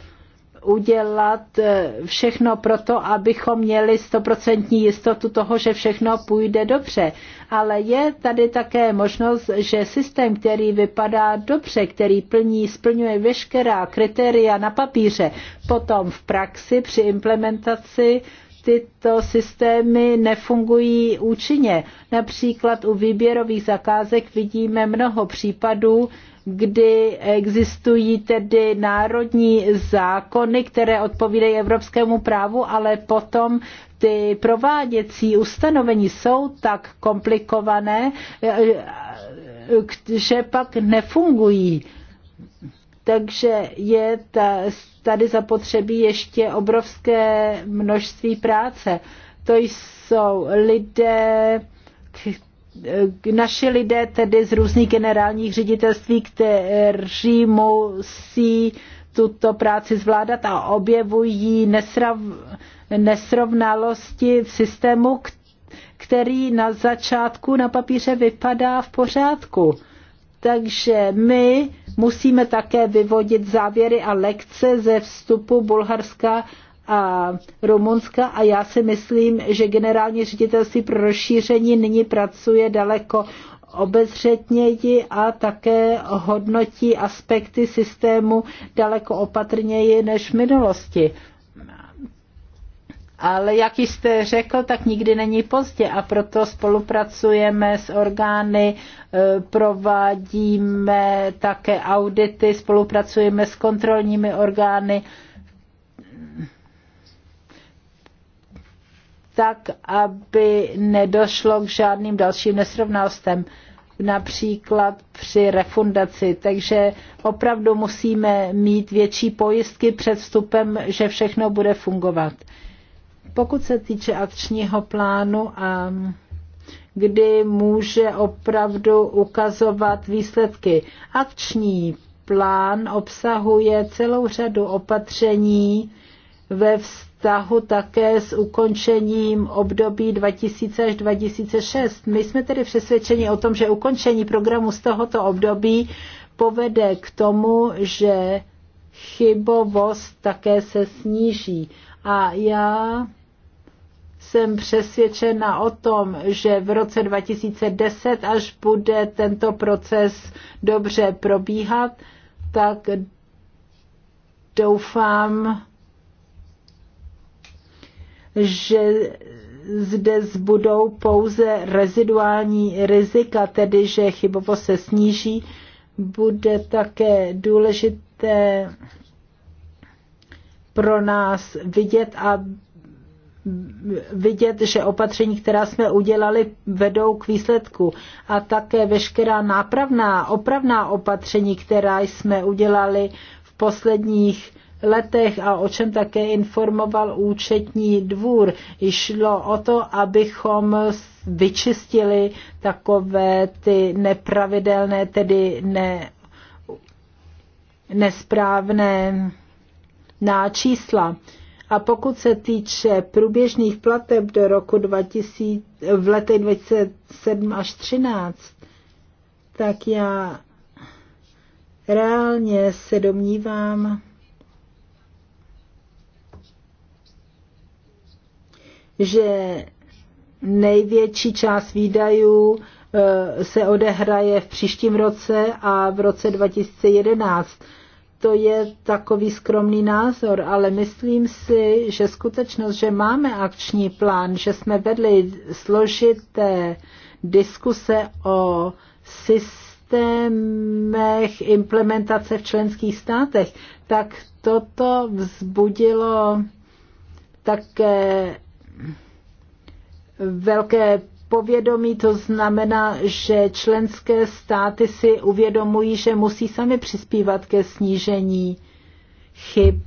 udělat eh, všechno proto, abychom měli stoprocentní jistotu toho, že všechno půjde dobře. Ale je tady také možnost, že systém, který vypadá dobře, který plní, splňuje veškerá kritéria na papíře, potom v praxi při implementaci tyto systémy nefungují účinně. Například u výběrových zakázek vidíme mnoho případů, kdy existují tedy národní zákony, které odpovídají evropskému právu, ale potom ty prováděcí ustanovení jsou tak komplikované, eh, eh, že pak nefungují. Takže je tady zapotřebí ještě obrovské množství práce. To jsou lidé, naši lidé tedy z různých generálních ředitelství, kteří musí tuto práci zvládat a objevují nesrav, nesrovnalosti v systému, který na začátku na papíře vypadá v pořádku. Takže my musíme také vyvodit závěry a lekce ze vstupu Bulharska a Rumunska a já si myslím, že generální ředitelství pro rozšíření nyní pracuje daleko obezřetněji a také hodnotí aspekty systému daleko opatrněji než v minulosti. Ale jak jste řekl, tak nikdy není pozdě a proto spolupracujeme s orgány, e, provádíme také audity, spolupracujeme s kontrolními orgány, tak, aby nedošlo k žádným dalším nesrovnalostem, například při refundaci. Takže opravdu musíme mít větší pojistky před vstupem, že všechno bude fungovat. Pokud se týče akčního plánu a um, kdy může opravdu ukazovat výsledky. Akční plán obsahuje celou řadu opatření ve vztahu také s ukončením období 2000 až 2006. My jsme tedy přesvědčeni o tom, že ukončení programu z tohoto období povede k tomu, že chybovost také se sníží. A já jsem přesvědčena o tom, že v roce 2010, až bude tento proces dobře probíhat, tak doufám, že zde zbudou pouze reziduální rizika, tedy že chybovo se sníží. Bude také důležité pro nás vidět, a vidět, že opatření, která jsme udělali, vedou k výsledku. A také veškerá nápravná, opravná opatření, která jsme udělali v posledních letech a o čem také informoval účetní dvůr. Šlo o to, abychom vyčistili takové ty nepravidelné, tedy ne, nesprávné náčísla. čísla a pokud se týče průběžných plateb do roku 2000, v letech 2007 až 2013, tak já reálně se domnívám, že největší část výdajů eh, se odehraje v příštím roce a v roce 2011 to je takový skromný názor, ale myslím si, že skutečnost, že máme akční plán, že jsme vedli složité diskuse o systémech implementace v členských státech, tak toto vzbudilo také velké povědomí, to znamená, že členské státy si uvědomují, že musí sami přispívat ke snížení chyb,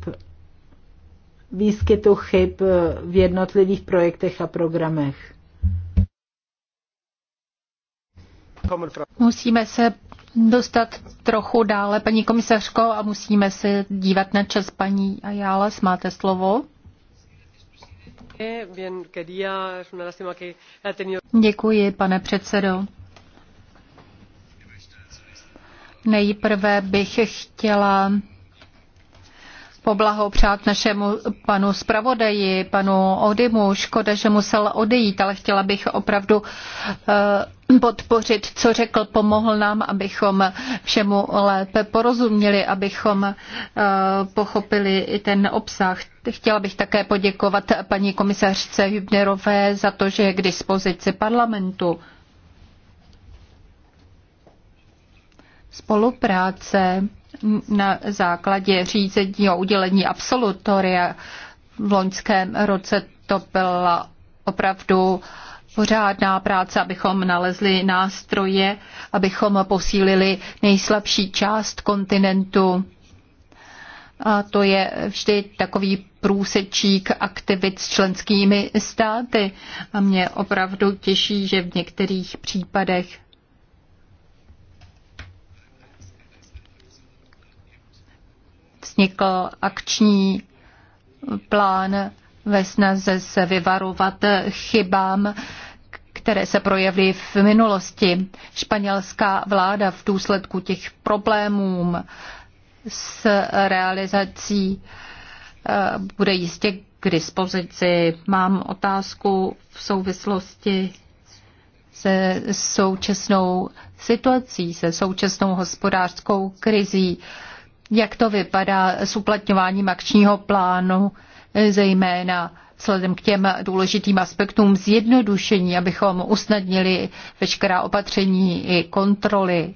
výskytu chyb v jednotlivých projektech a programech. Musíme se dostat trochu dále, paní komisařko, a musíme se dívat na čas. Paní Ajáles, máte slovo. Eh, Děkuji, pane předsedo. Nejprve bych chtěla poblahopřát našemu panu zpravodaji, panu Odimu. Škoda, že musel odejít, ale chtěla bych opravdu eh, podpořit, co řekl, pomohl nám, abychom všemu lépe porozuměli, abychom eh, pochopili i ten obsah. Chtěla bych také poděkovat paní komisařce Hübnerové za to, že je k dispozici parlamentu. Spolupráce na základě řízení o udělení absolutoria v loňském roce to byla opravdu pořádná práce, abychom nalezli nástroje, abychom posílili nejslabší část kontinentu. A to je vždy takový průsečík aktivit s členskými státy. A mě opravdu těší, že v některých případech vznikl akční plán ve snaze se vyvarovat chybám, které se projevily v minulosti. Španělská vláda v důsledku těch problémů s realizací eh, bude jistě k dispozici. Mám otázku v souvislosti se současnou situací, se současnou hospodářskou krizí jak to vypadá s uplatňováním akčního plánu, eh, zejména vzhledem k těm důležitým aspektům zjednodušení, abychom usnadnili veškerá opatření i kontroly,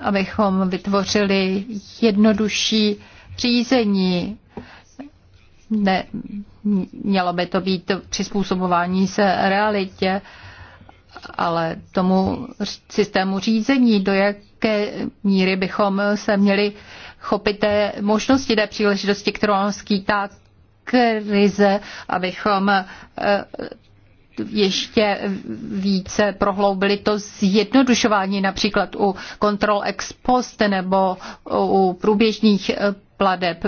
abychom vytvořili jednodušší řízení. Ne, mělo by to být přizpůsobování se realitě, ale tomu systému řízení, do jak jaké míry bychom se měli chopit té možnosti, té příležitosti, kterou nám skýtá krize, abychom eh, ještě více prohloubili to zjednodušování například u kontrol ex post nebo u průběžných eh, plateb.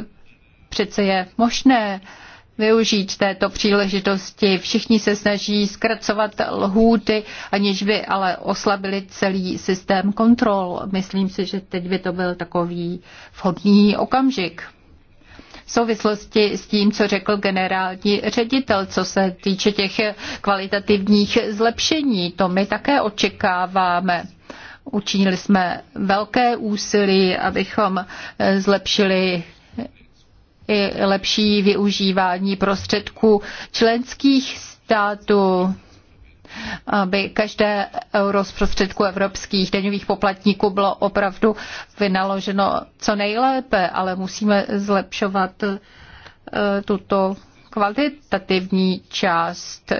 Přece je možné uh, využít této příležitosti. Všichni se snaží zkracovat lhůty, aniž by ale oslabili celý systém kontrol. Myslím si, že teď by to byl takový vhodný okamžik. V souvislosti s tím, co řekl generální ředitel, co se týče těch kvalitativních zlepšení, to my také očekáváme. Učinili jsme velké úsilí, abychom zlepšili i lepší využívání prostředků členských států aby každé euro z prostředků evropských daňových poplatníků bylo opravdu vynaloženo co nejlépe, ale musíme zlepšovat eh, tuto kvalitativní část.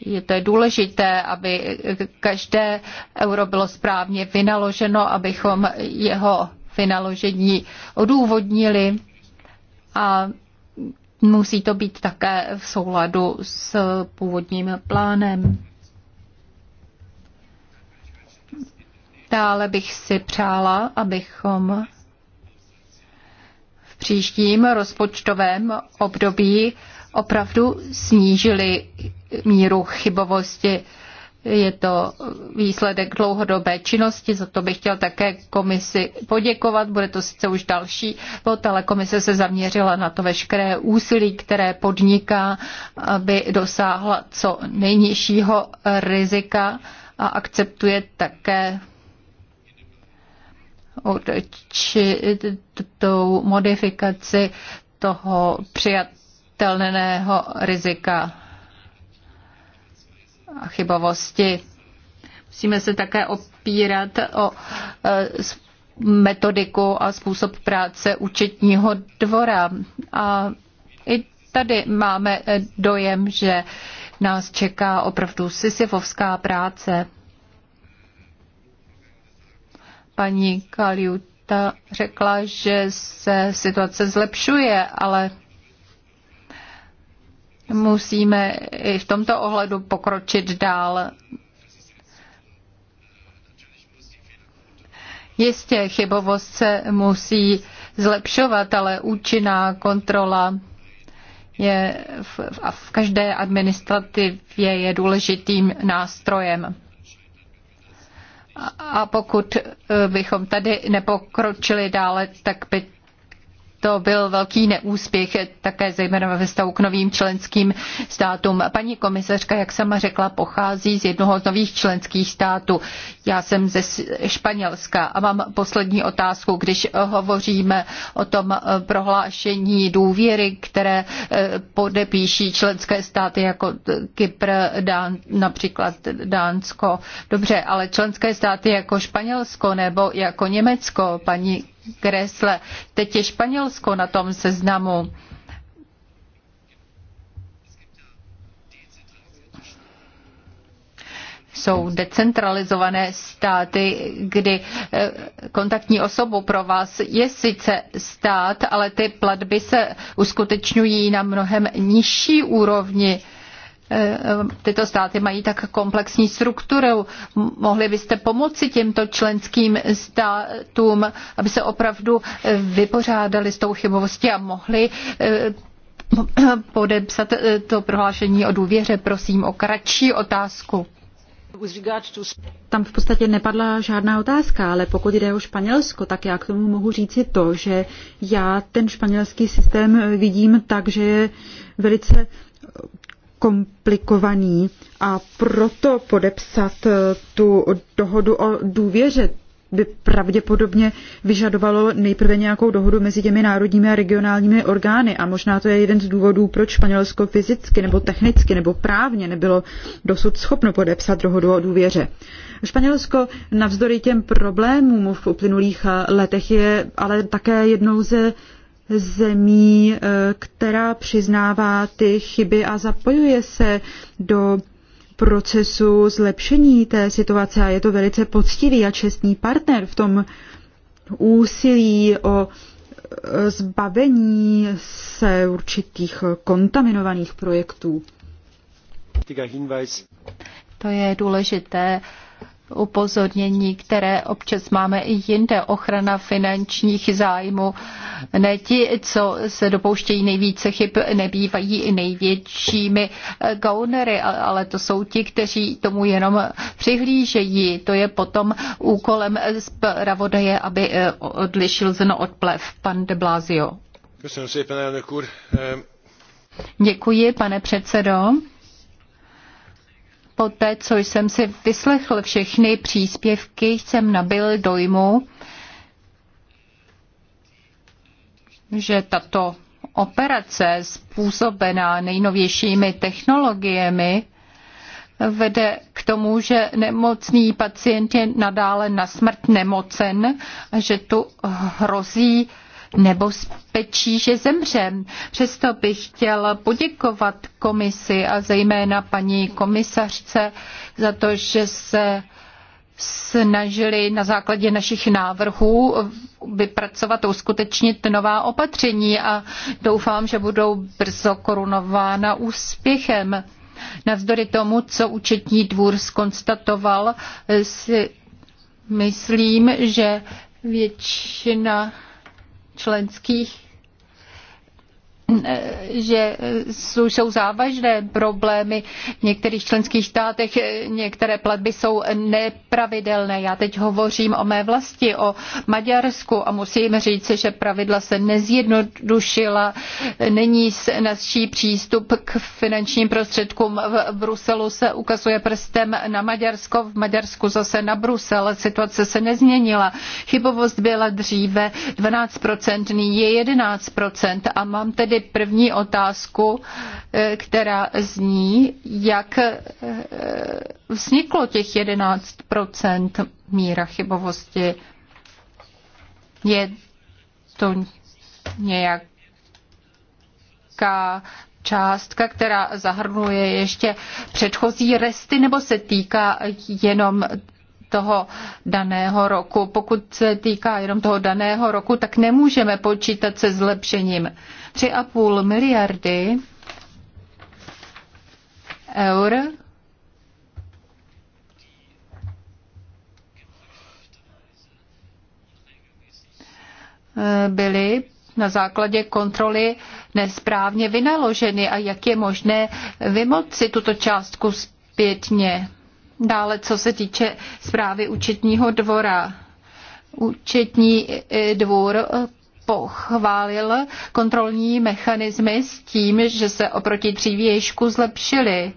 Je to důležité, aby každé euro bylo správně vynaloženo, abychom jeho vynaložení odůvodnili a musí to být také v souladu s původním plánem. Dále bych si přála, abychom v příštím rozpočtovém období opravdu snížili míru chybovosti je to výsledek dlouhodobé činnosti, za to bych chtěl také komisi poděkovat. Bude to sice už další bod, ale komise se zaměřila na to veškeré úsilí, které podniká, aby dosáhla co nejnižšího rizika a akceptuje také určitou modifikaci toho přijatelného rizika chybovosti. Musíme se také opírat o e, metodiku a způsob práce účetního dvora. A i tady máme e, dojem, že nás čeká opravdu sisyfovská práce. Paní Kaliuta řekla, že se situace zlepšuje, ale musíme i v tomto ohledu pokročit dál. Jistě, chybovost se musí zlepšovat, ale účinná kontrola je v, v každé administrativě je důležitým nástrojem. A pokud eh, bychom tady nepokročili dále, tak by to byl velký neúspěch, také zejména ve vztahu k novým členským státům. Paní komisařka, jak sama řekla, pochází z jednoho z nových členských států. Já jsem ze Španělska a mám poslední otázku, když hovoříme o tom prohlášení důvěry, které eh, podepíší členské státy jako Kypr, Dán, například Dánsko. Dobře, ale členské státy jako Španělsko nebo jako Německo, paní kresle. Teď je Španělsko na tom seznamu. Jsou decentralizované státy, kdy eh, kontaktní osobu pro vás je sice stát, ale ty platby se uskutečňují na mnohem nižší úrovni Eh, tyto státy mají tak komplexní strukturu. Mohli byste pomoci těmto členským státům, aby se opravdu eh, vypořádali s tou chybovostí a mohli eh, podepsat to prohlášení o důvěře. Prosím o kratší otázku. Tam v podstatě nepadla žádná otázka, ale pokud jde o Španělsko, tak já k tomu mohu říci to, že já ten španělský systém vidím tak, že je velice komplikovaný a proto podepsat eh, tu dohodu o důvěře by pravděpodobně vyžadovalo nejprve nějakou dohodu mezi těmi národními a regionálními orgány a možná to je jeden z důvodů, proč Španělsko fyzicky nebo technicky nebo právně nebylo dosud schopno podepsat dohodu o důvěře. Španělsko navzdory těm problémům v uplynulých eh, letech je ale také jednou ze zemí, eh, která přiznává ty chyby a zapojuje se do procesu zlepšení té situace a je to velice poctivý a čestný partner v tom úsilí o eh, zbavení se určitých kontaminovaných projektů. To je důležité upozornění, které občas máme i jinde. Ochrana finančních zájmů. Ne ti, co se dopouštějí nejvíce chyb, nebývají i největšími gaunery, ale to jsou ti, kteří tomu jenom přihlížejí. To je potom úkolem zpravodaje, aby eh, odlišil zno od plev. Pan de Blasio. Děkuji, pane předsedo po té, co jsem si vyslechl všechny příspěvky, jsem nabil dojmu, že tato operace způsobená nejnovějšími technologiemi vede k tomu, že nemocný pacient je nadále na smrt nemocen a že tu hrozí nebo spečí, že zemřem. Přesto bych chtěl poděkovat komisi a zejména paní komisařce za to, že se snažili na základě našich návrhů vypracovat a uskutečnit nová opatření a doufám, že budou brzo korunována úspěchem. Navzdory tomu, co účetní dvůr skonstatoval, si myslím, že většina členských že jsou závažné problémy v některých členských státech, některé platby jsou nepravidelné. Já teď hovořím o mé vlasti, o Maďarsku a musím říct, že pravidla se nezjednodušila. Není naší přístup k finančním prostředkům. V Bruselu se ukazuje prstem na Maďarsko, v Maďarsku zase na Brusel. Situace se nezměnila. Chybovost byla dříve 12%, nyní je 11% a mám tedy si první otázku, eh, která zní, jak eh, vzniklo těch 11 míra chybovosti. Je to nějaká částka, která zahrnuje ještě předchozí resty, nebo se týká jenom toho daného roku. Pokud se týká jenom toho daného roku, tak nemůžeme počítat se zlepšením. 3,5 miliardy eur byly na základě kontroly nesprávně vynaloženy a jak je možné vymoci tuto částku zpětně. Dále, co se týče zprávy účetního dvora. Účetní eh, dvůr eh, pochválil kontrolní mechanismy s tím, že se oproti dřívějšku zlepšily.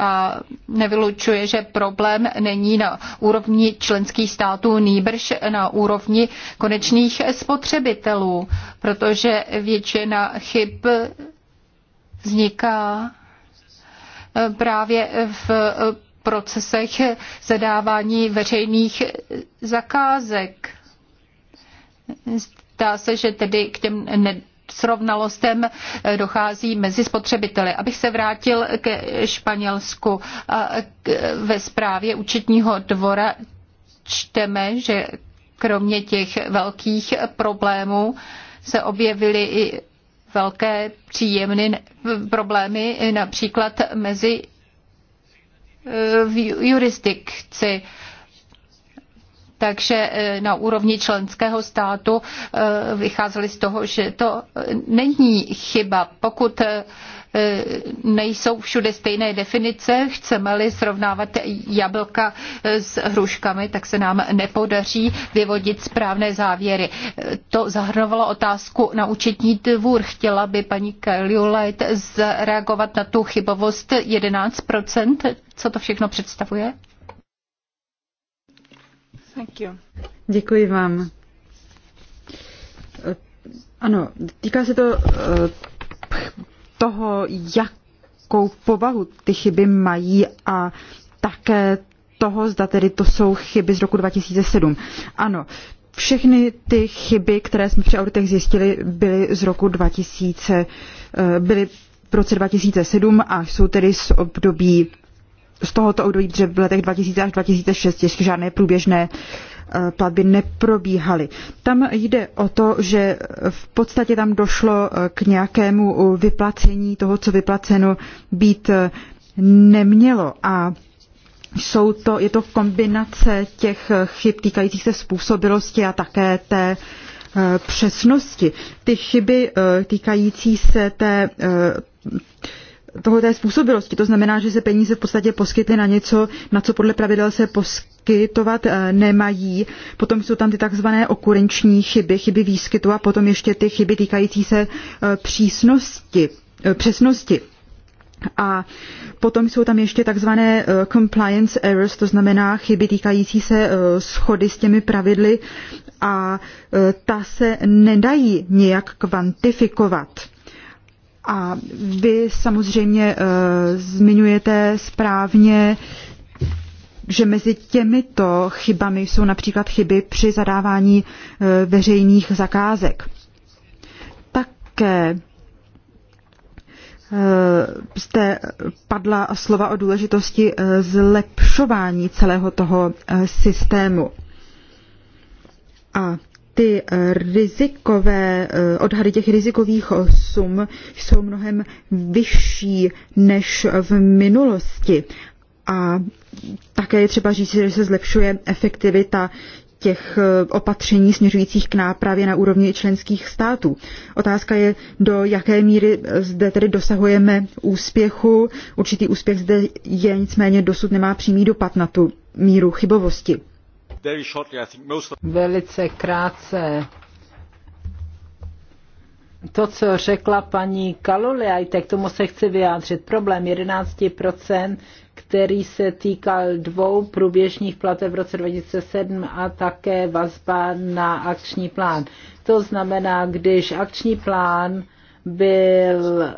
a nevylučuje, že problém není na úrovni členských států, nýbrž na úrovni konečných spotřebitelů, protože většina chyb vzniká Eh, právě v eh, procesech zadávání veřejných zakázek. Zdá se, že tedy k těm srovnalostem eh, dochází mezi spotřebiteli. Abych se vrátil ke Španělsku. Ve zprávě účetního dvora čteme, že kromě těch velkých problémů se objevily i velké příjemné problémy, například mezi eh, v jurisdikci. Takže eh, na úrovni členského státu eh, vycházeli z toho, že to není chyba. Pokud E, nejsou všude stejné definice. Chceme-li srovnávat jablka s hruškami, tak se nám nepodaří vyvodit správné závěry. E, to zahrnovalo otázku na účetní dvůr. Chtěla by paní Kaliulajt zareagovat na tu chybovost 11%. Co to všechno představuje? Thank you. Děkuji vám. E, ano, týká se to toho, jakou povahu ty chyby mají a také toho, zda tedy to jsou chyby z roku 2007. Ano, všechny ty chyby, které jsme při auditech zjistili, byly z roku 2000, eh, byly v roce 2007 a jsou tedy z období z tohoto období, protože v letech 2000 až 2006 ještě žádné průběžné Eh, platby neprobíhaly. Tam jde o to, že v podstatě tam došlo eh, k nějakému eh, vyplacení toho, co vyplaceno být nemělo a jsou to, je to kombinace těch chyb týkajících se způsobilosti a také té přesnosti. Ty chyby týkající se té toho té způsobilosti. To znamená, že se peníze v podstatě poskytly na něco, na co podle pravidel se poskytovat eh, nemají. Potom jsou tam ty takzvané okurenční chyby, chyby výskytu a potom ještě ty chyby týkající se eh, přísnosti, eh, přesnosti. A potom jsou tam ještě takzvané compliance errors, to znamená chyby týkající se schody s těmi pravidly a ta se nedají nějak kvantifikovat. A vy samozřejmě uh, zmiňujete správně, že mezi těmito chybami jsou například chyby při zadávání uh, veřejných zakázek. Také uh, zde padla slova o důležitosti uh, zlepšování celého toho uh, systému. A ty eh, rizikové, eh, odhady těch rizikových sum jsou mnohem vyšší než v minulosti. A také je třeba říct, že se zlepšuje efektivita těch eh, opatření směřujících k nápravě na úrovni členských států. Otázka je, do jaké míry zde tedy dosahujeme úspěchu. Určitý úspěch zde je, nicméně dosud nemá přímý dopad na tu míru chybovosti. Velice krátce. To, co řekla paní i tak tomu se chci vyjádřit. Problém 11%, který se týkal dvou průběžných plateb v roce 2007 a také vazba na akční plán. To znamená, když akční plán byl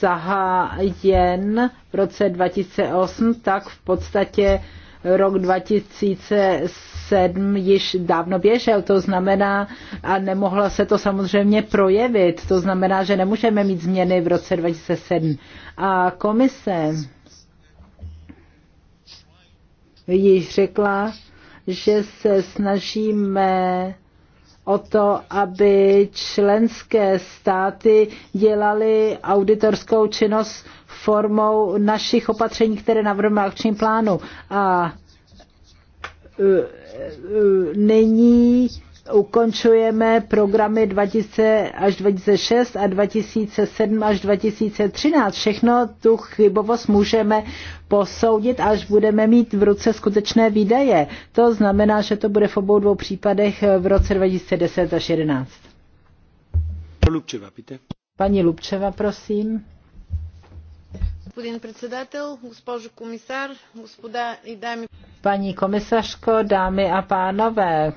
zahájen v roce 2008, tak v podstatě rok 2007 již dávno běžel, to znamená, a nemohla se to samozřejmě projevit, to znamená, že nemůžeme mít změny v roce 2007. A komise již řekla, že se snažíme o to, aby členské státy dělali auditorskou činnost formou našich opatření, které navrhujeme akčním plánu. A e, e, nyní ukončujeme programy 2000 až 2006 a 2007 až 2013. Všechno tu chybovost můžeme posoudit, až budeme mít v ruce skutečné výdaje. To znamená, že to bude v obou dvou případech v roce 2010 až 2011. Paní Lubčeva, prosím. Paní komisařko, dámy a pánové,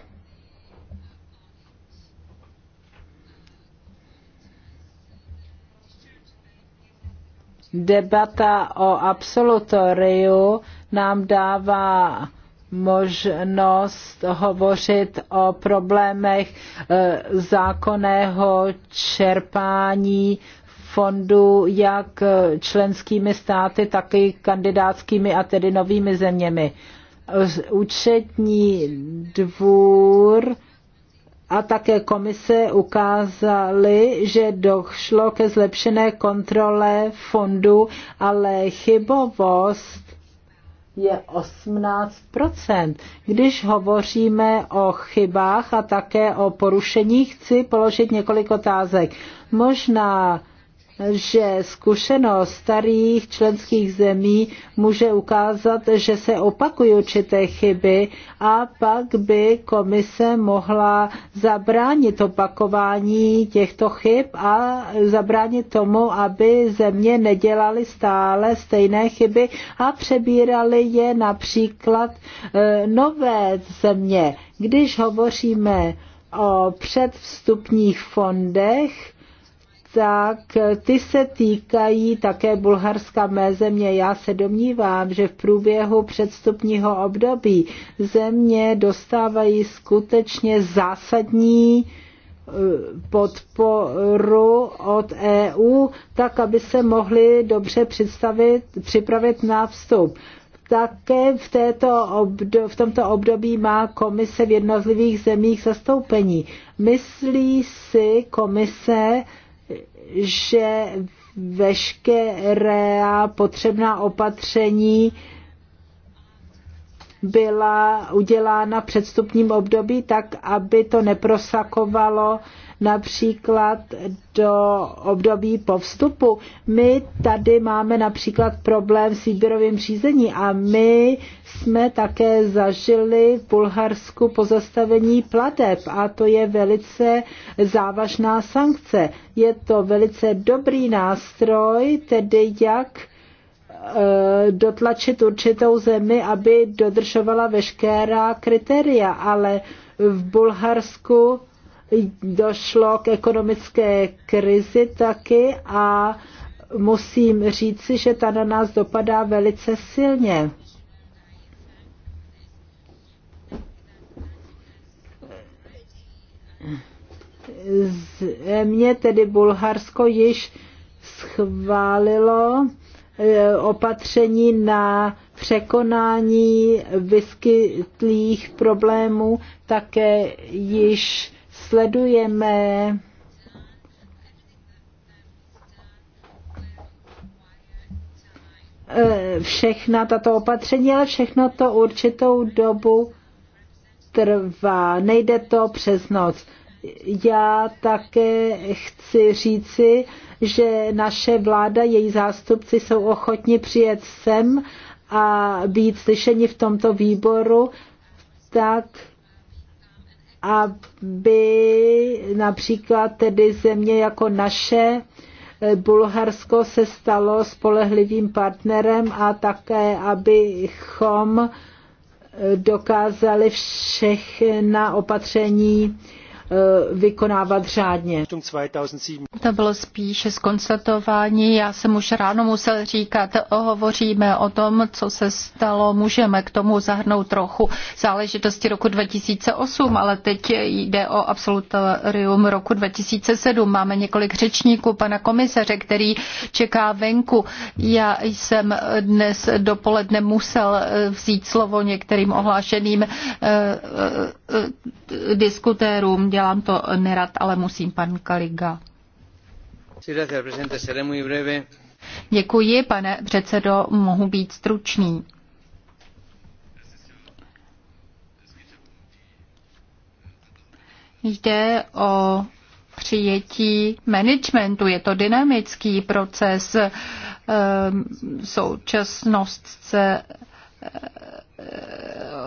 debata o absolutoriu nám dává možnost hovořit o problémech eh, zákonného čerpání fondu jak členskými státy, tak i kandidátskými a tedy novými zeměmi. Účetní dvůr a také komise ukázaly, že došlo ke zlepšené kontrole fondu, ale chybovost je 18 Když hovoříme o chybách a také o porušeních, chci položit několik otázek. Možná že zkušenost starých členských zemí může ukázat, že se opakují určité chyby a pak by komise mohla zabránit opakování těchto chyb a zabránit tomu, aby země nedělaly stále stejné chyby a přebíraly je například e, nové země. Když hovoříme o předvstupních fondech, tak ty se týkají také Bulharska mé země. Já se domnívám, že v průběhu předstupního období země dostávají skutečně zásadní eh, podporu od EU, tak aby se mohli dobře připravit na vstup také v, této obdo, v tomto období má komise v jednotlivých zemích zastoupení. Myslí si komise, že veškerá potřebná opatření byla udělána předstupním období tak, aby to neprosakovalo například do období po vstupu. My tady máme například problém s výběrovým řízení a my jsme také zažili v Bulharsku pozastavení plateb a to je velice závažná sankce. Je to velice dobrý nástroj, tedy jak eh, dotlačit určitou zemi, aby dodržovala veškerá kritéria, ale v Bulharsku došlo k ekonomické krizi taky a musím říci, že ta na nás dopadá velice silně. Země, tedy Bulharsko, již schválilo e, opatření na překonání vyskytlých problémů, také již sledujeme eh, všechna tato opatření, ale všechno to určitou dobu trvá. Nejde to přes noc. Já také chci říci, že naše vláda, její zástupci jsou ochotni přijet sem a být slyšeni v tomto výboru, tak aby například tedy země jako naše eh, Bulharsko se stalo spolehlivým partnerem a také, abychom eh, dokázali všechna opatření Eh, vykonávat řádně. To bylo spíše skonstatování. Já jsem už ráno musel říkat, hovoříme o tom, co se stalo, můžeme k tomu zahrnout trochu záležitosti roku 2008, ale teď jde o absolutorium roku 2007. Máme několik řečníků, pana komisaře, který čeká venku. Já jsem dnes dopoledne musel eh, vzít slovo některým ohlášeným eh, diskutérům dělám to nerad, ale musím, pan Kaliga. Děkuji, pane předsedo, mohu být stručný. Jde o přijetí managementu. Je to dynamický proces. Ehm, současnost se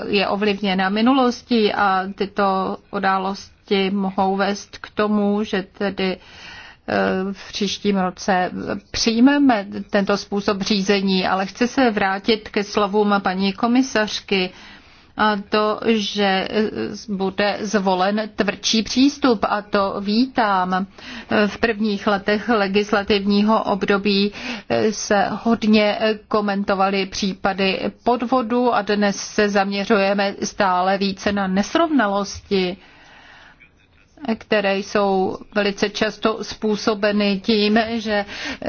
je ovlivněna minulostí a tyto události mohou vést k tomu, že tedy e, v příštím roce přijmeme tento způsob řízení, ale chci se vrátit ke slovům paní komisařky to, že bude zvolen tvrdší přístup a to vítám. V prvních letech legislativního období se hodně komentovaly případy podvodu a dnes se zaměřujeme stále více na nesrovnalosti které jsou velice často způsobeny tím, že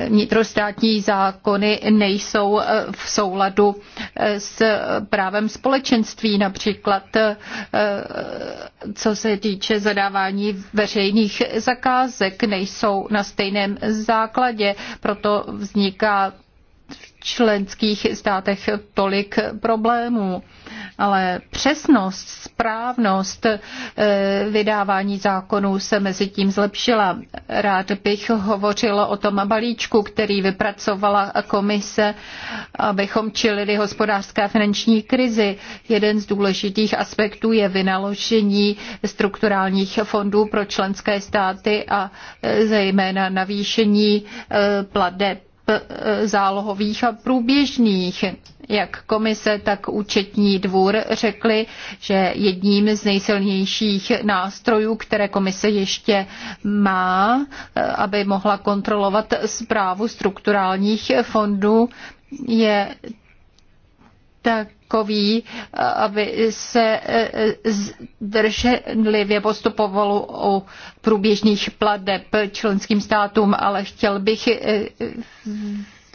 vnitrostátní zákony nejsou eh, v souladu eh, s právem společenství, například eh, co se týče zadávání veřejných zakázek, nejsou na stejném základě, proto vzniká v členských státech tolik problémů ale přesnost, správnost eh, vydávání zákonů se mezi tím zlepšila. Rád bych hovořila o tom balíčku, který vypracovala komise, abychom čelili hospodářské a finanční krizi. Jeden z důležitých aspektů je vynaložení strukturálních fondů pro členské státy a eh, zejména navýšení eh, plade zálohových a průběžných. Jak komise, tak účetní dvůr řekli, že jedním z nejsilnějších nástrojů, které komise ještě má, eh, aby mohla kontrolovat zprávu strukturálních fondů, je takový, eh, aby se eh, zdrženlivě postupovalo o průběžných pladeb členským státům, ale chtěl bych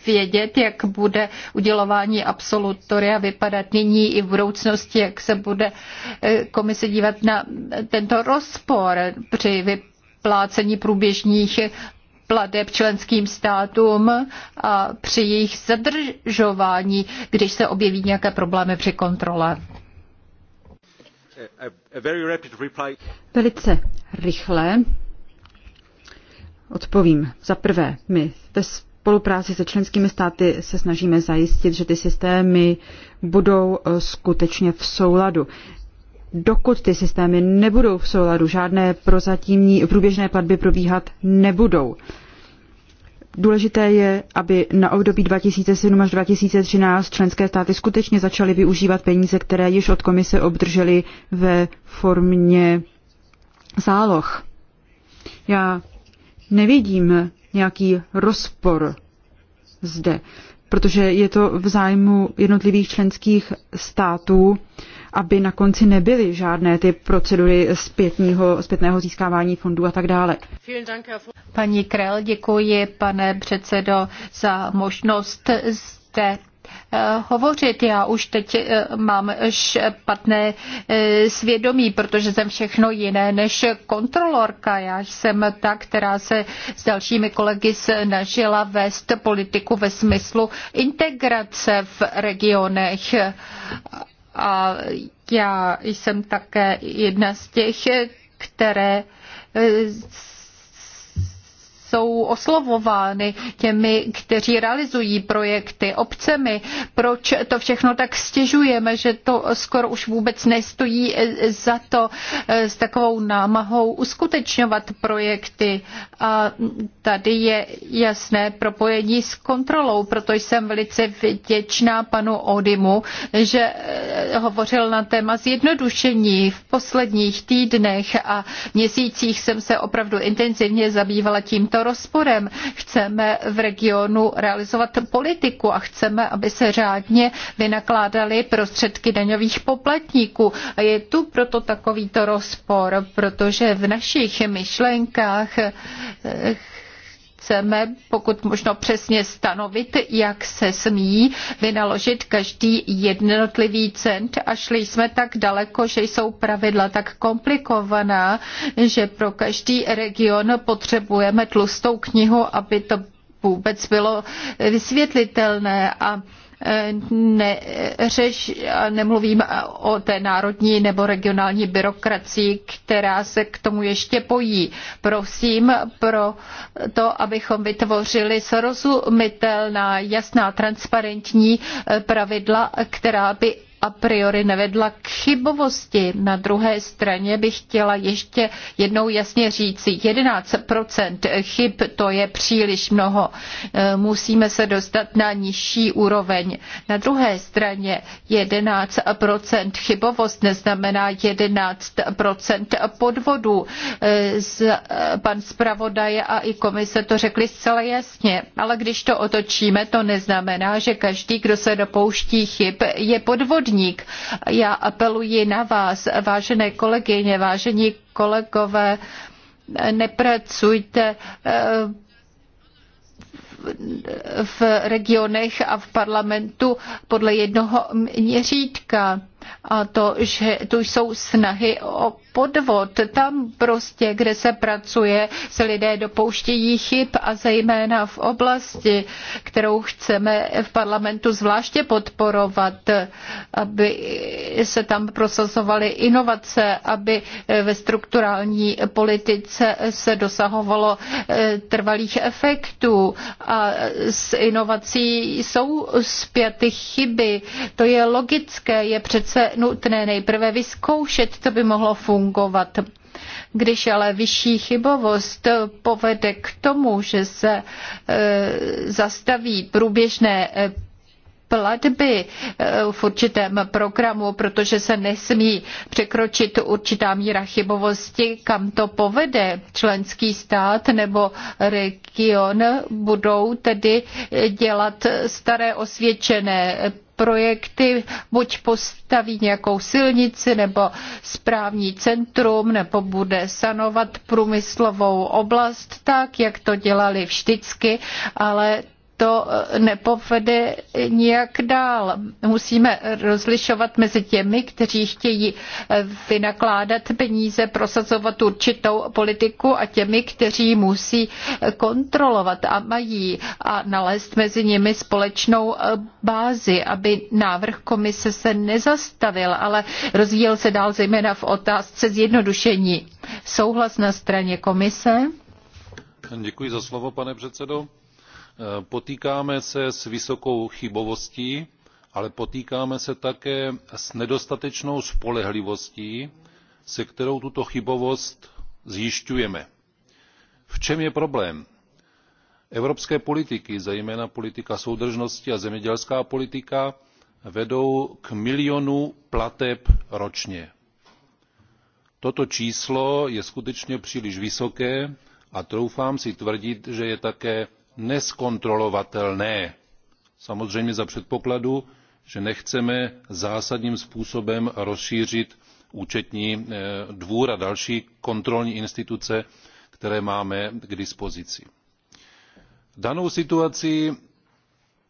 vědět, jak bude udělování absolutoria vypadat nyní i v budoucnosti, jak se bude eh, komise dívat na tento rozpor při vyplácení průběžných plateb členským státům a při jejich zadržování, když se objeví nějaké problémy při kontrole. Velice rychle odpovím. Za prvé, my ve spolupráci se členskými státy se snažíme zajistit, že ty systémy budou eh, skutečně v souladu. Dokud ty systémy nebudou v souladu, žádné prozatímní průběžné platby probíhat nebudou. Důležité je, aby na období 2007 až 2013 členské státy skutečně začaly využívat peníze, které již od komise obdržely ve formě záloh. Já nevidím nějaký rozpor zde, protože je to v zájmu jednotlivých členských států, aby na konci nebyly žádné ty procedury zpětního, zpětného získávání fondů a tak dále. Paní Krel, děkuji pane předsedo za možnost zde Eh, hovořit. Já už teď eh, mám špatné eh, svědomí, protože jsem všechno jiné než kontrolorka. Já jsem ta, která se s dalšími kolegy snažila vést politiku ve smyslu integrace v regionech. A já jsem také jedna z těch, které jsou oslovovány těmi, kteří realizují projekty, obcemi. Proč to všechno tak stěžujeme, že to skoro už vůbec nestojí eh, za to eh, s takovou námahou uskutečňovat projekty. A tady je jasné propojení s kontrolou, proto jsem velice vděčná panu Odimu, že eh, hovořil na téma zjednodušení v posledních týdnech a měsících jsem se opravdu intenzivně zabývala tímto rozporem. Chceme v regionu realizovat politiku a chceme, aby se řádně vynakládaly prostředky daňových poplatníků. A je tu proto takovýto rozpor, protože v našich myšlenkách eh, chceme pokud možno přesně stanovit, jak se smí vynaložit každý jednotlivý cent a šli jsme tak daleko, že jsou pravidla tak komplikovaná, že pro každý region potřebujeme tlustou knihu, aby to vůbec bylo vysvětlitelné a neřeš, nemluvím o té národní nebo regionální byrokracii, která se k tomu ještě pojí. Prosím pro to, abychom vytvořili srozumitelná, jasná, transparentní pravidla, která by a priori nevedla k chybovosti. Na druhé straně bych chtěla ještě jednou jasně říci, 11% chyb to je příliš mnoho. E, musíme se dostat na nižší úroveň. Na druhé straně 11% chybovost neznamená 11% podvodů. E, e, pan zpravodaj a i komise to řekli zcela jasně, ale když to otočíme, to neznamená, že každý, kdo se dopouští chyb, je podvodník podnik. Já apeluji na vás, vážené kolegyně, vážení kolegové, nepracujte eh, v regionech a v parlamentu podle jednoho měřítka a to, že tu jsou snahy o podvod. Tam prostě, kde se pracuje, se lidé dopouštějí chyb a zejména v oblasti, kterou chceme v parlamentu zvláště podporovat, aby se tam prosazovaly inovace, aby ve strukturální politice se dosahovalo eh, trvalých efektů a s inovací jsou zpěty chyby. To je logické, je přece přece nutné nejprve vyzkoušet, co by mohlo fungovat. Když ale vyšší chybovost povede k tomu, že se e, zastaví průběžné e, platby e, v určitém programu, protože se nesmí překročit určitá míra chybovosti, kam to povede členský stát nebo region, budou tedy dělat staré osvědčené projekty buď postaví nějakou silnici nebo správní centrum nebo bude sanovat průmyslovou oblast tak, jak to dělali vždycky, ale to eh, nepovede nijak dál. Musíme rozlišovat mezi těmi, kteří chtějí eh, vynakládat peníze, prosazovat určitou politiku a těmi, kteří musí eh, kontrolovat a mají a nalézt mezi nimi společnou bázi, aby návrh komise se nezastavil, ale rozvíjel se dál zejména v otázce zjednodušení. Souhlas na straně komise? Děkuji za slovo, pane předsedo Eh, potýkáme se s vysokou chybovostí ale potýkáme se také s nedostatečnou spolehlivostí se kterou tuto chybovost zjišťujeme. v čem je problém? evropské politiky zejména politika soudržnosti a zemědělská politika vedou k milionu plateb ročně. toto číslo je skutečně příliš vysoké a troufám si tvrdit že je také neskontrolovatelné samozřejmě za předpokladu že nechceme zásadním způsobem rozšířit účetní eh, dvůr a další kontrolní instituce které máme k dispozici. danou situaci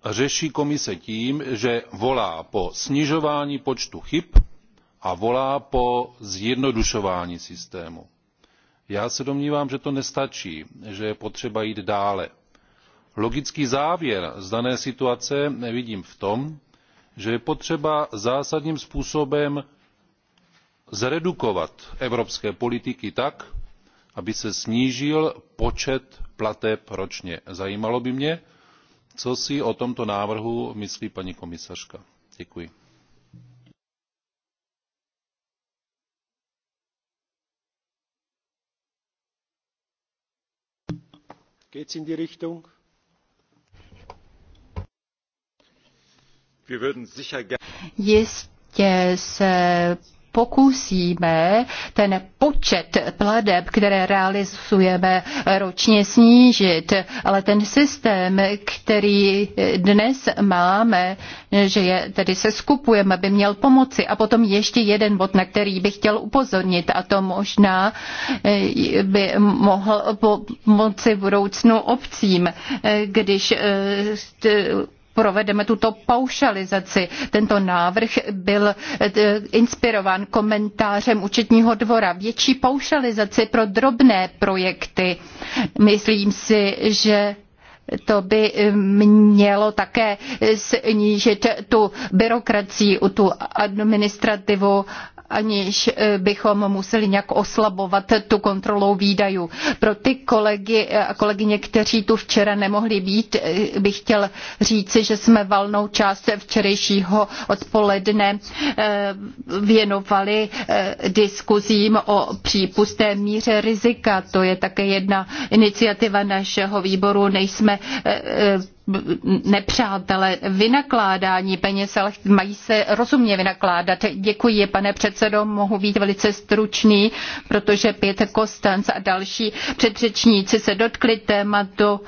řeší komise tím že volá po snižování počtu chyb a volá po zjednodušování systému. já se domnívám že to nestačí že je potřeba jít dále logický závěr z dané situace vidím v tom že je potřeba zásadním způsobem zredukovat evropské politiky tak aby se snížil počet plateb ročně. zajímalo by mě co si o tomto návrhu myslí paní komisařka. děkuji. Jistě se pokusíme ten počet pladeb, které realizujeme ročně snížit, ale ten systém, který dnes máme, že je, tedy se skupujeme, by měl pomoci. A potom ještě jeden bod, na který bych chtěl upozornit, a to možná eh, by mohl pomoci v budoucnu obcím, eh, když eh, provedeme tuto paušalizaci. Tento návrh byl eh, inspirován komentářem účetního dvora. Větší paušalizaci pro drobné projekty. Myslím si, že to by eh, mělo také snížit tu byrokracii, tu administrativu aniž eh, bychom museli nějak oslabovat tu kontrolou výdajů. Pro ty kolegy a eh, kolegyně, kteří tu včera nemohli být, eh, bych chtěl říci, že jsme valnou část včerejšího odpoledne věnovali diskuzím o přípustné míře rizika. To je také jedna iniciativa našeho výboru. Nejsme nepřátelé vynakládání peněz, ale mají se rozumně vynakládat. Děkuji, pane předsedo, mohu být velice stručný, protože Pět Kostanc a další předřečníci se dotkli tématu,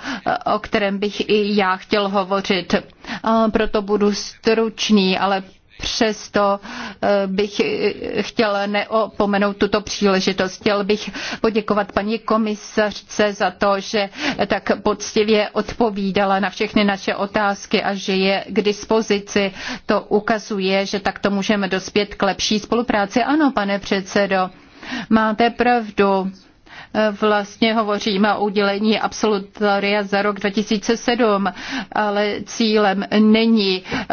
o kterém bych i já chtěl hovořit. Proto budu stručný, ale přesto eh, bych eh, chtěl neopomenout tuto příležitost. Chtěl bych poděkovat paní komisařce za to, že tak poctivě odpovídala na všechny naše otázky a že je k dispozici. To ukazuje, že takto můžeme dospět k lepší spolupráci. Ano, pane předsedo, máte pravdu vlastně hovoříme o udělení absolutoria za rok 2007, ale cílem není eh,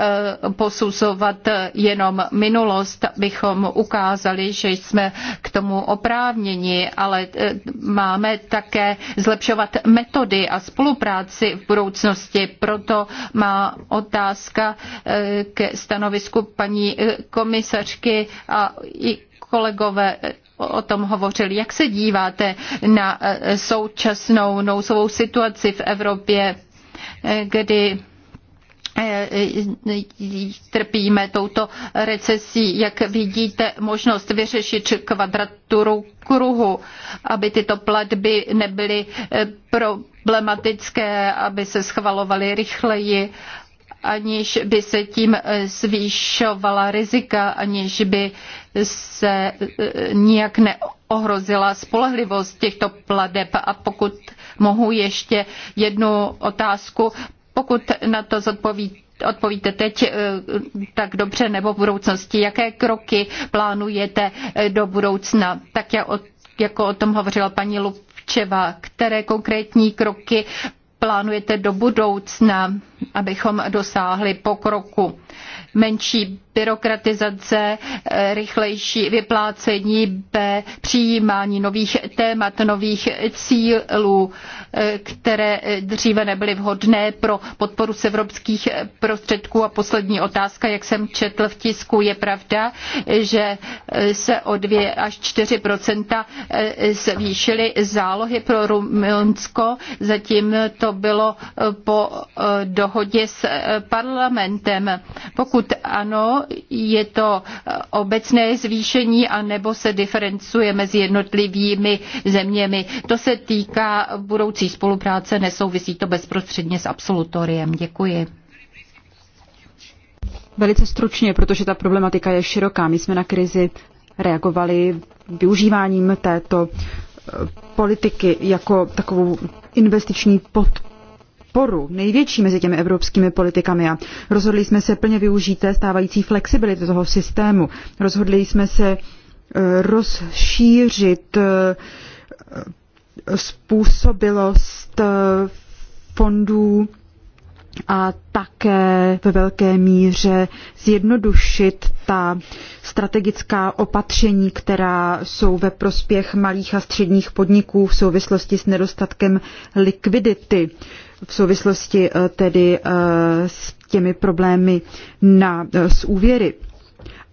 posuzovat jenom minulost, abychom ukázali, že jsme k tomu oprávněni, ale eh, máme také zlepšovat metody a spolupráci v budoucnosti. Proto má otázka eh, ke stanovisku paní komisařky a i kolegové o tom hovořili. Jak se díváte na eh, současnou nouzovou situaci v Evropě, eh, kdy eh, trpíme touto recesí. Jak vidíte možnost vyřešit kvadraturu kruhu, aby tyto platby nebyly problematické, aby se schvalovaly rychleji, aniž by se tím zvýšovala rizika, aniž by se nijak neopakovala ohrozila spolehlivost těchto pladeb. A pokud mohu ještě jednu otázku, pokud na to zodpovíte, odpovíte teď eh, tak dobře nebo v budoucnosti, jaké kroky plánujete eh, do budoucna, tak jako o tom hovořila paní Lubčeva, které konkrétní kroky plánujete do budoucna, abychom dosáhli pokroku? Menší byrokratizace, eh, rychlejší vyplácení B, přijímání nových témat, nových cílů, eh, které eh, dříve nebyly vhodné pro podporu z evropských prostředků. A poslední otázka, jak jsem četl v tisku, je pravda, že se o 2 až 4 zvýšily zálohy pro Rumunsko, zatím to to bylo eh, po eh, dohodě s eh, parlamentem. Pokud ano, je to obecné zvýšení a nebo se diferencuje mezi jednotlivými zeměmi. To se týká budoucí spolupráce, nesouvisí to bezprostředně s absolutoriem. Děkuji. Velice stručně, protože ta problematika je široká. My jsme na krizi reagovali využíváním této politiky jako takovou investiční podporu, největší mezi těmi evropskými politikami a rozhodli jsme se plně využít té stávající flexibility toho systému. Rozhodli jsme se eh, rozšířit eh, způsobilost eh, fondů a také ve velké míře zjednodušit ta strategická opatření, která jsou ve prospěch malých a středních podniků v souvislosti s nedostatkem likvidity, v souvislosti eh, tedy eh, s těmi problémy na, eh, s úvěry.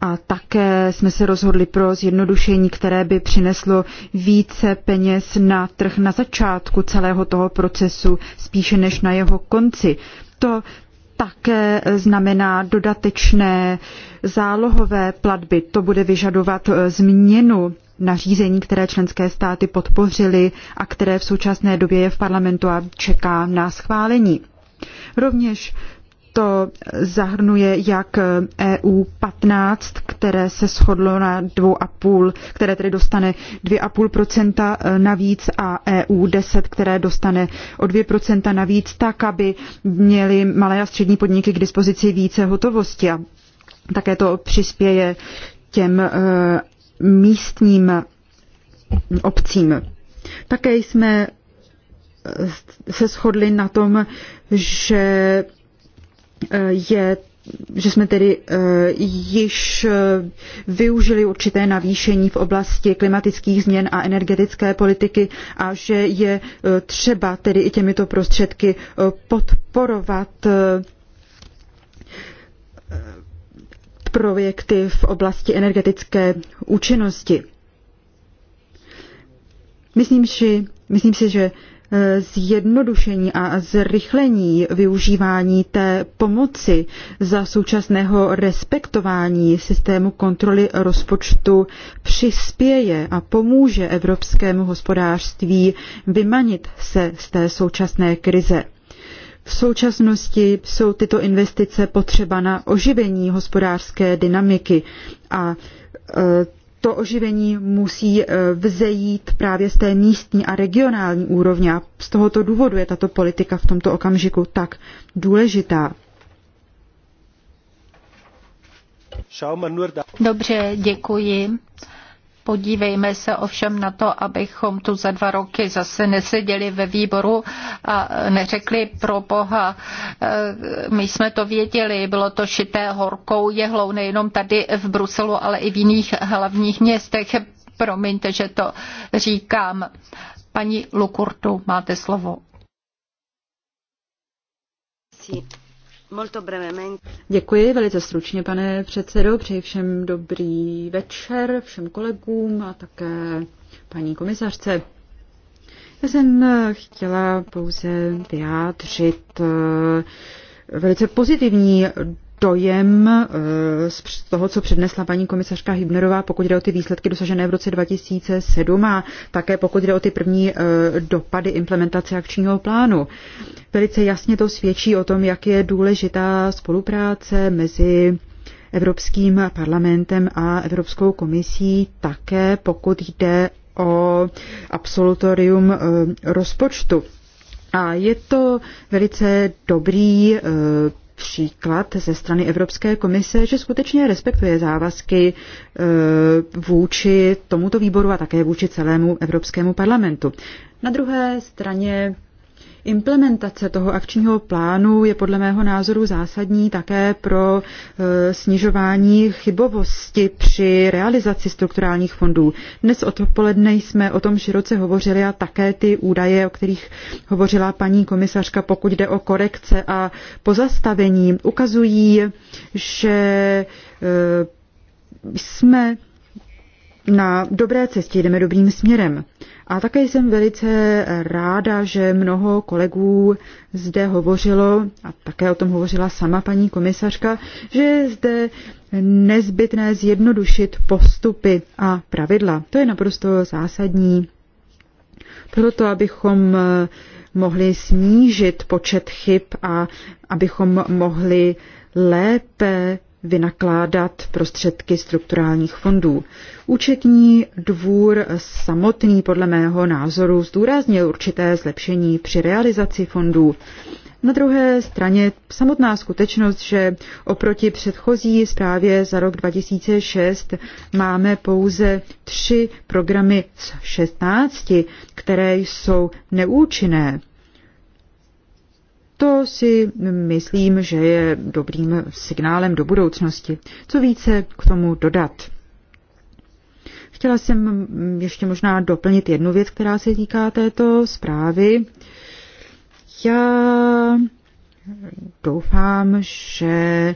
A také jsme se rozhodli pro zjednodušení, které by přineslo více peněz na trh na začátku celého toho procesu, spíše než na jeho konci to také znamená dodatečné zálohové platby. To bude vyžadovat eh, změnu nařízení, které členské státy podpořily a které v současné době je v parlamentu a čeká na schválení. Rovněž to zahrnuje jak EU 15, které se shodlo na 2,5, které tedy dostane 2,5% e, navíc a EU 10, které dostane o 2% navíc, tak, aby měly malé a střední podniky k dispozici více hotovosti. A také to přispěje těm e, místním obcím. Také jsme e, se shodli na tom, že je že jsme tedy eh, již eh, využili určité navýšení v oblasti klimatických změn a energetické politiky a že je eh, třeba tedy i těmito prostředky podporovat projekty v oblasti energetické účinnosti. Myslím si, myslím si že Eh, zjednodušení a zrychlení využívání té pomoci za současného respektování systému kontroly rozpočtu přispěje a pomůže evropskému hospodářství vymanit se z té současné krize. V současnosti jsou tyto investice potřeba na oživení hospodářské dynamiky a eh, to oživení musí eh, vzejít právě z té místní a regionální úrovně a z tohoto důvodu je tato politika v tomto okamžiku tak důležitá. Dobře, děkuji. Podívejme se ovšem na to, abychom tu za dva roky zase neseděli ve výboru a neřekli pro boha, eh, my jsme to věděli, bylo to šité horkou jehlou nejenom tady v Bruselu, ale i v jiných hlavních městech. Promiňte, že to říkám. Paní Lukurtu, máte slovo. Sí. Děkuji velice stručně, pane předsedo. Přeji všem dobrý večer, všem kolegům a také paní komisařce. Já jsem chtěla pouze vyjádřit eh, velice pozitivní dojem eh, z toho, co přednesla paní komisařka Hybnerová, pokud jde o ty výsledky dosažené v roce 2007 a také pokud jde o ty první eh, dopady implementace akčního plánu. Velice jasně to svědčí o tom, jak je důležitá spolupráce mezi Evropským parlamentem a Evropskou komisí také, pokud jde o absolutorium eh, rozpočtu. A je to velice dobrý příklad ze strany Evropské komise, že skutečně respektuje závazky e, vůči tomuto výboru a také vůči celému Evropskému parlamentu. Na druhé straně Implementace toho akčního plánu je podle mého názoru zásadní také pro eh, snižování chybovosti při realizaci strukturálních fondů. Dnes odpoledne jsme o tom široce hovořili a také ty údaje, o kterých hovořila paní komisařka, pokud jde o korekce a pozastavení, ukazují, že eh, jsme na dobré cestě, jdeme dobrým směrem. A také jsem velice ráda, že mnoho kolegů zde hovořilo, a také o tom hovořila sama paní komisařka, že je zde nezbytné zjednodušit postupy a pravidla. To je naprosto zásadní proto, abychom mohli snížit počet chyb a abychom mohli lépe vynakládat prostředky strukturálních fondů. Účetní dvůr samotný podle mého názoru zdůraznil určité zlepšení při realizaci fondů. Na druhé straně samotná skutečnost, že oproti předchozí zprávě za rok 2006 máme pouze tři programy z 16, které jsou neúčinné. To si myslím, že je dobrým signálem do budoucnosti. Co více k tomu dodat? Chtěla jsem ještě možná doplnit jednu věc, která se týká této zprávy. Já doufám, že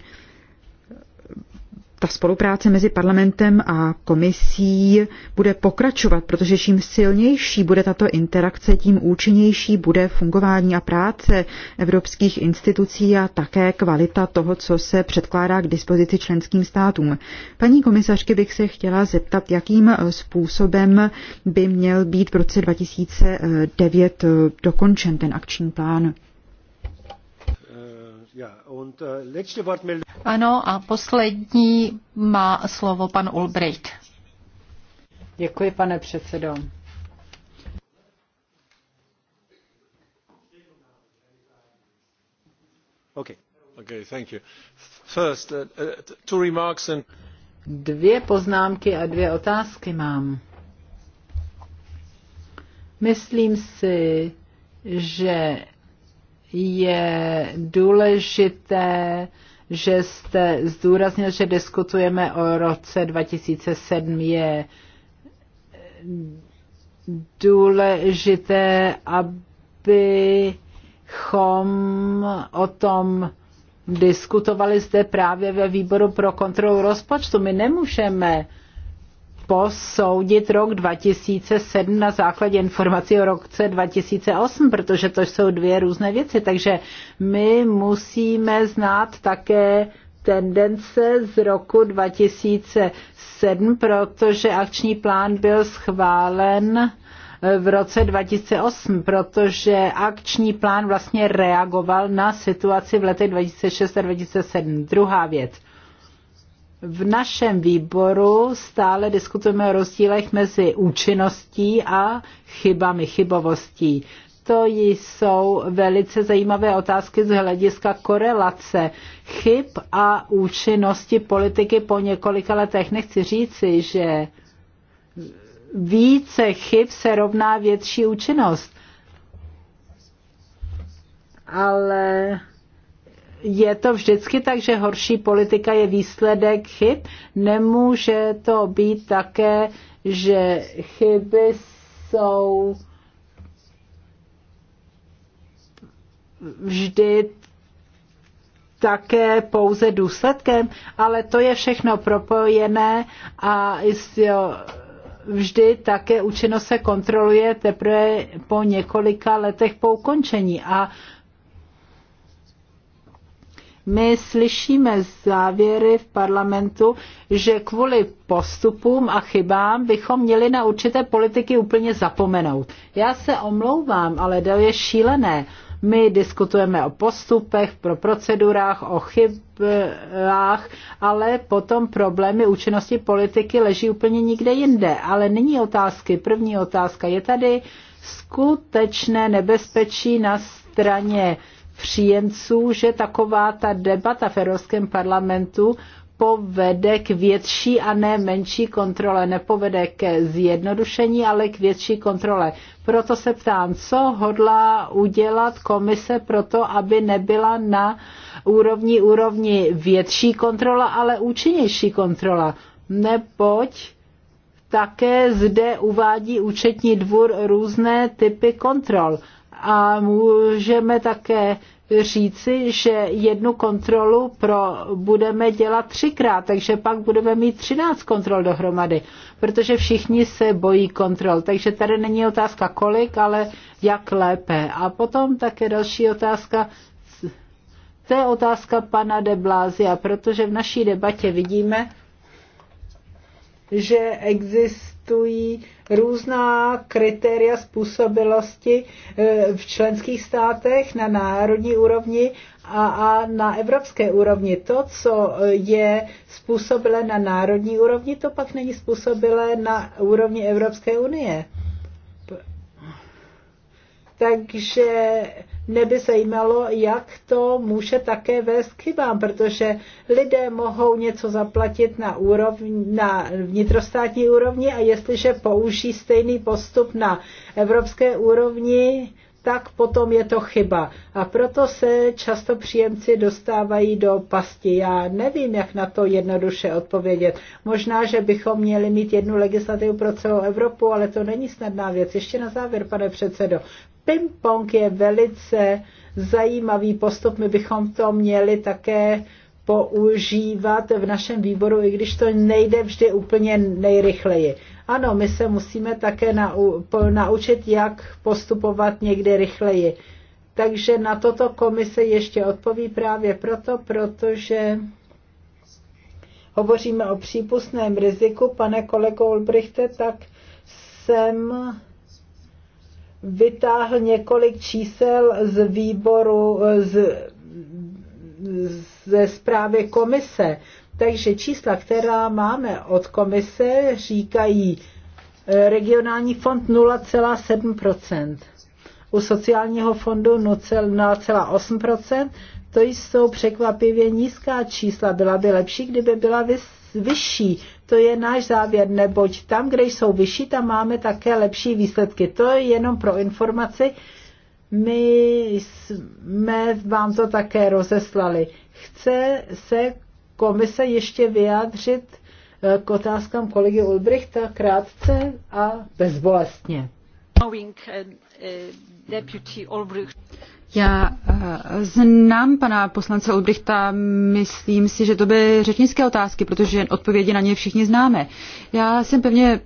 ta spolupráce mezi parlamentem a komisí bude pokračovat, protože čím silnější bude tato interakce, tím účinnější bude fungování a práce evropských institucí a také kvalita toho, co se předkládá k dispozici členským státům. Paní komisařky bych se chtěla zeptat, jakým způsobem by měl být v roce 2009 dokončen ten akční plán. Äh, ano, a poslední má slovo pan Ulbricht. Děkuji, pane předsedo. Okay. Okay, thank you. First, uh, uh two remarks and... Dvě poznámky a dvě otázky mám. Myslím si, že je důležité, že jste zdůraznil, že diskutujeme o roce 2007. Je důležité, abychom o tom diskutovali zde právě ve výboru pro kontrolu rozpočtu. My nemůžeme posoudit rok 2007 na základě informací o roce 2008, protože to jsou dvě různé věci. Takže my musíme znát také tendence z roku 2007, protože akční plán byl schválen eh, v roce 2008, protože akční plán vlastně reagoval na situaci v letech 2006 a 2007. Druhá věc v našem výboru stále diskutujeme o rozdílech mezi účinností a chybami, chybovostí. To jsou velice zajímavé otázky z hlediska korelace chyb a účinnosti politiky po několika letech. Nechci říci, že více chyb se rovná větší účinnost. Ale je to vždycky tak, že horší politika je výsledek chyb. Nemůže to být také, že chyby jsou vždy také pouze důsledkem, ale to je všechno propojené a vždy také účinnost se kontroluje teprve po několika letech po ukončení. A my slyšíme závěry v parlamentu, že kvůli postupům a chybám bychom měli na určité politiky úplně zapomenout. Já se omlouvám, ale to je šílené. My diskutujeme o postupech, pro procedurách, o chybách, ale potom problémy účinnosti politiky leží úplně nikde jinde. Ale nyní otázky. První otázka je tady skutečné nebezpečí na straně příjemců, že taková ta debata v Evropském parlamentu povede k větší a ne menší kontrole, nepovede ke zjednodušení, ale k větší kontrole. Proto se ptám, co hodlá udělat komise pro to, aby nebyla na úrovni úrovni větší kontrola, ale účinnější kontrola. Neboť také zde uvádí účetní dvůr různé typy kontrol. A můžeme také říci, že jednu kontrolu pro budeme dělat třikrát, takže pak budeme mít třináct kontrol dohromady, protože všichni se bojí kontrol. Takže tady není otázka kolik, ale jak lépe. A potom také další otázka, to je otázka pana de Blázia, protože v naší debatě vidíme, že existuje existují různá kritéria způsobilosti eh, v členských státech na národní úrovni a, a na evropské úrovni. To, co je způsobilé na národní úrovni, to pak není způsobilé na úrovni Evropské unie. Takže mě by zajímalo, jak to může také vést k chybám, protože lidé mohou něco zaplatit na, úrovni, na vnitrostátní úrovni a jestliže použijí stejný postup na evropské úrovni, tak potom je to chyba. A proto se často příjemci dostávají do pasti. Já nevím, jak na to jednoduše odpovědět. Možná, že bychom měli mít jednu legislativu pro celou Evropu, ale to není snadná věc. Ještě na závěr, pane předsedo. Ping-pong je velice zajímavý postup, my bychom to měli také používat v našem výboru, i když to nejde vždy úplně nejrychleji. Ano, my se musíme také nau, po, naučit, jak postupovat někdy rychleji. Takže na toto komise ještě odpoví právě proto, protože hovoříme o přípustném riziku. Pane kolego Olbrichte, tak jsem vytáhl několik čísel z výboru z, ze zprávy komise. Takže čísla, která máme od komise, říkají eh, regionální fond 0,7%, u sociálního fondu 0,8%, to jsou překvapivě nízká čísla. Byla by lepší, kdyby byla vys, vyšší, to je náš závěr, neboť tam, kde jsou vyšší, tam máme také lepší výsledky. To je jenom pro informaci. My jsme vám to také rozeslali. Chce se komise ještě vyjádřit eh, k otázkám kolegy Ulbrichta krátce a bezbolestně. Eh, eh, já eh, znám pana poslance Ulbrichta, myslím si, že to byly řečnické otázky, protože odpovědi na ně všichni známe. Já jsem pevně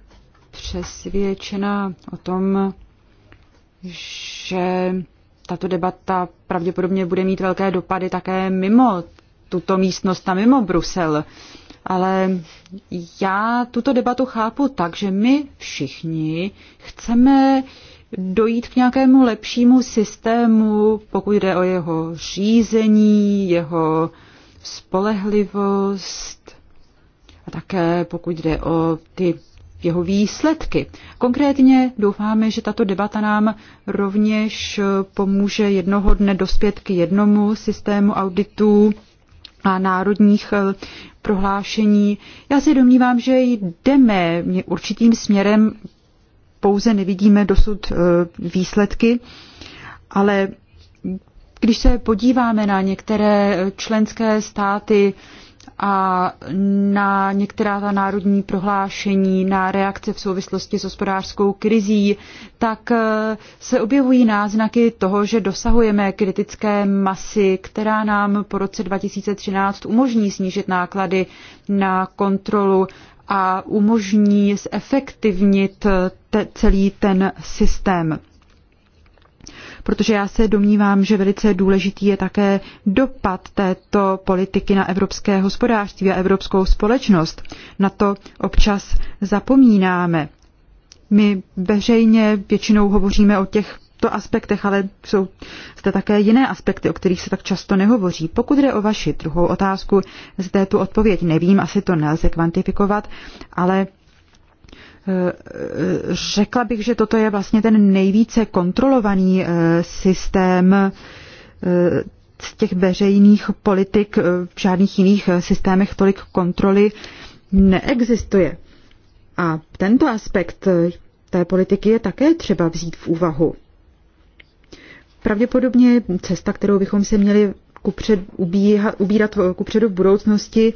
přesvědčena o tom, že tato debata pravděpodobně bude mít velké dopady také mimo tuto místnost a mimo Brusel. Ale já tuto debatu chápu tak, že my všichni chceme uh, dojít k nějakému lepšímu systému, pokud jde o jeho řízení, jeho spolehlivost a také pokud jde o ty jeho výsledky. Konkrétně doufáme, že tato debata nám rovněž pomůže jednoho dne dospět k jednomu systému auditů a národních eh, prohlášení. Já si domnívám, že jdeme určitým směrem pouze nevidíme dosud eh, výsledky, ale když se podíváme na některé členské státy a na některá ta národní prohlášení, na reakce v souvislosti s hospodářskou krizí, tak eh, se objevují náznaky toho, že dosahujeme kritické masy, která nám po roce 2013 umožní snížit náklady na kontrolu a umožní zefektivnit te, celý ten systém. Protože já se domnívám, že velice důležitý je také dopad této politiky na evropské hospodářství a evropskou společnost. Na to občas zapomínáme. My veřejně většinou hovoříme o těch těchto aspektech, ale jsou zde také jiné aspekty, o kterých se tak často nehovoří. Pokud jde o vaši druhou otázku, zde tu odpověď nevím, asi to nelze kvantifikovat, ale e, řekla bych, že toto je vlastně ten nejvíce kontrolovaný e, systém e, z těch veřejných politik v žádných jiných systémech tolik kontroly neexistuje. A tento aspekt té politiky je také třeba vzít v úvahu pravděpodobně cesta, kterou bychom se měli kupřed, ubíha, ubírat eh, kupředu v budoucnosti,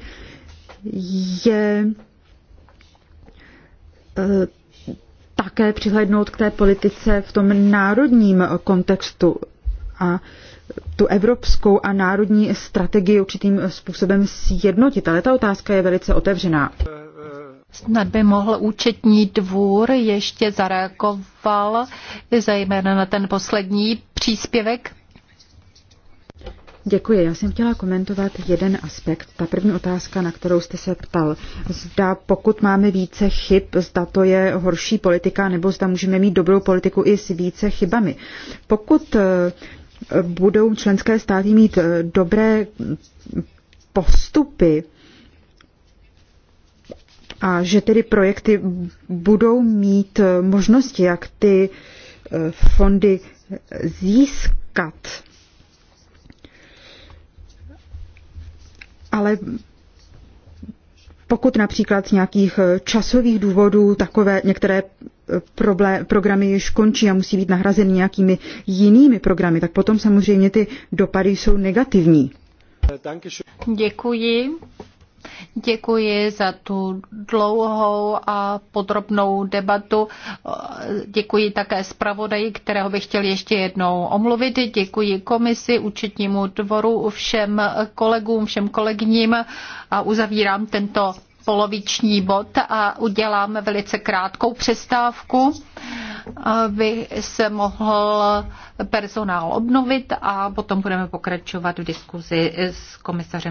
je eh, také přihlednout k té politice v tom národním kontextu a tu evropskou a národní strategii určitým způsobem sjednotit. Ale ta otázka je velice otevřená. Snad by mohl účetní dvůr ještě zareagoval, zejména na ten poslední příspěvek? Děkuji. Já jsem chtěla komentovat jeden aspekt. Ta první otázka, na kterou jste se ptal. Zda pokud máme více chyb, zda to je horší politika, nebo zda můžeme mít dobrou politiku i s více chybami. Pokud eh, budou členské státy mít eh, dobré postupy, a že tedy projekty budou mít eh, možnosti, jak ty fondy získat. Ale pokud například z nějakých eh, časových důvodů takové některé eh, problém, programy již končí a musí být nahrazeny nějakými jinými programy, tak potom samozřejmě ty dopady jsou negativní. Děkuji. Děkuji za tu dlouhou a podrobnou debatu. Děkuji také zpravodaji, kterého bych chtěl ještě jednou omluvit. Děkuji komisi, účetnímu dvoru, všem kolegům, všem kolegyním a uzavírám tento poloviční bod a udělám velice krátkou přestávku, aby se mohl personál obnovit a potom budeme pokračovat v diskuzi s komisařem.